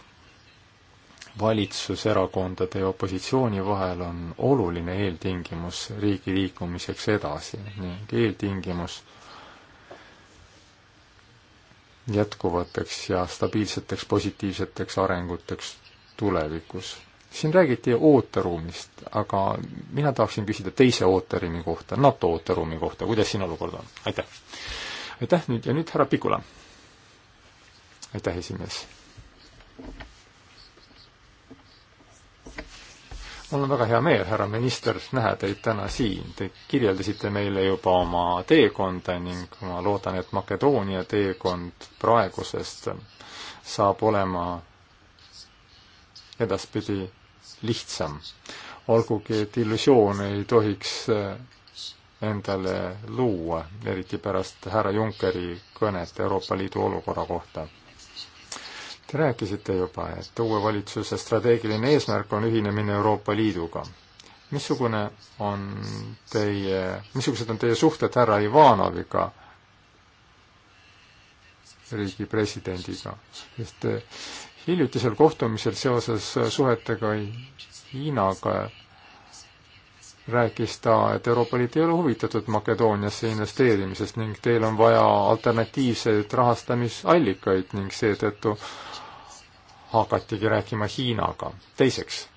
valitsuserakondade ja opositsiooni vahel on oluline eeltingimus riigi liikumiseks edasi ning eeltingimus jätkuvateks ja stabiilseteks positiivseteks arenguteks tulevikus. siin räägiti ooteruumist, aga mina tahaksin küsida teise ooteruumi kohta, NATO ooteruumi kohta, kuidas siin olukord on? aitäh! aitäh nüüd ja nüüd härra Pikula! aitäh, esimees! mul on väga hea meel, härra minister, näha teid täna siin. Te kirjeldasite meile juba oma teekonda ning ma loodan, et Makedoonia teekond praegusest saab olema edaspidi lihtsam. olgugi, et illusioone ei tohiks endale luua, eriti pärast härra Junckeri kõnet Euroopa Liidu olukorra kohta Te rääkisite juba, et uue valitsuse strateegiline eesmärk on ühinemine Euroopa Liiduga. missugune on teie, missugused on teie suhted härra Ivanoviga, riigi presidendiga, sest eh, hiljutisel kohtumisel seoses suhetega Hiinaga rääkis ta, et Euroopa Liit ei ole huvitatud Makedooniasse investeerimisest ning teil on vaja alternatiivseid rahastamisallikaid ning seetõttu hakatigi rääkima Hiinaga. teiseks,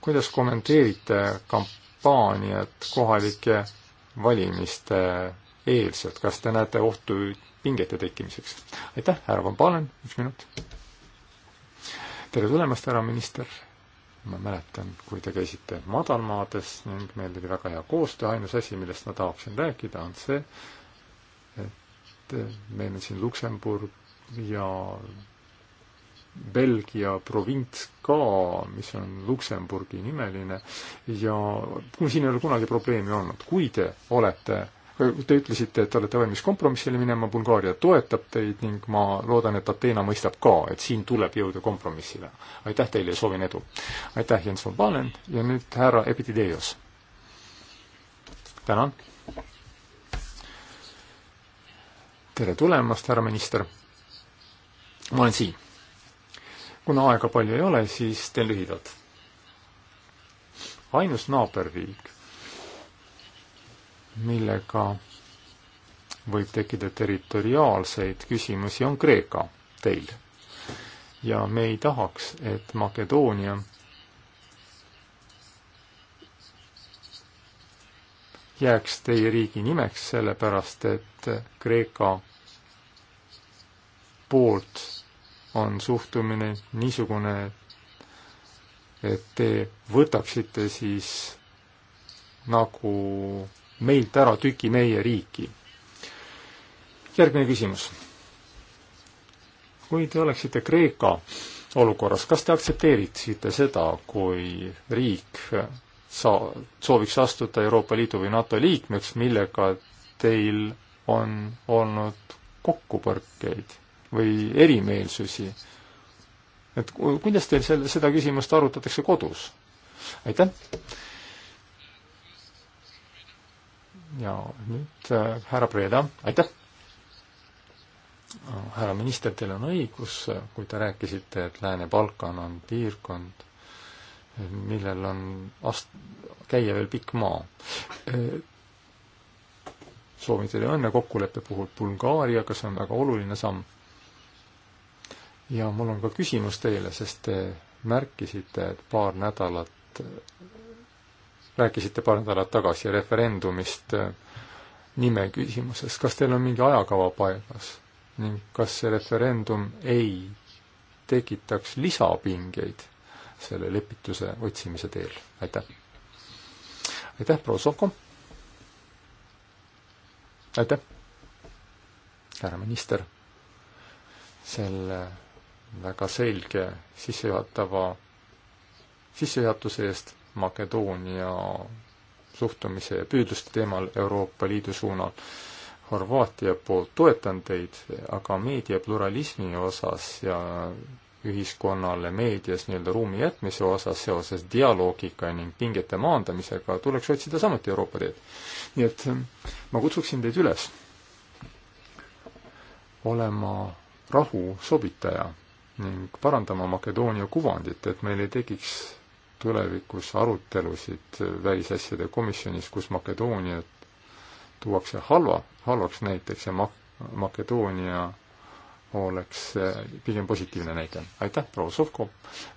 kuidas kommenteerite kampaaniat kohalike valimiste eelselt, kas te näete ohtu pingete tekkimiseks? aitäh, härra Van Palen, üks minut. tere tulemast, härra minister ma mäletan, kui te käisite madalmaades ning meil oli väga hea koostöö, ainus asi, millest ma tahaksin rääkida, on see, et meil on siin Luksemburg ja Belgia provints ka, mis on Luksemburgi nimeline ja siin ei ole kunagi probleemi olnud. kui te olete Te ütlesite, et olete valmis kompromissile minema, Bulgaaria toetab teid ning ma loodan, et Ateena mõistab ka, et siin tuleb jõuda kompromissile. aitäh teile ja soovin edu! aitäh, Jens von Palen ja nüüd härra Epitideios. tänan! tere tulemast, härra minister! ma olen siin. kuna aega palju ei ole, siis teen lühidalt. ainus naaberriik millega võib tekkida territoriaalseid küsimusi, on Kreeka teil. ja me ei tahaks, et Makedoonia jääks teie riigi nimeks, sellepärast et Kreeka poolt on suhtumine niisugune, et te võtaksite siis nagu meilt ära tüki meie riiki. järgmine küsimus. kui te oleksite Kreeka olukorras, kas te aktsepteeriksite seda, kui riik saa-, sooviks astuda Euroopa Liidu või NATO liikmeks, millega teil on olnud kokkupõrkeid või erimeelsusi. et kuidas teil selle, seda küsimust arutatakse kodus? aitäh! ja nüüd äh, härra Preda, aitäh! Äh, härra minister, teil on õigus, äh, kui te rääkisite, et Lääne-Balkan on piirkond, millel on ast-, käia veel pikk maa. soovin teile õnne kokkuleppe puhul Bulgaariaga, see on väga oluline samm. ja mul on ka küsimus teile, sest te märkisite, et paar nädalat rääkisite paar nädalat tagasi referendumist äh, nime küsimuses, kas teil on mingi ajakava paigas ning kas see referendum ei tekitaks lisapingeid selle lepituse otsimise teel, aitäh. aitäh, proua Sovko. aitäh, härra minister, selle väga selge sissejuhatava sissejuhatuse eest Makedoonia suhtumise ja püüdluste teemal Euroopa Liidu suunal. Horvaatia poolt toetan teid, aga meediapluralismi osas ja ühiskonnale meedias nii-öelda ruumi jätmise osas seoses dialoogiga ning pingete maandamisega tuleks otsida samuti Euroopa teed. nii et ähm, ma kutsuksin teid üles olema rahu sobitaja ning parandama Makedoonia kuvandit, et meil ei tekiks tulevikus arutelusid välisasjade komisjonis, kus Makedooniat tuuakse halva, halvaks näiteks ja Mak-, Makedoonia oleks eh, pigem positiivne näide. aitäh, proua Sovko,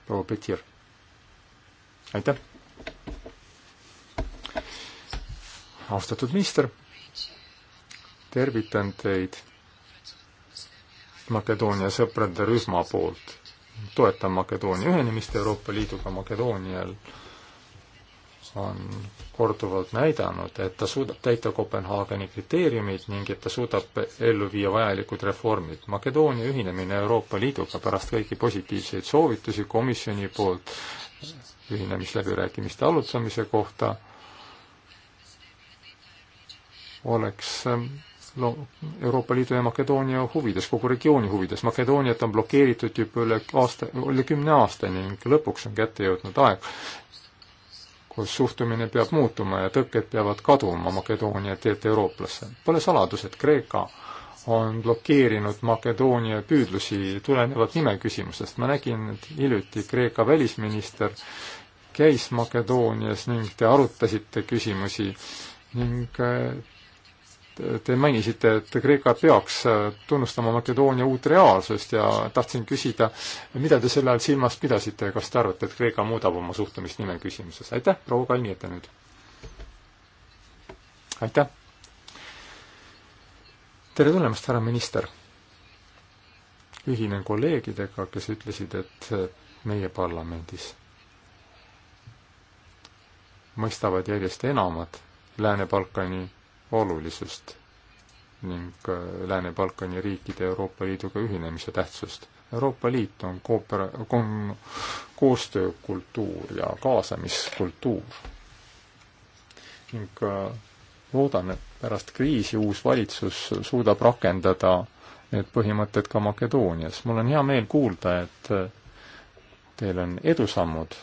proua Petir! aitäh! austatud minister, tervitan teid Makedoonia sõprade rühma poolt toetan Makedoonia ühenemist Euroopa Liiduga, Makedoonial on korduvalt näidanud, et ta suudab täita Kopenhaageni kriteeriumid ning et ta suudab ellu viia vajalikud reformid. Makedoonia ühinemine Euroopa Liiduga pärast kõiki positiivseid soovitusi komisjoni poolt ühinemisläbirääkimiste alutamise kohta oleks Euroopa Liidu ja Makedoonia huvides, kogu regiooni huvides. Makedooniat on blokeeritud juba üle aasta, üle kümne aasta ning lõpuks on kätte jõudnud aeg, kus suhtumine peab muutuma ja tõkked peavad kaduma Makedoonia teelt eurooplasse. Pole saladus, et Kreeka on blokeerinud Makedoonia püüdlusi tulenevalt nime küsimusest. ma nägin, et hiljuti Kreeka välisminister käis Makedoonias ning te arutasite küsimusi ning äh, Te mainisite, et Kreeka peaks tunnustama Makedoonia uut reaalsust ja tahtsin küsida, mida te selle all silmas pidasite, kas te arvate, et Kreeka muudab oma suhtumist nime küsimuses? aitäh, proua Kalniete nüüd! aitäh! tere tulemast, härra minister! ühinen kolleegidega, kes ütlesid, et meie parlamendis mõistavad järjest enamad Lääne-Balkani olulisust ning äh, Lääne-Balkani riikide Euroopa Liiduga ühinemise tähtsust. Euroopa Liit on kooper-, on koostöökultuur ja kaasamiskultuur. ning äh, loodan, et pärast kriisi uus valitsus suudab rakendada need põhimõtted ka Makedoonias. mul on hea meel kuulda, et äh, teil on edusammud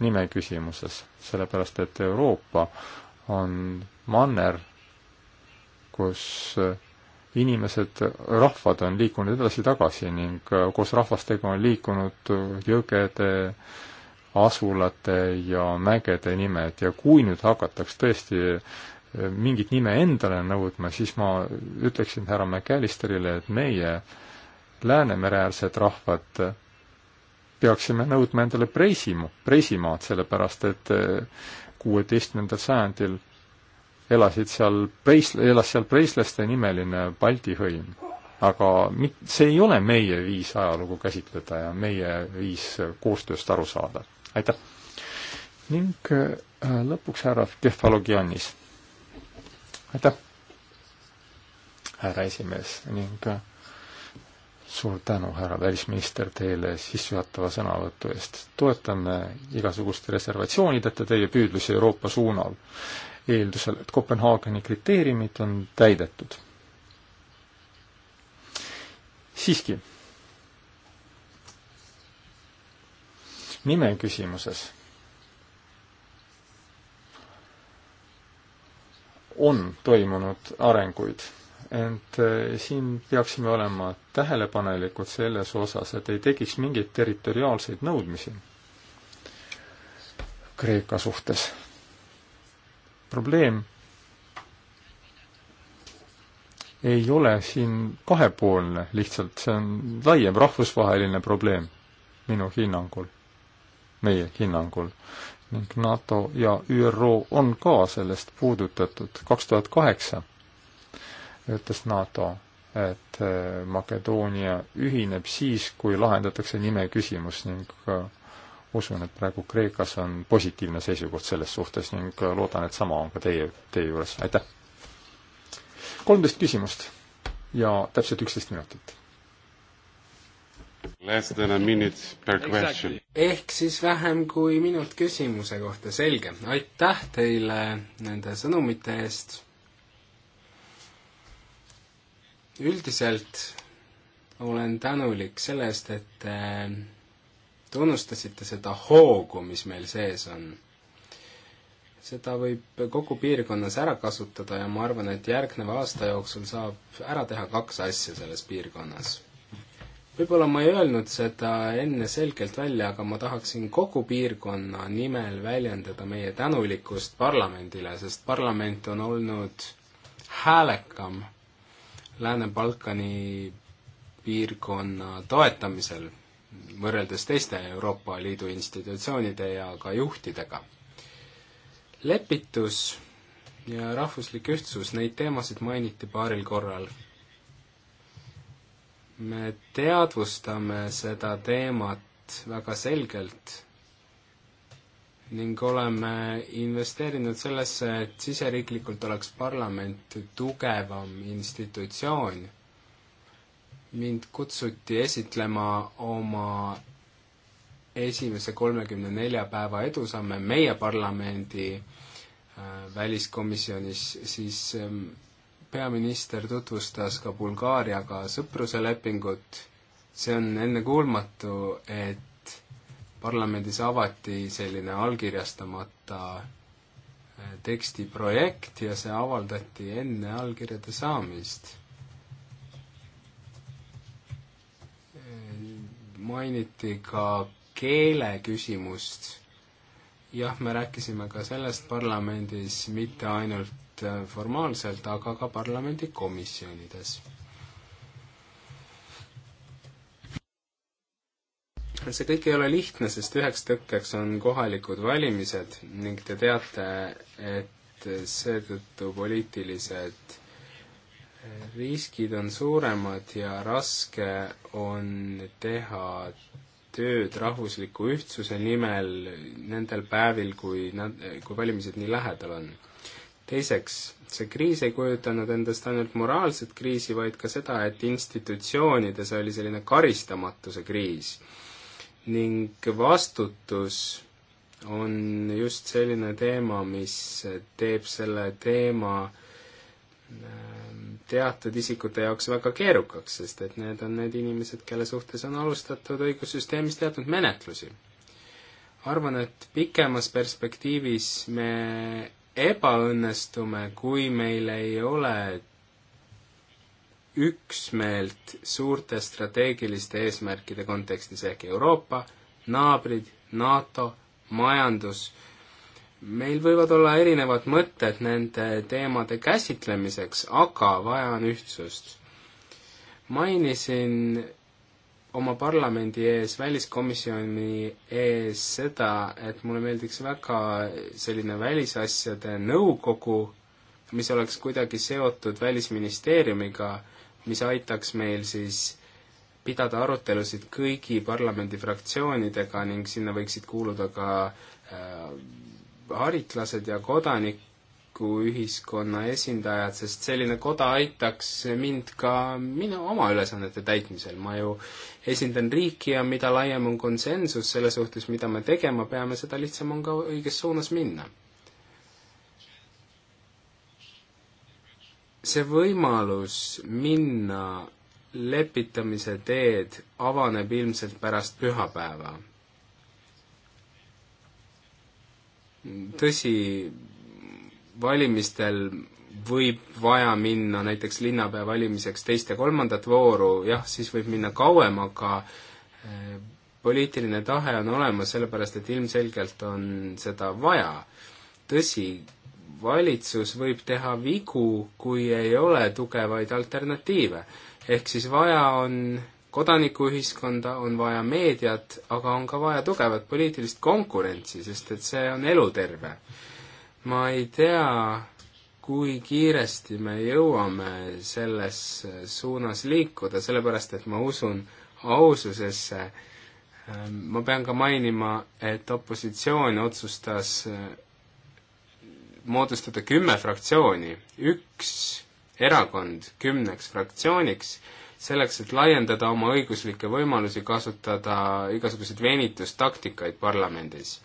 nime küsimuses, sellepärast et Euroopa on manner, kus eh, inimesed, rahvad on liikunud edasi-tagasi ning eh, koos rahvastega on liikunud eh, jõgede, asulate ja mägede nimed ja kui nüüd hakataks tõesti mingit nime endale nõudma, siis ma ütleksin härra McAllisterile, et meie Läänemere-äärsed rahvad peaksime nõudma endale Preisimaa, Preisimaad, sellepärast et kuueteistkümnendal sajandil elasid seal preis-, elas seal preislaste nimeline Balti hõim. aga mit-, see ei ole meie viis ajalugu käsitleda ja meie viis koostööst aru saada. aitäh! ning äh, lõpuks härra Kefalogianis. aitäh, härra esimees ning äh, suur tänu, härra välisminister, teile sissejuhatava sõnavõtu eest. toetan äh, igasuguste reservatsioonideta teie püüdlusi Euroopa suunal eeldusel, et Kopenhaageni kriteeriumid on täidetud. siiski, nime küsimuses on toimunud arenguid, ent äh, siin peaksime olema tähelepanelikud selles osas, et ei tekiks mingeid territoriaalseid nõudmisi Kreeka suhtes probleem ei ole siin kahepoolne lihtsalt, see on laiem rahvusvaheline probleem minu hinnangul, meie hinnangul. ning NATO ja ÜRO on ka sellest puudutatud. kaks tuhat kaheksa ütles NATO, et eh, Makedoonia ühineb siis, kui lahendatakse nime küsimus ning eh, usun, et praegu Kreekas on positiivne seisukoht selles suhtes ning loodan, et sama on ka teie, teie juures, aitäh! kolmteist küsimust ja täpselt üksteist minutit. Less than a minute per question. ehk siis vähem kui minut küsimuse kohta, selge. aitäh teile nende sõnumite eest. üldiselt olen tänulik selle eest, et äh, tunnustasite seda hoogu, mis meil sees on. seda võib kogu piirkonnas ära kasutada ja ma arvan, et järgneva aasta jooksul saab ära teha kaks asja selles piirkonnas. võib-olla ma ei öelnud seda enne selgelt välja, aga ma tahaksin kogu piirkonna nimel väljendada meie tänulikkust parlamendile, sest parlament on olnud häälekam Lääne-Balkani piirkonna toetamisel võrreldes teiste Euroopa Liidu institutsioonide ja ka juhtidega. lepitus ja rahvuslik ühtsus, neid teemasid mainiti paaril korral. me teadvustame seda teemat väga selgelt ning oleme investeerinud sellesse, et siseriiklikult oleks parlament tugevam institutsioon mind kutsuti esitlema oma esimese kolmekümne nelja päeva edusamme meie parlamendi äh, väliskomisjonis, siis ähm, peaminister tutvustas ka Bulgaariaga sõpruse lepingut. see on ennekuulmatu, et parlamendis avati selline allkirjastamata äh, tekstiprojekt ja see avaldati enne allkirjade saamist mainiti ka keele küsimust. jah, me rääkisime ka sellest parlamendis mitte ainult äh, formaalselt, aga ka parlamendikomisjonides. see kõik ei ole lihtne, sest üheks tõkkeks on kohalikud valimised ning te teate, et seetõttu poliitilised riskid on suuremad ja raske on teha tööd rahvusliku ühtsuse nimel nendel päevil, kui nad, kui valimised nii lähedal on. teiseks, see kriis ei kujutanud endast ainult moraalset kriisi, vaid ka seda, et institutsioonides oli selline karistamatuse kriis. ning vastutus on just selline teema, mis teeb selle teema äh, teatud isikute jaoks väga keerukaks, sest et need on need inimesed, kelle suhtes on alustatud õigussüsteemis teatud menetlusi. arvan, et pikemas perspektiivis me ebaõnnestume, kui meil ei ole üksmeelt suurte strateegiliste eesmärkide kontekstis ehk Euroopa, naabrid, NATO, majandus meil võivad olla erinevad mõtted nende teemade käsitlemiseks, aga vaja on ühtsust. mainisin oma parlamendi ees, väliskomisjoni ees seda, et mulle meeldiks väga selline välisasjade nõukogu, mis oleks kuidagi seotud Välisministeeriumiga, mis aitaks meil siis pidada arutelusid kõigi parlamendifraktsioonidega ning sinna võiksid kuuluda ka äh, haritlased ja kodanikuühiskonna esindajad, sest selline koda aitaks mind ka minu oma ülesannete täitmisel. ma ju esindan riiki ja mida laiem on konsensus selle suhtes, mida me tegema peame, seda lihtsam on ka õiges suunas minna. see võimalus minna lepitamise teed avaneb ilmselt pärast pühapäeva tõsi, valimistel võib vaja minna näiteks linnapea valimiseks teist ja kolmandat vooru, jah, siis võib minna kauem, aga eh, poliitiline tahe on olemas, sellepärast et ilmselgelt on seda vaja. tõsi, valitsus võib teha vigu, kui ei ole tugevaid alternatiive. ehk siis vaja on kodanikuühiskonda, on vaja meediat, aga on ka vaja tugevat poliitilist konkurentsi, sest et see on eluterve. ma ei tea, kui kiiresti me jõuame selles suunas liikuda, sellepärast et ma usun aususesse. ma pean ka mainima, et opositsioon otsustas moodustada kümme fraktsiooni, üks erakond kümneks fraktsiooniks selleks, et laiendada oma õiguslikke võimalusi kasutada igasuguseid venitustaktikaid parlamendis.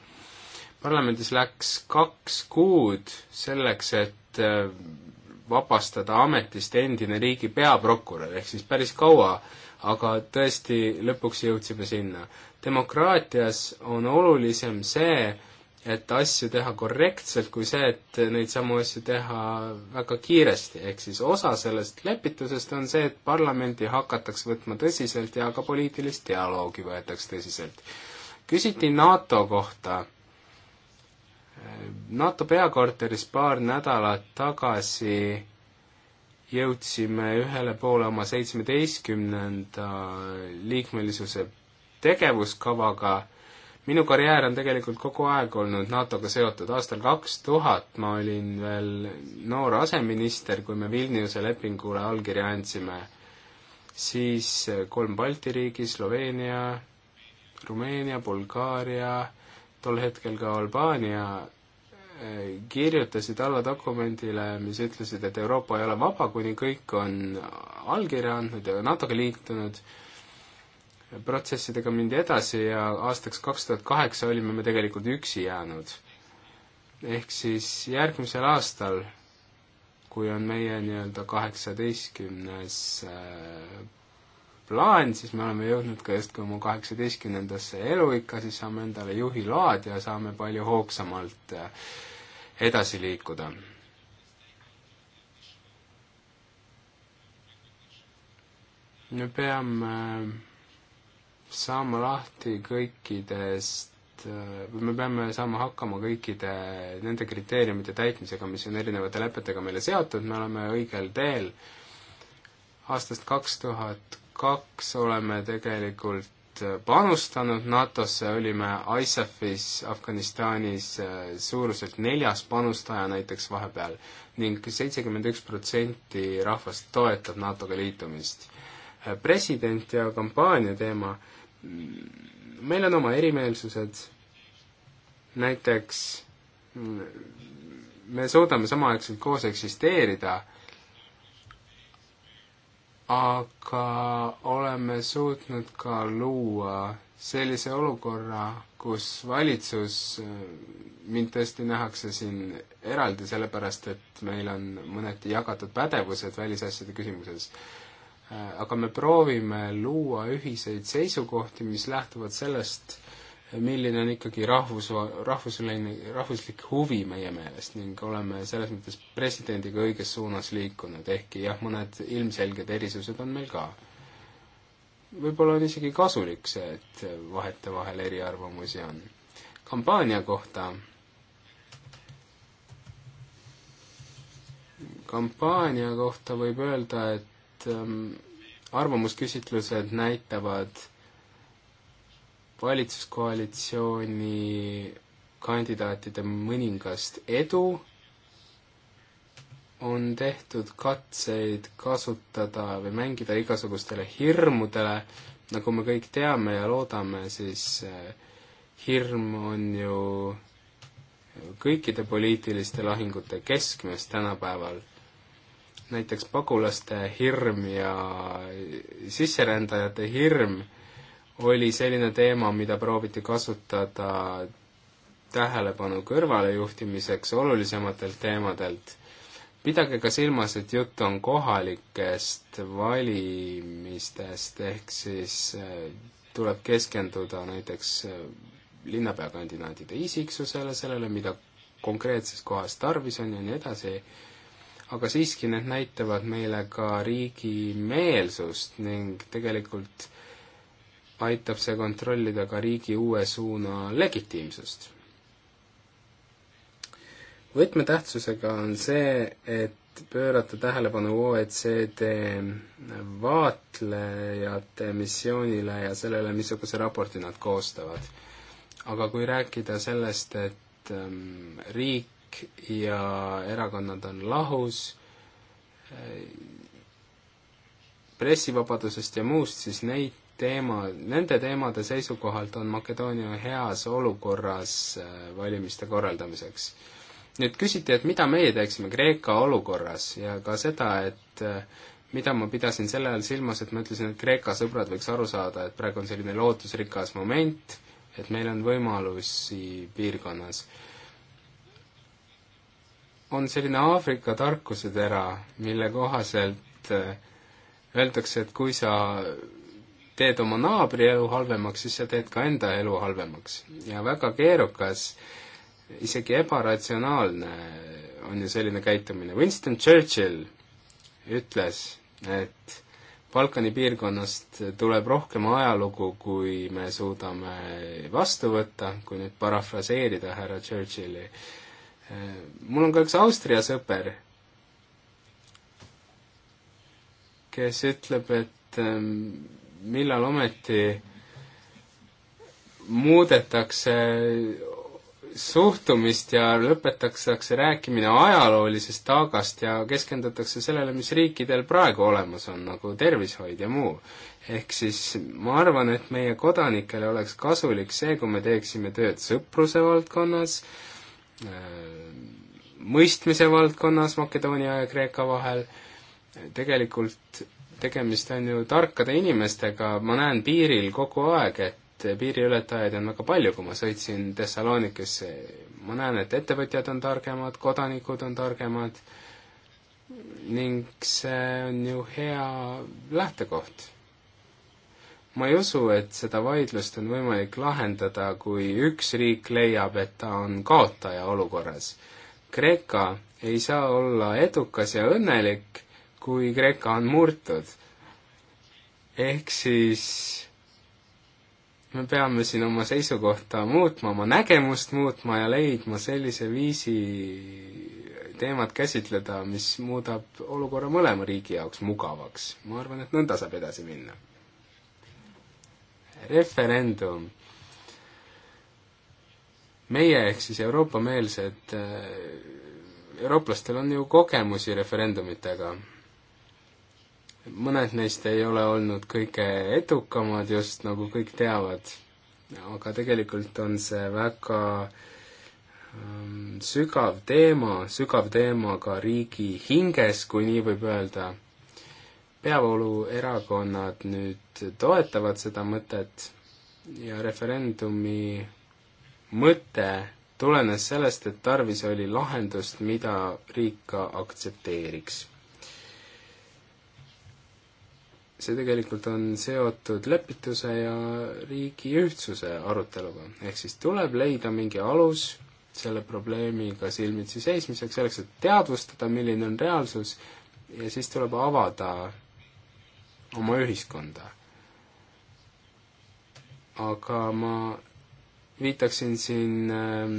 parlamendis läks kaks kuud selleks, et äh, vabastada ametist endine riigi peaprokurör, ehk siis päris kaua, aga tõesti lõpuks jõudsime sinna. demokraatias on olulisem see, et asju teha korrektselt, kui see, et neid samu asju teha väga kiiresti, ehk siis osa sellest lepitusest on see, et parlamendi hakatakse võtma tõsiselt ja ka poliitilist dialoogi võetakse tõsiselt. küsiti NATO kohta. NATO peakorteris paar nädalat tagasi jõudsime ühele poole oma seitsmeteistkümnenda liikmelisuse tegevuskavaga minu karjäär on tegelikult kogu aeg olnud NATO-ga seotud, aastal kaks tuhat ma olin veel noor aseminister, kui me Vilniuse lepingule allkirja andsime. siis kolm Balti riigi, Sloveenia, Rumeenia, Bulgaaria, tol hetkel ka Albaania, eh, kirjutasid alla dokumendile, mis ütlesid, et Euroopa ei ole vaba, kuni kõik on allkirja andnud ja NATO-ga liitunud protsessidega mindi edasi ja aastaks kaks tuhat kaheksa olime me tegelikult üksi jäänud. ehk siis järgmisel aastal, kui on meie nii-öelda kaheksateistkümnes äh, plaan, siis me oleme jõudnud ka justkui oma kaheksateistkümnendasse eluikka, siis saame endale juhiload ja saame palju hoogsamalt äh, edasi liikuda. me peame saama lahti kõikidest me peame saama hakkama kõikide nende kriteeriumide täitmisega, mis on erinevate lepetega meile seatud, me oleme õigel teel. aastast kaks tuhat kaks oleme tegelikult panustanud NATO-sse, olime ISAF-is Afganistanis eh, suuruselt neljas panustaja näiteks vahepeal ning seitsekümmend üks protsenti rahvast toetab NATO-ga liitumist president ja kampaania teema, meil on oma erimeelsused, näiteks mm, me suudame samaaegselt koos eksisteerida, aga oleme suutnud ka luua sellise olukorra, kus valitsus, mind tõesti nähakse siin eraldi, sellepärast et meil on mõneti jagatud pädevused välisasjade küsimuses Äh, aga me proovime luua ühiseid seisukohti, mis lähtuvad sellest, milline on ikkagi rahvus, rahvusline, rahvuslik huvi meie meelest ning oleme selles mõttes presidendiga õiges suunas liikunud, ehkki jah, mõned ilmselged erisused on meil ka. võib-olla on isegi kasulik see, et vahetevahel eriarvamusi on. kampaania kohta kampaania kohta võib öelda, et Ähm, arvamusküsitlused näitavad valitsuskoalitsiooni kandidaatide mõningast edu, on tehtud katseid kasutada või mängida igasugustele hirmudele, nagu me kõik teame ja loodame, siis äh, hirm on ju kõikide poliitiliste lahingute keskmes tänapäeval näiteks pagulaste hirm ja sisserändajate hirm oli selline teema, mida prooviti kasutada tähelepanu kõrvalejuhtimiseks olulisematelt teemadelt. pidage ka silmas, et jutt on kohalikest valimistest, ehk siis äh, tuleb keskenduda näiteks äh, linnapea kandidaatide isiksusele, sellele, mida konkreetses kohas tarvis on ja nii edasi aga siiski need näitavad meile ka riigi meelsust ning tegelikult aitab see kontrollida ka riigi uue suuna legitiimsust. võtmetähtsusega on see, et pöörata tähelepanu OECD vaatlejate missioonile ja sellele, missuguse raporti nad koostavad. aga kui rääkida sellest, et ähm, riik riik ja erakonnad on lahus, pressivabadusest ja muust, siis neid teema, nende teemade seisukohalt on Makedoonia heas olukorras äh, valimiste korraldamiseks. nüüd küsiti, et mida meie teeksime Kreeka olukorras ja ka seda, et äh, mida ma pidasin selle all silmas, et ma ütlesin, et Kreeka sõbrad võiks aru saada, et praegu on selline lootusrikas moment, et meil on võimalusi piirkonnas on selline Aafrika tarkusetera, mille kohaselt äh, öeldakse, et kui sa teed oma naabri elu halvemaks, siis sa teed ka enda elu halvemaks. ja väga keerukas, isegi ebaratsionaalne on ju selline käitumine. Winston Churchill ütles, et Balkani piirkonnast tuleb rohkem ajalugu, kui me suudame vastu võtta, kui nüüd parafraseerida härra Churchilli äh, mul on ka üks Austria sõber, kes ütleb, et ähm, millal ometi muudetakse suhtumist ja lõpetatakse rääkimine ajaloolisest taagast ja keskendutakse sellele, mis riikidel praegu olemas on, nagu tervishoid ja muu. ehk siis ma arvan, et meie kodanikele oleks kasulik see, kui me teeksime tööd sõpruse valdkonnas äh,, Äh, mõistmise valdkonnas Makedoonia ja Kreeka vahel, tegelikult tegemist on ju tarkade inimestega, ma näen piiril kogu aeg, et piiriületajaid on väga palju, kui ma sõitsin Thessalonikesse, ma näen, et ettevõtjad on targemad, kodanikud on targemad ning see on ju hea lähtekoht ma ei usu, et seda vaidlust on võimalik lahendada, kui üks riik leiab, et ta on kaotaja olukorras. Kreeka ei saa olla edukas ja õnnelik, kui Kreeka on murtud. ehk siis me peame siin oma seisukohta muutma, oma nägemust muutma ja leidma sellise viisi teemat käsitleda, mis muudab olukorra mõlema riigi jaoks mugavaks. ma arvan, et nõnda saab edasi minna referendum. meie ehk siis Euroopa-meelsed äh, eurooplastel on ju kogemusi referendumitega. mõned neist ei ole olnud kõige edukamad, just nagu kõik teavad, aga tegelikult on see väga ähm, sügav teema, sügav teema ka riigi hinges, kui nii võib öelda peavooluerakonnad nüüd toetavad seda mõtet ja referendumi mõte tulenes sellest, et tarvis oli lahendust, mida riik ka aktsepteeriks. see tegelikult on seotud lepituse ja riigi ühtsuse aruteluga, ehk siis tuleb leida mingi alus selle probleemiga silmitsi seismiseks, selleks et teadvustada, milline on reaalsus, ja siis tuleb avada oma ühiskonda. aga ma viitaksin siin ähm,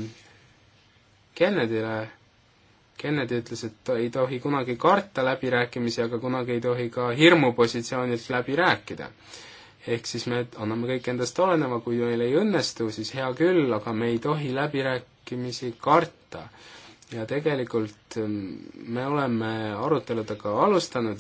Kennedyle, Kennedy ütles, et ta ei tohi kunagi karta läbirääkimisi, aga kunagi ei tohi ka hirmupositsioonilt läbi rääkida. ehk siis me anname kõik endast oleneva, kui meil ei õnnestu, siis hea küll, aga me ei tohi läbirääkimisi karta. ja tegelikult ähm, me oleme aruteludega alustanud,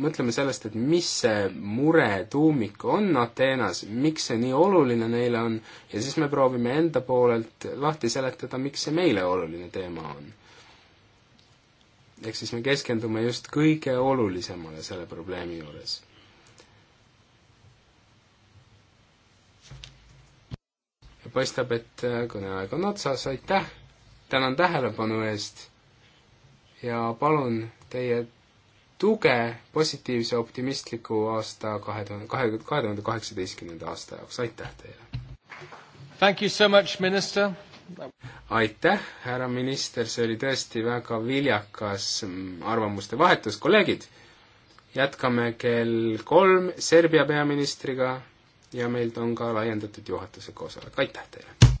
mõtleme sellest, et mis see mure tuumik on Ateenas, miks see nii oluline neile on ja siis me proovime enda poolelt lahti seletada, miks see meile oluline teema on. ehk siis me keskendume just kõige olulisemale selle probleemi juures. paistab, et äh, kõneaeg on otsas, aitäh, tänan tähelepanu eest ja palun teie tuge positiivse optimistliku aasta kahe tuhande, kahe, kahe tuhande kaheksateistkümnenda aasta jaoks, aitäh teile! Thank you so much, minister! aitäh, härra minister, see oli tõesti väga viljakas mm, arvamuste vahetus, kolleegid! jätkame kell kolm Serbia peaministriga ja meilt on ka laiendatud juhatuse koosolek, aitäh teile!